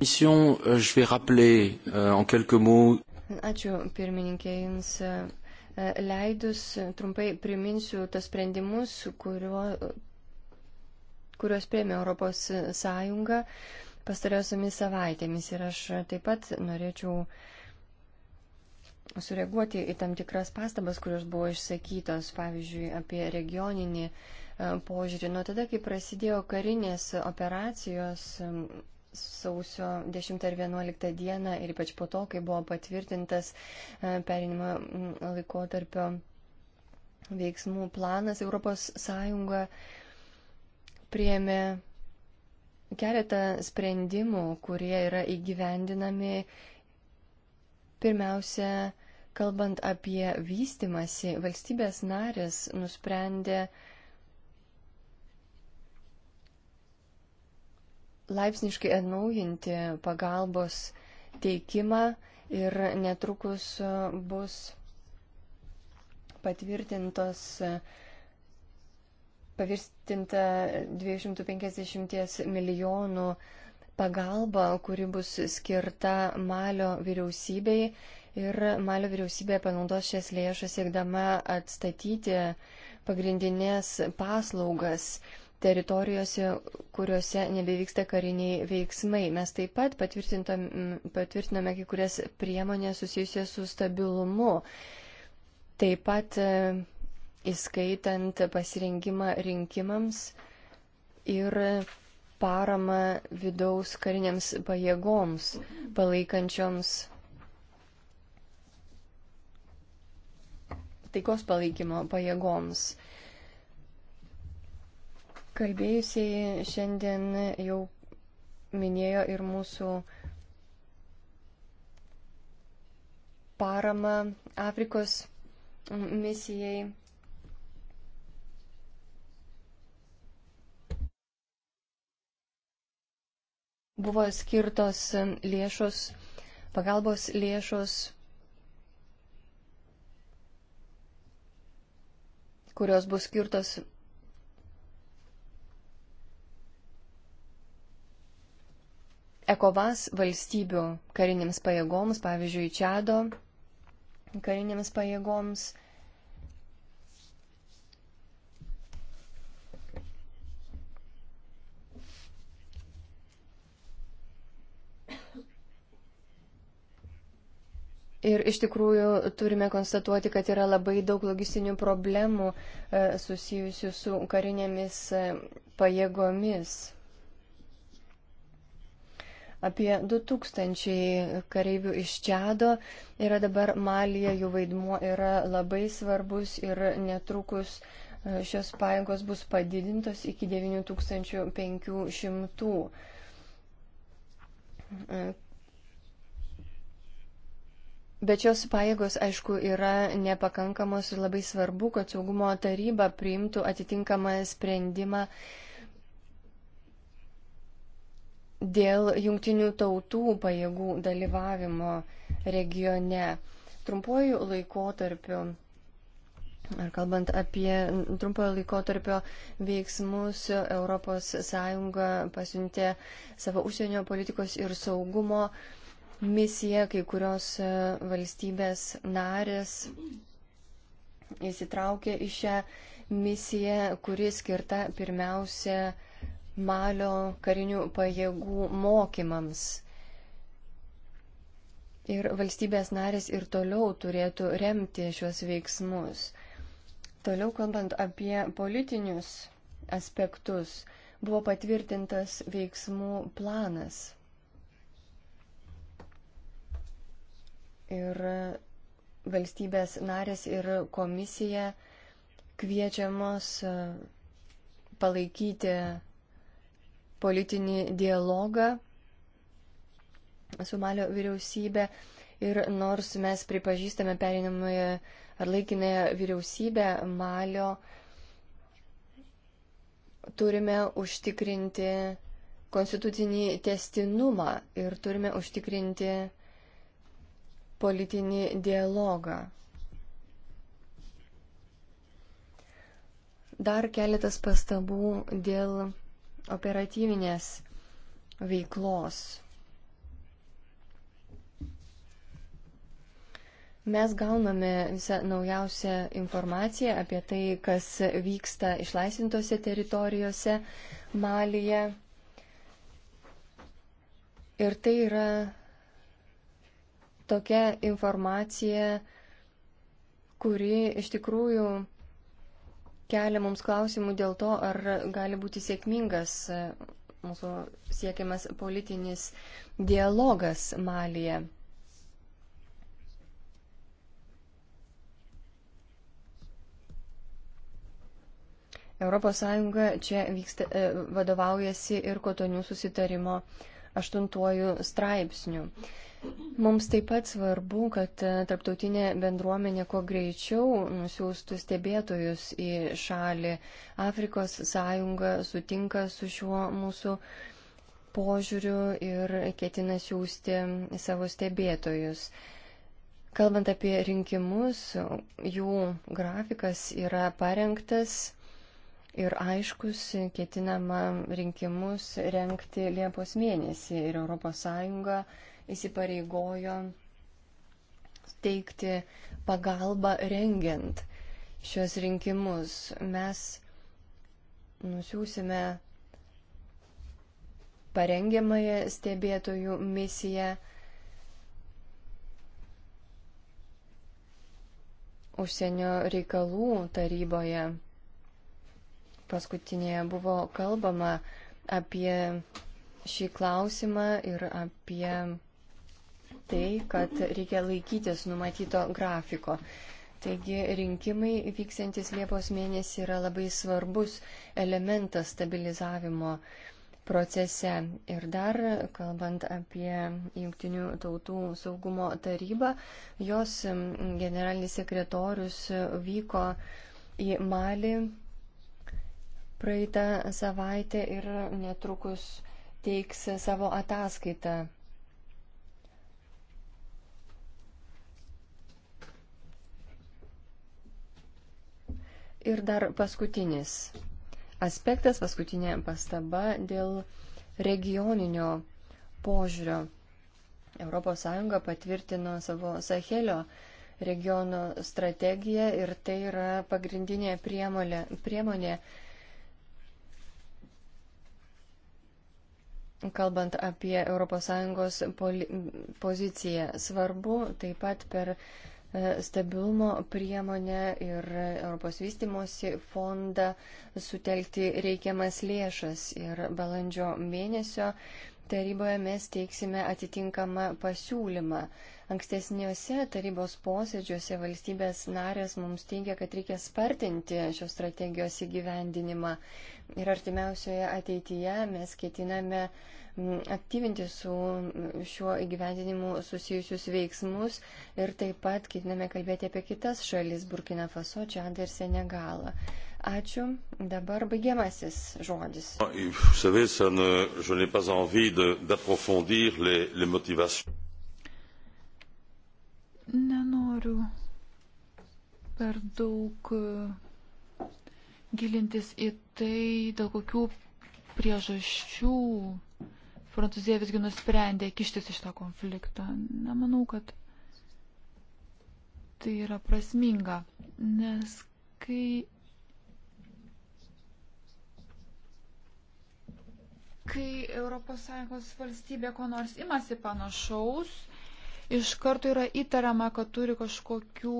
Mission, e, je vais rappeler euh, en quelques mots. Ačiū pirmininkė Jums. E, leidus trumpai priminsiu tos sprendimus, kuriuo, kuriuos priemė Europos Sąjunga pastariosiomis savaitėmis. Ir aš taip pat norėčiau uh, sureaguoti į tam tikras pastabas, kurios buvo išsakytos, pavyzdžiui, apie regioninį e, požiūrį. Nuo tada, kai prasidėjo karinės operacijos sausio 10 ar 11 dieną ir ypač po to, kai buvo patvirtintas e, perinimo laikotarpio veiksmų planas, ES priėmė keletą sprendimų, kurie yra įgyvendinami Pirmiausia, kalbant apie vystimasi, valstybės narės nusprendė laipsniškai atnaujinti pagalbos teikimą ir netrukus bus patvirtintos pavirstinta 250 milijonų pagalba, kuri bus skirta Malio vyriausybei ir Malio vyriausybė panaudos šias lėšas siekdama atstatyti pagrindinės paslaugas teritorijose, kuriuose nebevyksta kariniai veiksmai. Mes taip pat patvirtinome kai kurias priemonės susijusias su stabilumu. Taip pat e, įskaitant pasirengimą rinkimams ir paramą vidaus kariniams pajėgoms palaikančioms taikos palaikymo pajėgoms. Kalbėjusiai šiandien jau minėjo ir mūsų paramą Afrikos misijai. buvo skirtos lėšos, pagalbos lėšos, kurios bus skirtos ekovas valstybių karinėms pajėgoms, pavyzdžiui, Čado karinėms pajėgoms. Ir iš tikrųjų turime konstatuoti, kad yra labai daug logistinių problemų e, susijusių su karinėmis e, pajėgomis. Apie 2000 kareivių iš Čado yra dabar Malija, jų vaidmuo yra labai svarbus ir netrukus e, šios pajėgos bus padidintos iki 9500 Bet šios pajėgos, aišku, yra nepakankamos ir labai svarbu, kad saugumo taryba priimtų atitinkamą sprendimą dėl jungtinių tautų pajėgų dalyvavimo regione. Trumpuoju laikotarpiu Ar kalbant apie trumpojo laikotarpio veiksmus, ES pasiuntė savo užsienio politikos ir saugumo misiją, kai kurios e, valstybės narės įsitraukė į šią misiją, kuri skirta pirmiausia Malio karinių pajėgų mokymams. Ir valstybės narės ir toliau turėtų remti šios veiksmus. Toliau kalbant apie politinius aspektus, buvo patvirtintas veiksmų planas ir valstybės narės ir komisija kviečiamos e, palaikyti politinį dialogą su Malio vyriausybė. Ir nors mes pripažįstame perinamąją ar laikinąją vyriausybę Malio, turime užtikrinti konstitucinį testinumą ir turime užtikrinti politinį dialogą. Dar keletas pastabų dėl operatyvinės veiklos. Mes gauname visą naujausią informaciją apie tai, kas vyksta išlaisvintose teritorijose Malyje. Ir tai yra tokia informacija, kuri iš tikrųjų kelia mums klausimų dėl to, ar gali būti sėkmingas e, mūsų siekiamas politinis dialogas Malyje. ES čia vyksta, e, vadovaujasi ir kotonių susitarimo aštuntuoju straipsniu. Mums taip pat svarbu, kad tarptautinė bendruomenė kuo greičiau nusiųstų stebėtojus į šalį. Afrikos sąjunga sutinka su šiuo mūsų požiūriu ir ketina siūsti savo stebėtojus. Kalbant apie rinkimus, jų grafikas yra parengtas ir aiškus ketinama rinkimus renkti Liepos mėnesį ir ES įsipareigojo teikti pagalbą rengiant šios rinkimus. Mes nusiūsime parengiamąją stebėtojų misiją. Užsienio reikalų taryboje paskutinėje buvo kalbama apie šį klausimą ir apie tai, kad reikia laikytis numatyto grafiko. Taigi rinkimai vyksiantis Liepos mėnesį yra labai svarbus elementas stabilizavimo procese. Ir dar, kalbant apie Junktinių tautų saugumo tarybą, jos generalinis sekretorius vyko į Mali praeitą savaitę ir netrukus teiks savo ataskaitą. Ir dar paskutinis aspektas, paskutinė pastaba dėl regioninio požiūrio. ES patvirtino savo Sahelio regiono strategiją ir tai yra pagrindinė priemonė, priemonė kalbant apie ES poziciją. Svarbu taip pat per e, stabilumo priemonę ir Europos vystimosi fondą sutelkti reikiamas lėšas. Ir balandžio mėnesio taryboje mes teiksime atitinkamą pasiūlymą Ankstesniuose tarybos posėdžiuose valstybės narės mums teigia, kad reikia spartinti šios strategijos įgyvendinimą. Ir artimiausioje ateityje mes ketiname mm, aktyvinti su šiuo įgyvendinimu susijusius veiksmus ir taip pat ketiname kalbėti apie kitas šalis - Burkina Faso, Čadą ir Senegalą. Ačiū. Dabar baigiamasis žodis. Vous savez, ça ne, je n'ai pas envie d'approfondir les, les motivations nenoriu per daug e, gilintis į tai, dėl kokių priežasčių Prancūzija visgi nusprendė kištis iš tą konfliktą. Nemanau, kad tai yra prasminga, nes kai kai ES valstybė ko nors imasi panašaus, iš karto yra įtariama, kad turi kažkokių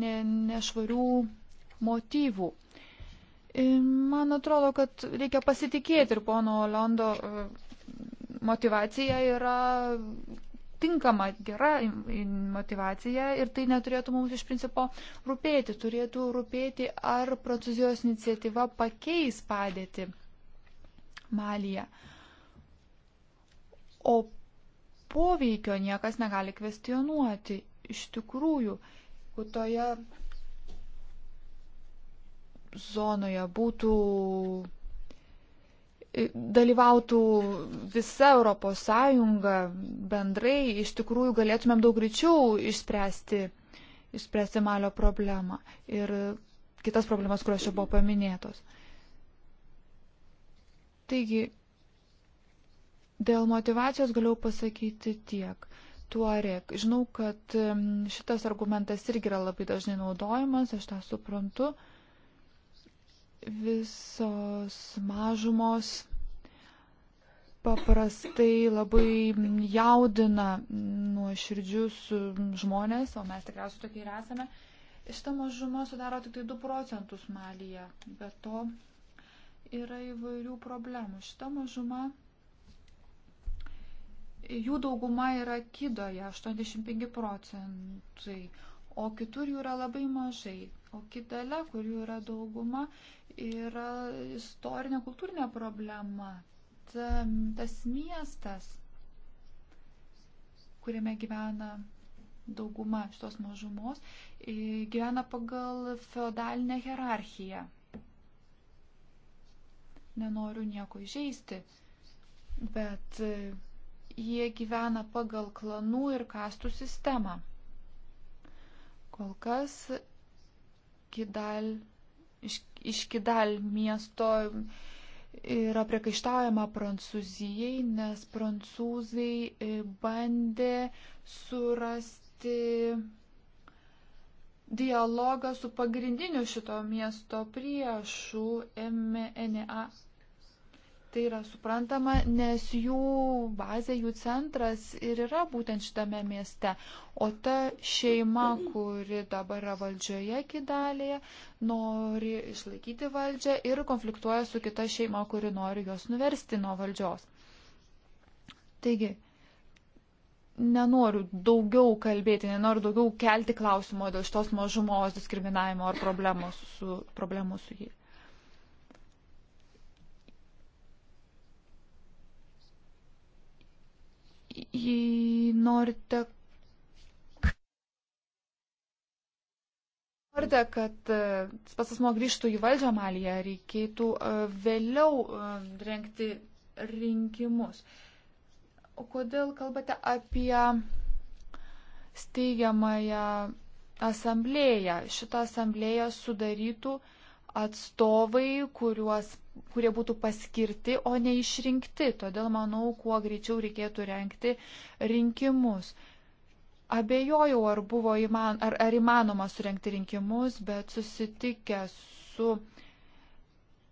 ne, nešvarių motyvų. E, man atrodo, kad reikia pasitikėti ir pono Olando e, motivacija yra tinkama, gera motivacija ir tai neturėtų mums iš principo rūpėti. Turėtų rūpėti, ar Prancūzijos iniciatyva pakeis padėti Malyje. O poveikio niekas negali kvestionuoti. Iš tikrųjų, jeigu toje zonoje būtų e, dalyvautų visa Europos Sąjunga bendrai, iš tikrųjų galėtumėm daug greičiau išspręsti, išspręsti malio problemą ir kitas problemas, kurios čia buvo paminėtos. Taigi, Dėl motivacijos galiu pasakyti tiek. Tuarek. Žinau, kad šitas argumentas irgi yra labai dažnai naudojamas, aš tą suprantu. Visos mažumos paprastai labai jaudina nuoširdžius žmonės, o mes tikriausiai tokie ir esame. Šitą mažumą sudaro tik tai 2 procentus malyje, bet to yra įvairių problemų. Šitą mažumą Jų dauguma yra Kidoje, 85 procentai, o kitur jų yra labai mažai. O kitale, kur jų yra dauguma, yra istorinė kultūrinė problema. Ta, tas miestas, kuriame gyvena dauguma šitos mažumos, gyvena pagal feodalinę hierarchiją. Nenoriu nieko įžeisti, bet jie gyvena pagal klanų ir kastų sistemą. Kol kas Kidal, iš, iš Kidal miesto yra priekaištaujama Prancūzijai, nes prancūzai e, bandė surasti dialogą su pagrindiniu šito miesto priešu MNA tai yra suprantama, nes jų bazė, jų centras ir yra būtent šitame mieste. O ta šeima, kuri dabar yra valdžioje kidalėje, nori išlaikyti valdžią ir konfliktuoja su kita šeima, kuri nori juos nuversti nuo valdžios. Taigi, nenoriu daugiau kalbėti, nenoriu daugiau kelti klausimo dėl šitos mažumos diskriminavimo ar problemų su, problemų su jais. jei norite, norite, kad e, tas asmo grįžtų į valdžią Malyje, reikėtų e, vėliau e, rengti rinkimus. O kodėl kalbate apie steigiamąją asamblėją? Šitą asamblėją sudarytų uh, atstovai, kuriuos, kurie būtų paskirti, o ne išrinkti. Todėl manau, kuo greičiau reikėtų renkti rinkimus. Abejojau, ar, įman, ar, ar įmanoma surenkti rinkimus, bet susitikę su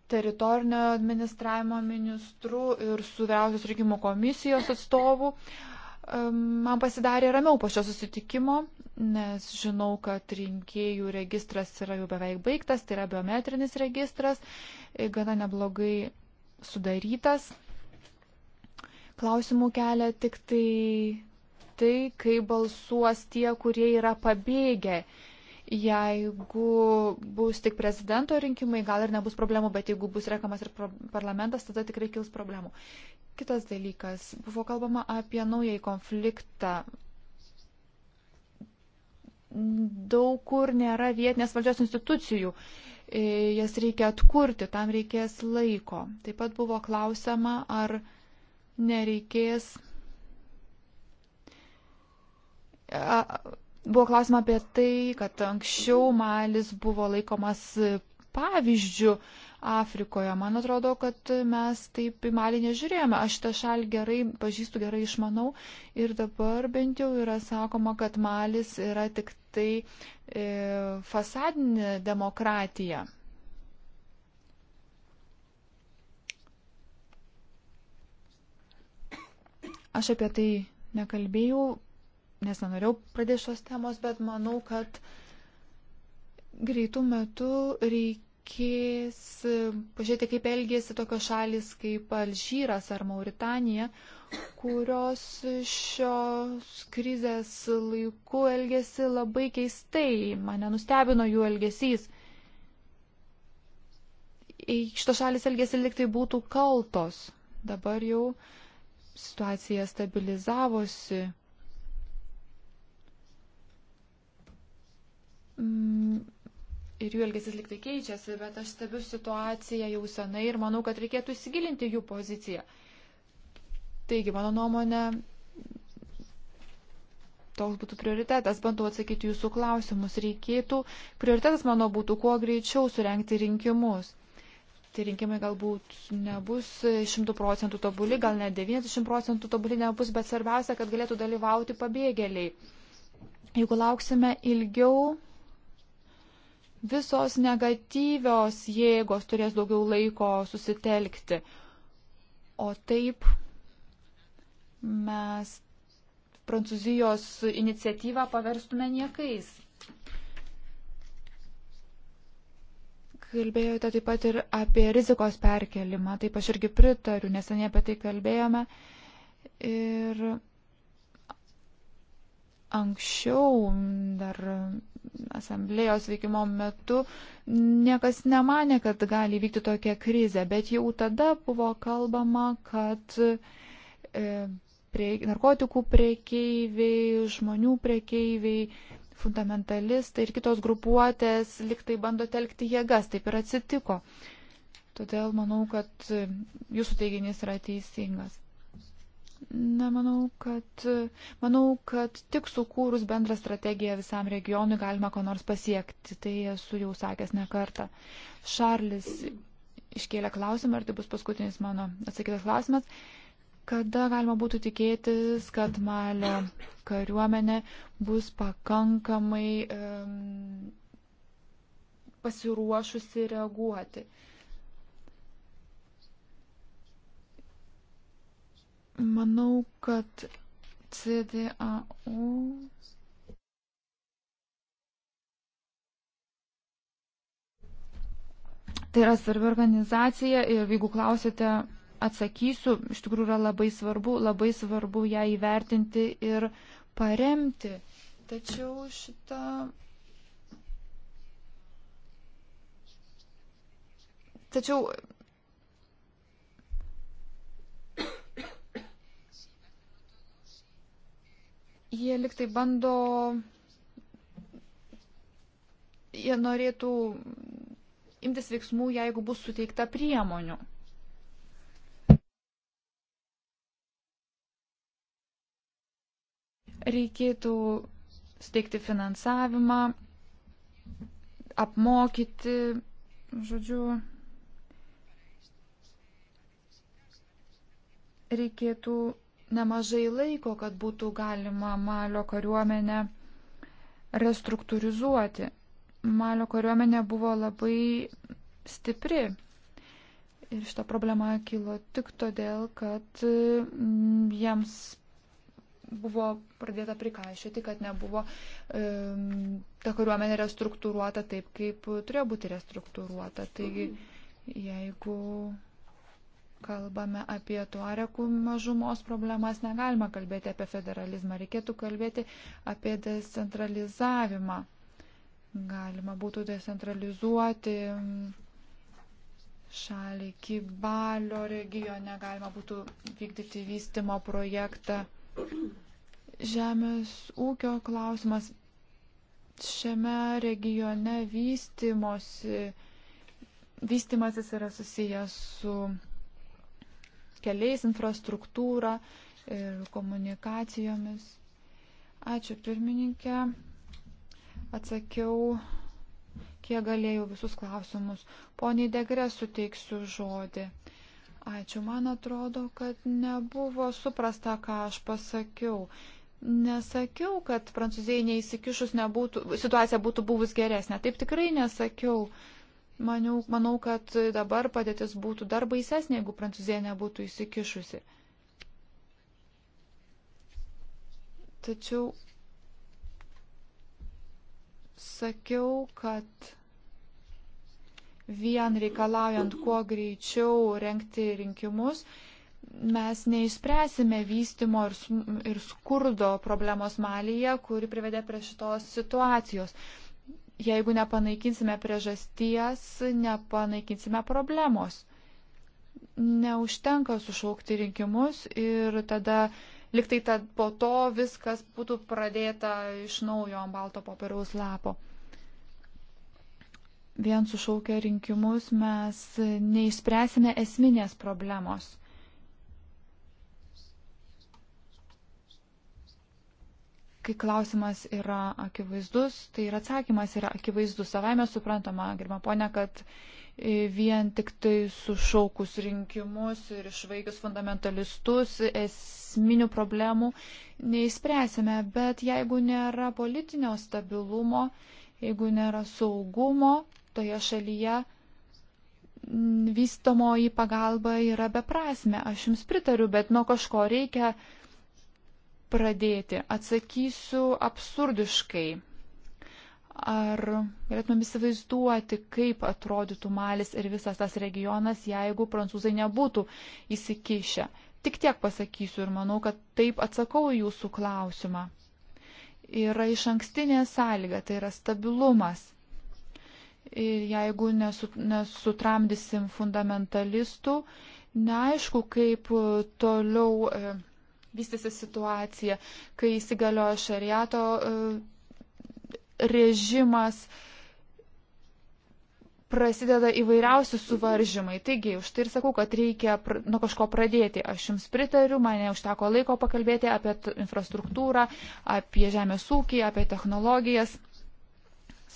teritorinio administravimo ministru ir su vyriausios rinkimų komisijos atstovu, uh, man pasidarė ramiau po šio susitikimo, nes žinau, kad rinkėjų registras yra jau beveik baigtas, tai yra biometrinis registras, gana neblogai sudarytas. Klausimų kelia tik tai tai, kai balsuos tie, kurie yra pabėgę. Jeigu bus tik prezidento rinkimai, gal ir nebus problemų, bet jeigu bus rekamas ir parlamentas, tada tikrai kils problemų. Kitas dalykas. Buvo kalbama apie naująjį konfliktą. Daug kur nėra vietinės valdžios institucijų. E, jas reikia atkurti, tam reikės laiko. Taip pat buvo klausima, ar nereikės. Buvo klausima apie tai, kad anksčiau Malis buvo laikomas pavyzdžių Afrikoje. Man atrodo, kad mes taip į Malį nežiūrėjome. Aš tą šalį gerai pažįstu, gerai išmanau ir dabar bent jau yra sakoma, kad Malis yra tik tai e, fasadinė demokratija. Aš apie tai nekalbėjau, nes nenorėjau pradėti šios temos, bet manau, kad greitų metų reikia reikės e, pažiūrėti, kaip elgėsi tokios šalis kaip Alžyras ar Mauritanija, kurios šios krizės laiku elgėsi labai keistai. Mane nustebino jų elgesys. Šitos šalis elgėsi liktai būtų kaltos. Dabar jau situacija stabilizavosi. Mm ir jų elgesys liktai keičiasi, bet aš stebiu situaciją jau senai ir manau, kad reikėtų įsigilinti jų poziciją. Taigi, mano nuomonė, toks būtų prioritetas, bandau atsakyti jūsų klausimus, reikėtų, prioritetas mano būtų kuo greičiau surenkti rinkimus. Tai rinkimai galbūt nebus 100 procentų tobuli, gal net 90 procentų tobuli nebus, bet svarbiausia, kad galėtų dalyvauti pabėgėliai. Jeigu lauksime ilgiau, visos negatyvios jėgos turės daugiau laiko susitelkti. O taip mes Prancūzijos iniciatyvą paverstume niekais. Kalbėjote taip pat ir apie rizikos perkelimą, taip aš irgi pritariu, neseniai apie tai kalbėjome. Ir anksčiau dar asamblėjos veikimo metu niekas nemanė, kad gali vykti tokia krizė, bet jau tada buvo kalbama, kad e, prie, narkotikų priekeiviai, žmonių priekeiviai, fundamentalistai ir kitos grupuotės liktai bando telkti jėgas. Taip ir atsitiko. Todėl manau, kad e, jūsų teiginys yra teisingas. Nemanau, kad, manau, kad tik sukūrus bendrą strategiją visam regionui galima ko nors pasiekti. Tai esu jau sakęs ne kartą. Šarlis iškėlė klausimą, ar tai bus paskutinis mano atsakytas klausimas. Kada galima būtų tikėtis, kad Malio kariuomenė bus pakankamai um, pasiruošusi reaguoti? Uh, Manau, kad CDAO Tai yra svarbi organizacija ir jeigu klausite, atsakysiu, iš tikrųjų yra labai svarbu, labai svarbu ją įvertinti ir paremti. Tačiau šita. Tačiau jie liktai bando, jie norėtų imtis veiksmų, jeigu bus suteikta priemonių. Reikėtų steigti finansavimą, apmokyti, žodžiu, reikėtų nemažai laiko, kad būtų galima Malio kariuomenę restruktūrizuoti. Malio kariuomenė buvo labai stipri. Ir šita problema kilo tik todėl, kad mm, jiems buvo pradėta prikaišyti, kad nebuvo um, ta kariuomenė restruktūruota taip, kaip turėjo būti restruktūruota. Taigi, jeigu kalbame apie tuarekų mažumos problemas, negalima kalbėti apie federalizmą, reikėtų kalbėti apie decentralizavimą. Galima būtų decentralizuoti šalį Kibalio regione, galima būtų vykdyti vystimo projektą. Žemės ūkio klausimas šiame regione vystimosi vystimasis yra susijęs su keliais, infrastruktūra ir e, komunikacijomis. Ačiū pirmininkė. Atsakiau, kiek galėjau visus klausimus. Poniai Degre suteiksiu žodį. Ačiū, man atrodo, kad nebuvo suprasta, ką aš pasakiau. Nesakiau, kad prancūzijai neįsikišus nebūtų, situacija būtų buvus geresnė. Taip tikrai nesakiau. Uh, Maniau, manau, kad dabar padėtis būtų dar baisesnė, jeigu Prancūzija nebūtų įsikišusi. Tačiau sakiau, kad vien reikalaujant kuo greičiau renkti rinkimus, mes neišspręsime vystimo ir, ir skurdo problemos malyje, kuri privedė prie šitos situacijos jeigu nepanaikinsime priežasties, nepanaikinsime problemos. Neužtenka sušaukti rinkimus ir tada liktai tad po to viskas būtų pradėta iš naujo ant balto popieriaus lapo. Vien sušaukę rinkimus mes neišspręsime esminės problemos. kai klausimas yra akivaizdus, tai ir atsakymas yra akivaizdus. Savaime suprantama, gerbama ponė, kad e, vien tik tai sušaukus rinkimus ir išvaigius fundamentalistus esminių problemų neįspręsime, bet jeigu nėra politinio stabilumo, jeigu nėra saugumo toje šalyje, vystomoji pagalba yra beprasme. Aš jums pritariu, bet nuo kažko reikia pradėti? Atsakysiu absurdiškai. Ar galėtumėm įsivaizduoti, kaip atrodytų Malis ir visas tas regionas, jeigu prancūzai nebūtų įsikišę? Tik tiek pasakysiu ir manau, kad taip atsakau jūsų klausimą. Yra iš ankstinė sąlyga, tai yra stabilumas. Ir jeigu nesu, nesutramdysim fundamentalistų, neaišku, kaip toliau e, vystysi situacija, kai įsigaliojo šariato e, režimas, prasideda įvairiausi suvaržymai. Taigi, už tai ir sakau, kad reikia nuo kažko pradėti. Aš jums pritariu, mane užteko laiko pakalbėti apie infrastruktūrą, apie žemės ūkį, apie technologijas.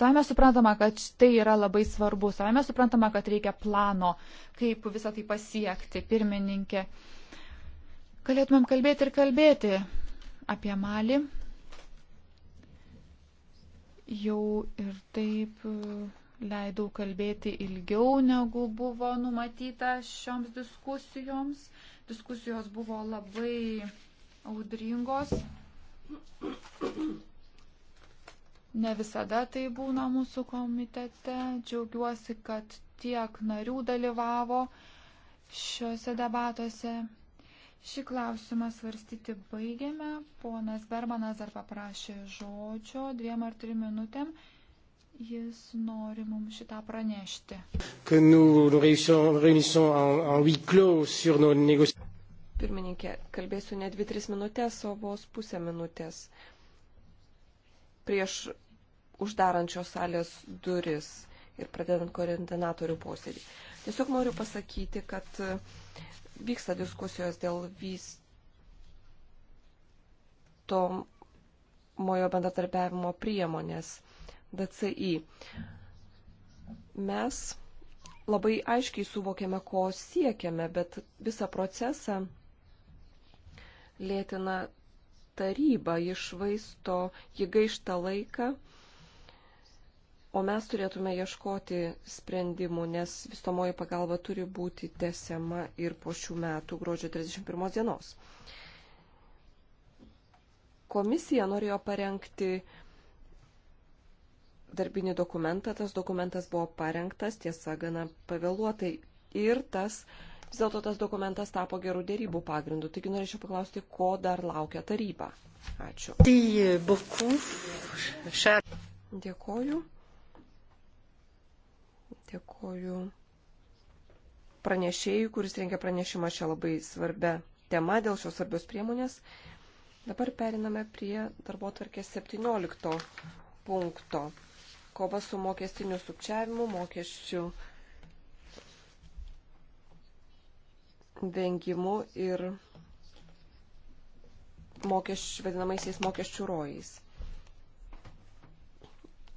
Savame suprantama, kad tai yra labai svarbu, savame suprantama, kad reikia plano, kaip visą tai pasiekti, pirmininkė. Uh, Galėtumėm kalbėti ir kalbėti apie Malį. Jau ir taip e, leidau kalbėti ilgiau negu buvo numatyta šioms diskusijoms. Diskusijos buvo labai audringos. Ne visada tai būna mūsų komitete. Džiaugiuosi, kad tiek narių dalyvavo šiuose debatuose. Šį klausimą svarstyti baigiame. Ponas Bermanas dar paprašė žodžio dviem ar trim minutėm. Jis nori mums šitą pranešti. Pirmininkė, kalbėsiu ne dvi, tris minutės, o vos pusę minutės. Prieš uždarančios salės duris ir pradedant koordinatorių posėdį. Tiesiog noriu pasakyti, kad uh, vyksta diskusijos dėl vystomojo bendradarbiavimo priemonės DCI. Mes labai aiškiai suvokėme, ko siekiame, bet visą procesą lėtina taryba, išvaisto, ji gaišta laiką O mes turėtume ieškoti sprendimų, nes vystomoji pagalba turi būti tesiama ir po šių metų gruodžio 31 dienos. Komisija norėjo parengti darbinį dokumentą, tas dokumentas buvo parengtas, tiesa, gana pavėluotai ir tas, vis dėlto tas dokumentas tapo gerų dėrybų pagrindu. Taigi norėčiau paklausti, ko dar laukia taryba. Ačiū. Dėkoju. Dėkoju pranešėjui, kuris rengia pranešimą šią labai svarbę temą dėl šios svarbios priemonės. Dabar periname prie darbo tvarkės 17 punkto. Kova su mokestiniu sukčiavimu, mokesčių vengimu ir mokesčių, vadinamaisiais mokesčių rojais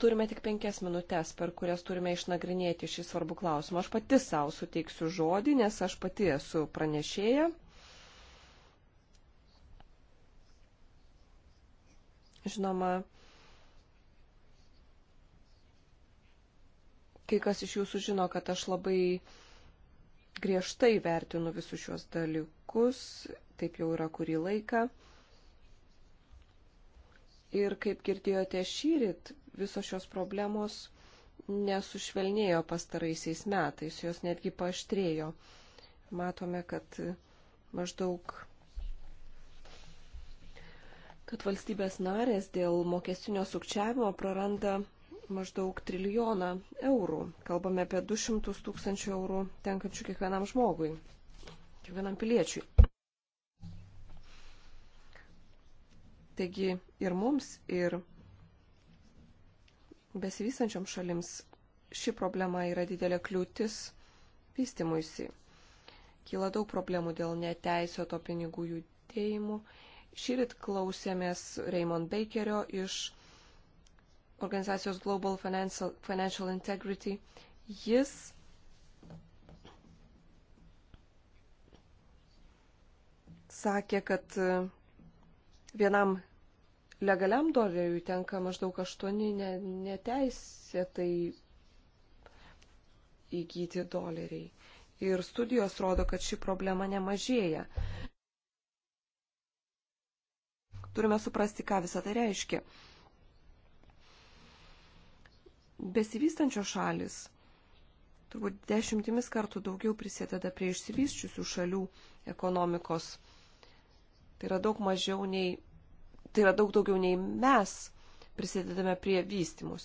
turime tik penkias minutės, per kurias turime išnagrinėti šį svarbų klausimą. Aš pati savo suteiksiu žodį, nes aš pati esu pranešėja. Žinoma, kai kas iš jūsų žino, kad aš labai griežtai vertinu visus šios dalykus, taip jau yra kurį laiką. Ir kaip girdėjote šyrit, visos šios problemos nesušvelnėjo pastaraisiais metais, jos netgi paštrėjo. Matome, kad maždaug kad valstybės narės dėl mokestinio sukčiavimo praranda maždaug trilijoną eurų. Kalbame apie 200 tūkstančių eurų tenkančių kiekvienam žmogui, kiekvienam piliečiui. Taigi ir mums, ir besivystančiom šalims ši problema yra didelė kliūtis vystimuisi. Kyla daug problemų dėl neteisėto pinigų judėjimų. Šįryt klausėmės Raymond Bakerio iš organizacijos Global Financial, Financial Integrity. Jis sakė, kad vienam legaliam doleriui tenka maždaug 8 neteisėtai įgyti doleriai. Ir studijos rodo, kad ši problema nemažėja. Turime suprasti, ką visą tai reiškia. Besivystančios šalis turbūt dešimtimis kartų daugiau prisideda prie išsivysčiusių šalių ekonomikos. Tai yra daug mažiau nei tai yra daug daugiau nei mes prisidedame prie vystimus.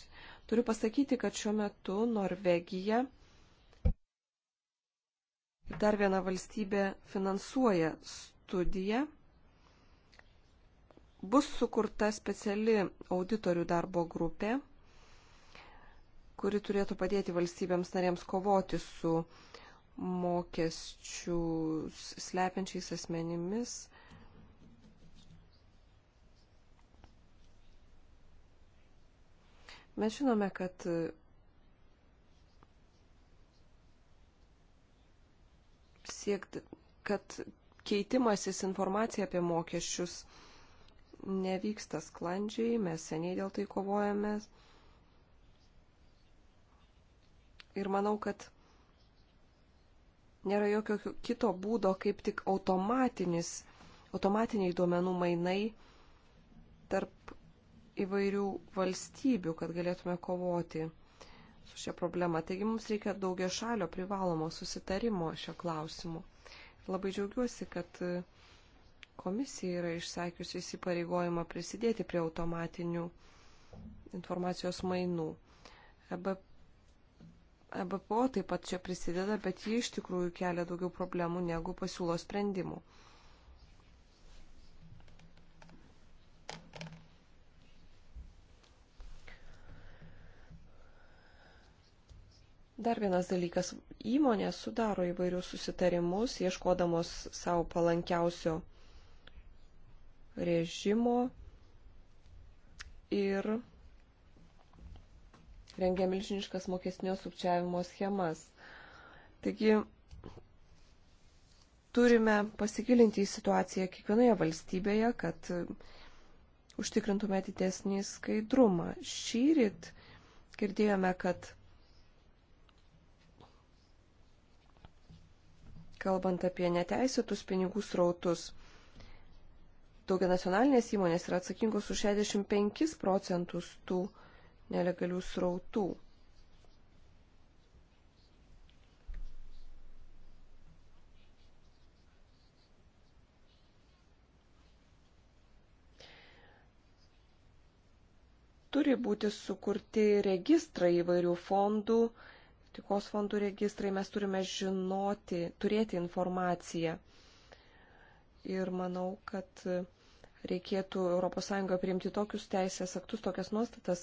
Turiu pasakyti, kad šiuo metu Norvegija dar viena valstybė finansuoja studiją. Bus sukurta speciali auditorių darbo grupė, kuri turėtų padėti valstybėms narėms kovoti su mokesčių slepiančiais asmenimis Mes žinome, kad siekti, kad keitimasis informacija apie mokesčius nevyksta sklandžiai, mes seniai dėl tai kovojame. Ir manau, kad nėra jokio kito būdo, kaip tik automatinis, automatiniai duomenų mainai tarp įvairių valstybių, kad galėtume kovoti su šia problema. Taigi mums reikia daugia šalio privalomo susitarimo šio klausimu. Labai džiaugiuosi, kad komisija yra išsakiusi įsipareigojimą prisidėti prie automatinių informacijos mainų. EBPO taip pat čia prisideda, bet ji iš tikrųjų kelia daugiau problemų negu pasiūlo sprendimų. Dar vienas dalykas. Įmonės sudaro įvairius susitarimus, ieškodamos savo palankiausio režimo ir rengia milžiniškas mokesnio sukčiavimo schemas. Taigi turime pasigilinti į situaciją kiekvienoje valstybėje, kad užtikrintume didesnį skaidrumą. Šyrit girdėjome, kad kalbant apie neteisėtus pinigų srautus, daugia nacionalinės įmonės yra atsakingos už 65 procentus tų nelegalių srautų. Turi būti sukurti registrai įvairių fondų tikos fondų registrai, mes turime žinoti, turėti informaciją. Ir manau, kad reikėtų ES priimti tokius teisės aktus, tokias nuostatas,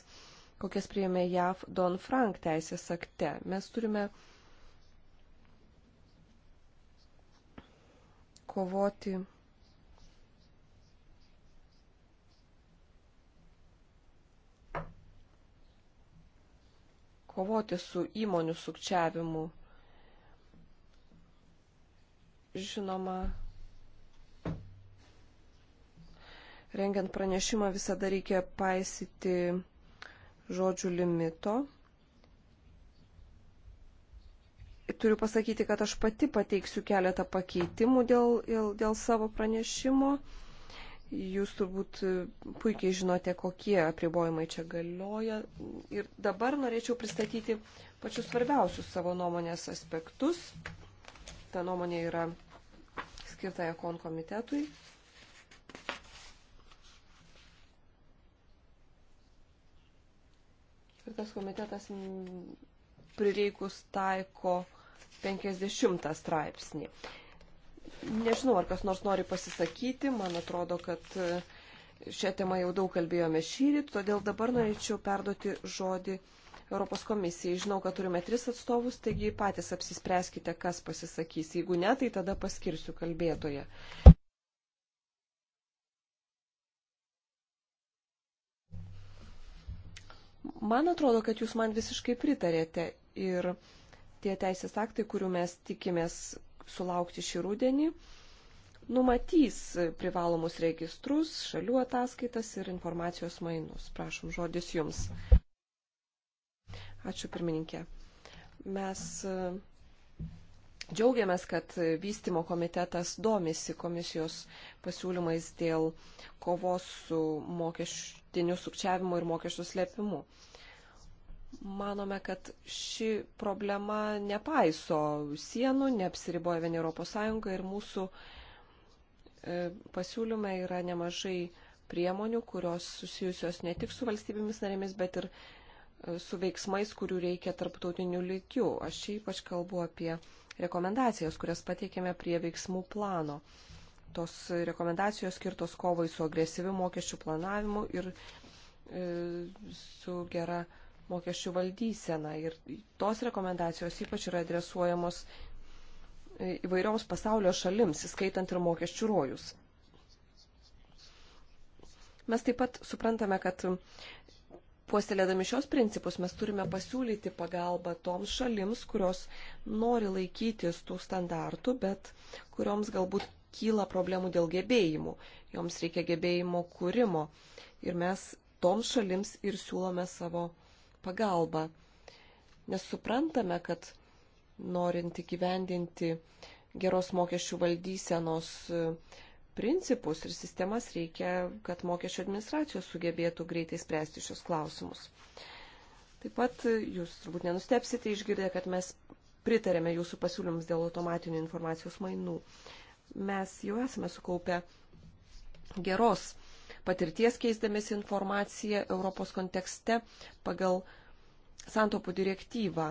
kokias priėmė JAV Don Frank teisės akte. Mes turime kovoti kovoti su įmonių sukčiavimu. Žinoma, rengiant pranešimą visada reikia paisyti žodžių limito. Turiu pasakyti, kad aš pati pateiksiu keletą pakeitimų dėl, dėl, dėl savo pranešimo. Jūs turbūt e, puikiai žinote, kokie apribojimai čia galioja. Ir dabar norėčiau pristatyti pačius svarbiausius savo nuomonės aspektus. Ta nuomonė yra skirta Ekon komitetui. Ir tas komitetas prireikus taiko 50 straipsnį. Nežinau, ar kas nors nori pasisakyti. Man atrodo, kad e, šią temą jau daug kalbėjome šyrit, todėl dabar norėčiau perduoti žodį Europos komisijai. Žinau, kad turime tris atstovus, taigi patys apsispręskite, kas pasisakys. Jeigu ne, tai tada paskirsiu kalbėtoje. Man atrodo, kad jūs man visiškai pritarėte ir tie teisės aktai, kurių mes tikimės sulaukti šį rudenį, numatys privalomus registrus, šalių ataskaitas ir informacijos mainus. Prašom, žodis jums. Ačiū pirmininkė. Mes e, džiaugiamės, kad vystimo komitetas domisi komisijos pasiūlymais dėl kovos su mokesčių sutartiniu sukčiavimu ir mokesčių slėpimu manome, kad ši problema nepaiso sienų, neapsiriboja vien Europos Sąjunga ir mūsų e, pasiūlyme yra nemažai priemonių, kurios susijusios ne tik su valstybėmis narėmis, bet ir e, su veiksmais, kurių reikia tarptautinių lygių. Aš čia ypač kalbu apie rekomendacijas, kurias pateikėme prie veiksmų plano. Tos rekomendacijos skirtos kovai su agresyviu mokesčių planavimu ir e, su gera mokesčių valdyseną. Ir tos rekomendacijos ypač yra adresuojamos įvairioms pasaulio šalims, įskaitant ir mokesčių rojus. Mes taip pat suprantame, kad puoselėdami šios principus mes turime pasiūlyti pagalbą toms šalims, kurios nori laikytis tų standartų, bet kurioms galbūt kyla problemų dėl gebėjimų. Joms reikia gebėjimo kūrimo. Ir mes toms šalims ir siūlome savo pagalbą. Nes suprantame, kad norint įgyvendinti geros mokesčių valdysenos e, principus ir sistemas reikia, kad mokesčio administracijos sugebėtų greitai spręsti šios klausimus. Taip pat e, jūs turbūt nenustepsite išgirdę, kad mes pritarėme jūsų pasiūlymus dėl automatinių informacijos mainų. Mes jau esame sukaupę geros patirties keisdamės informaciją Europos kontekste pagal santopų direktyvą.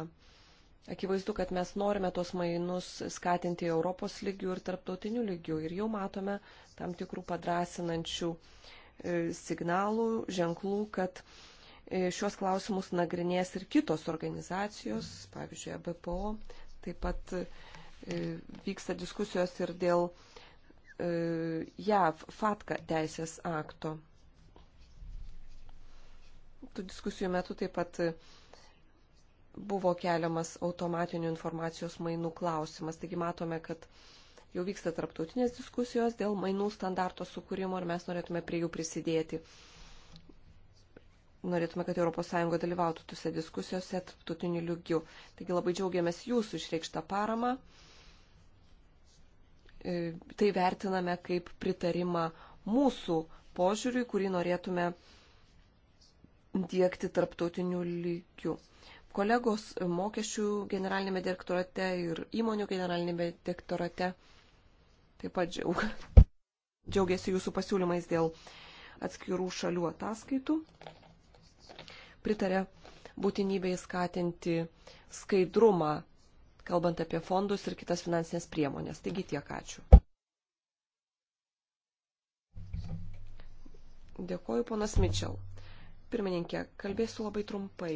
Akivaizdu, kad mes norime tos mainus skatinti Europos lygių ir tarptautinių lygių ir jau matome tam tikrų padrasinančių e, signalų, ženklų, kad e, šios klausimus nagrinės ir kitos organizacijos, pavyzdžiui, BPO, taip pat e, vyksta diskusijos ir dėl E, JAV FATKA teisės akto. Tų diskusijų metu taip pat buvo keliamas automatinių informacijos mainų klausimas. Taigi matome, kad jau vyksta tarptautinės diskusijos dėl mainų standarto sukūrimo ir mes norėtume prie jų prisidėti. Norėtume, kad ES dalyvautų tuose diskusijose tarptautiniu lygiu. Taigi labai džiaugiamės jūsų išreikštą paramą. E, tai vertiname kaip pritarimą mūsų požiūriui, kurį norėtume dėkti tarptautiniu lygiu. Kolegos mokesčių generalinėme direktorate ir įmonių generalinėme direktorate taip pat džiaug. džiaugiasi jūsų pasiūlymais dėl atskirų šalių ataskaitų. Pritarė būtinybei skatinti skaidrumą kalbant apie fondus ir kitas finansinės priemonės. Taigi tiek ačiū. Dėkoju, ponas Mitchell. Pirmininkė, kalbėsiu labai trumpai.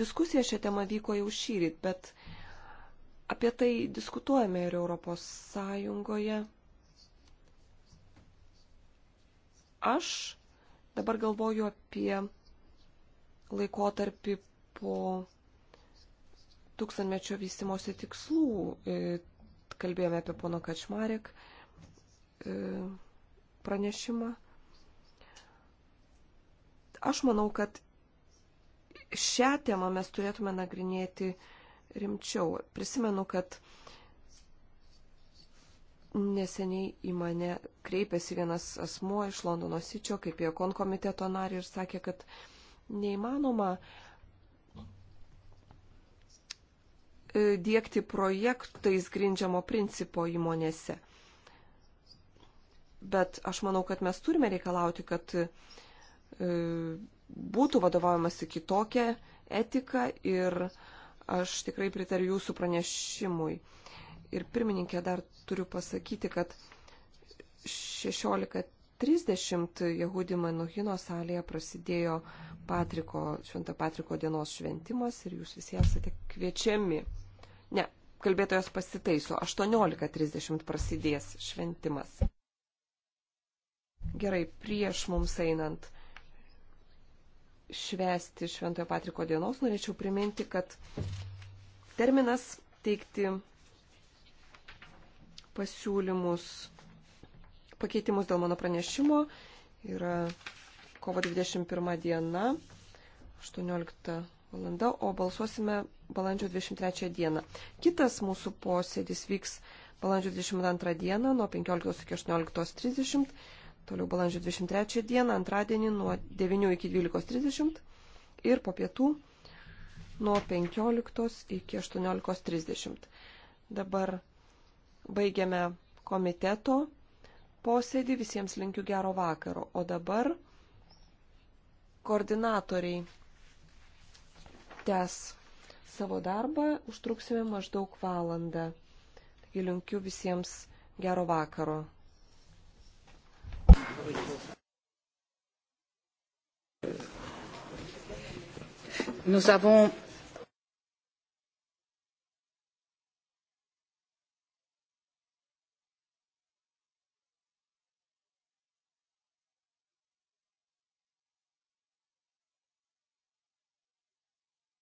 Diskusija šią temą vyko jau šyryt, bet apie tai diskutuojame ir Europos Sąjungoje. Aš dabar galvoju apie laikotarpį po tūkstantmečio vystimosi tikslų. E, kalbėjome apie pono Kačmarek e, pranešimą. Aš manau, kad šią temą mes turėtume nagrinėti rimčiau. Prisimenu, kad neseniai į mane kreipėsi vienas asmuo iš Londono Sičio, kaip jie konkomiteto narį ir sakė, kad neįmanoma uh, E, dėkti projektais grindžiamo principo įmonėse. Bet aš manau, kad mes turime reikalauti, kad e, būtų vadovaujamasi kitokia etika ir aš tikrai pritariu jūsų pranešimui. Ir pirmininkė dar turiu pasakyti, kad 16.30 Jehudi Manuhino salėje prasidėjo Patriko, Švento Patriko dienos šventimas ir jūs visi esate kviečiami. Ne, kalbėtojas pasitaiso, 18.30 prasidės šventimas. Gerai, prieš mums einant švęsti Šventojo Patriko dienos, norėčiau priminti, kad terminas teikti pasiūlymus, pakeitimus dėl mano pranešimo yra kovo 21 diena, 18 valanda, o balsuosime balandžio 23 dieną. Kitas mūsų posėdis vyks balandžio 22 dieną nuo 15 iki 18.30, toliau balandžio 23 dieną, antradienį nuo 9 iki 12.30 ir po pietų nuo 15 iki 18.30. Dabar baigiame komiteto posėdį, visiems linkiu gero vakaro, o dabar koordinatoriai tęs savo darbą, užtruksime maždaug valandą. Taigi linkiu visiems gero vakaro. Nous avons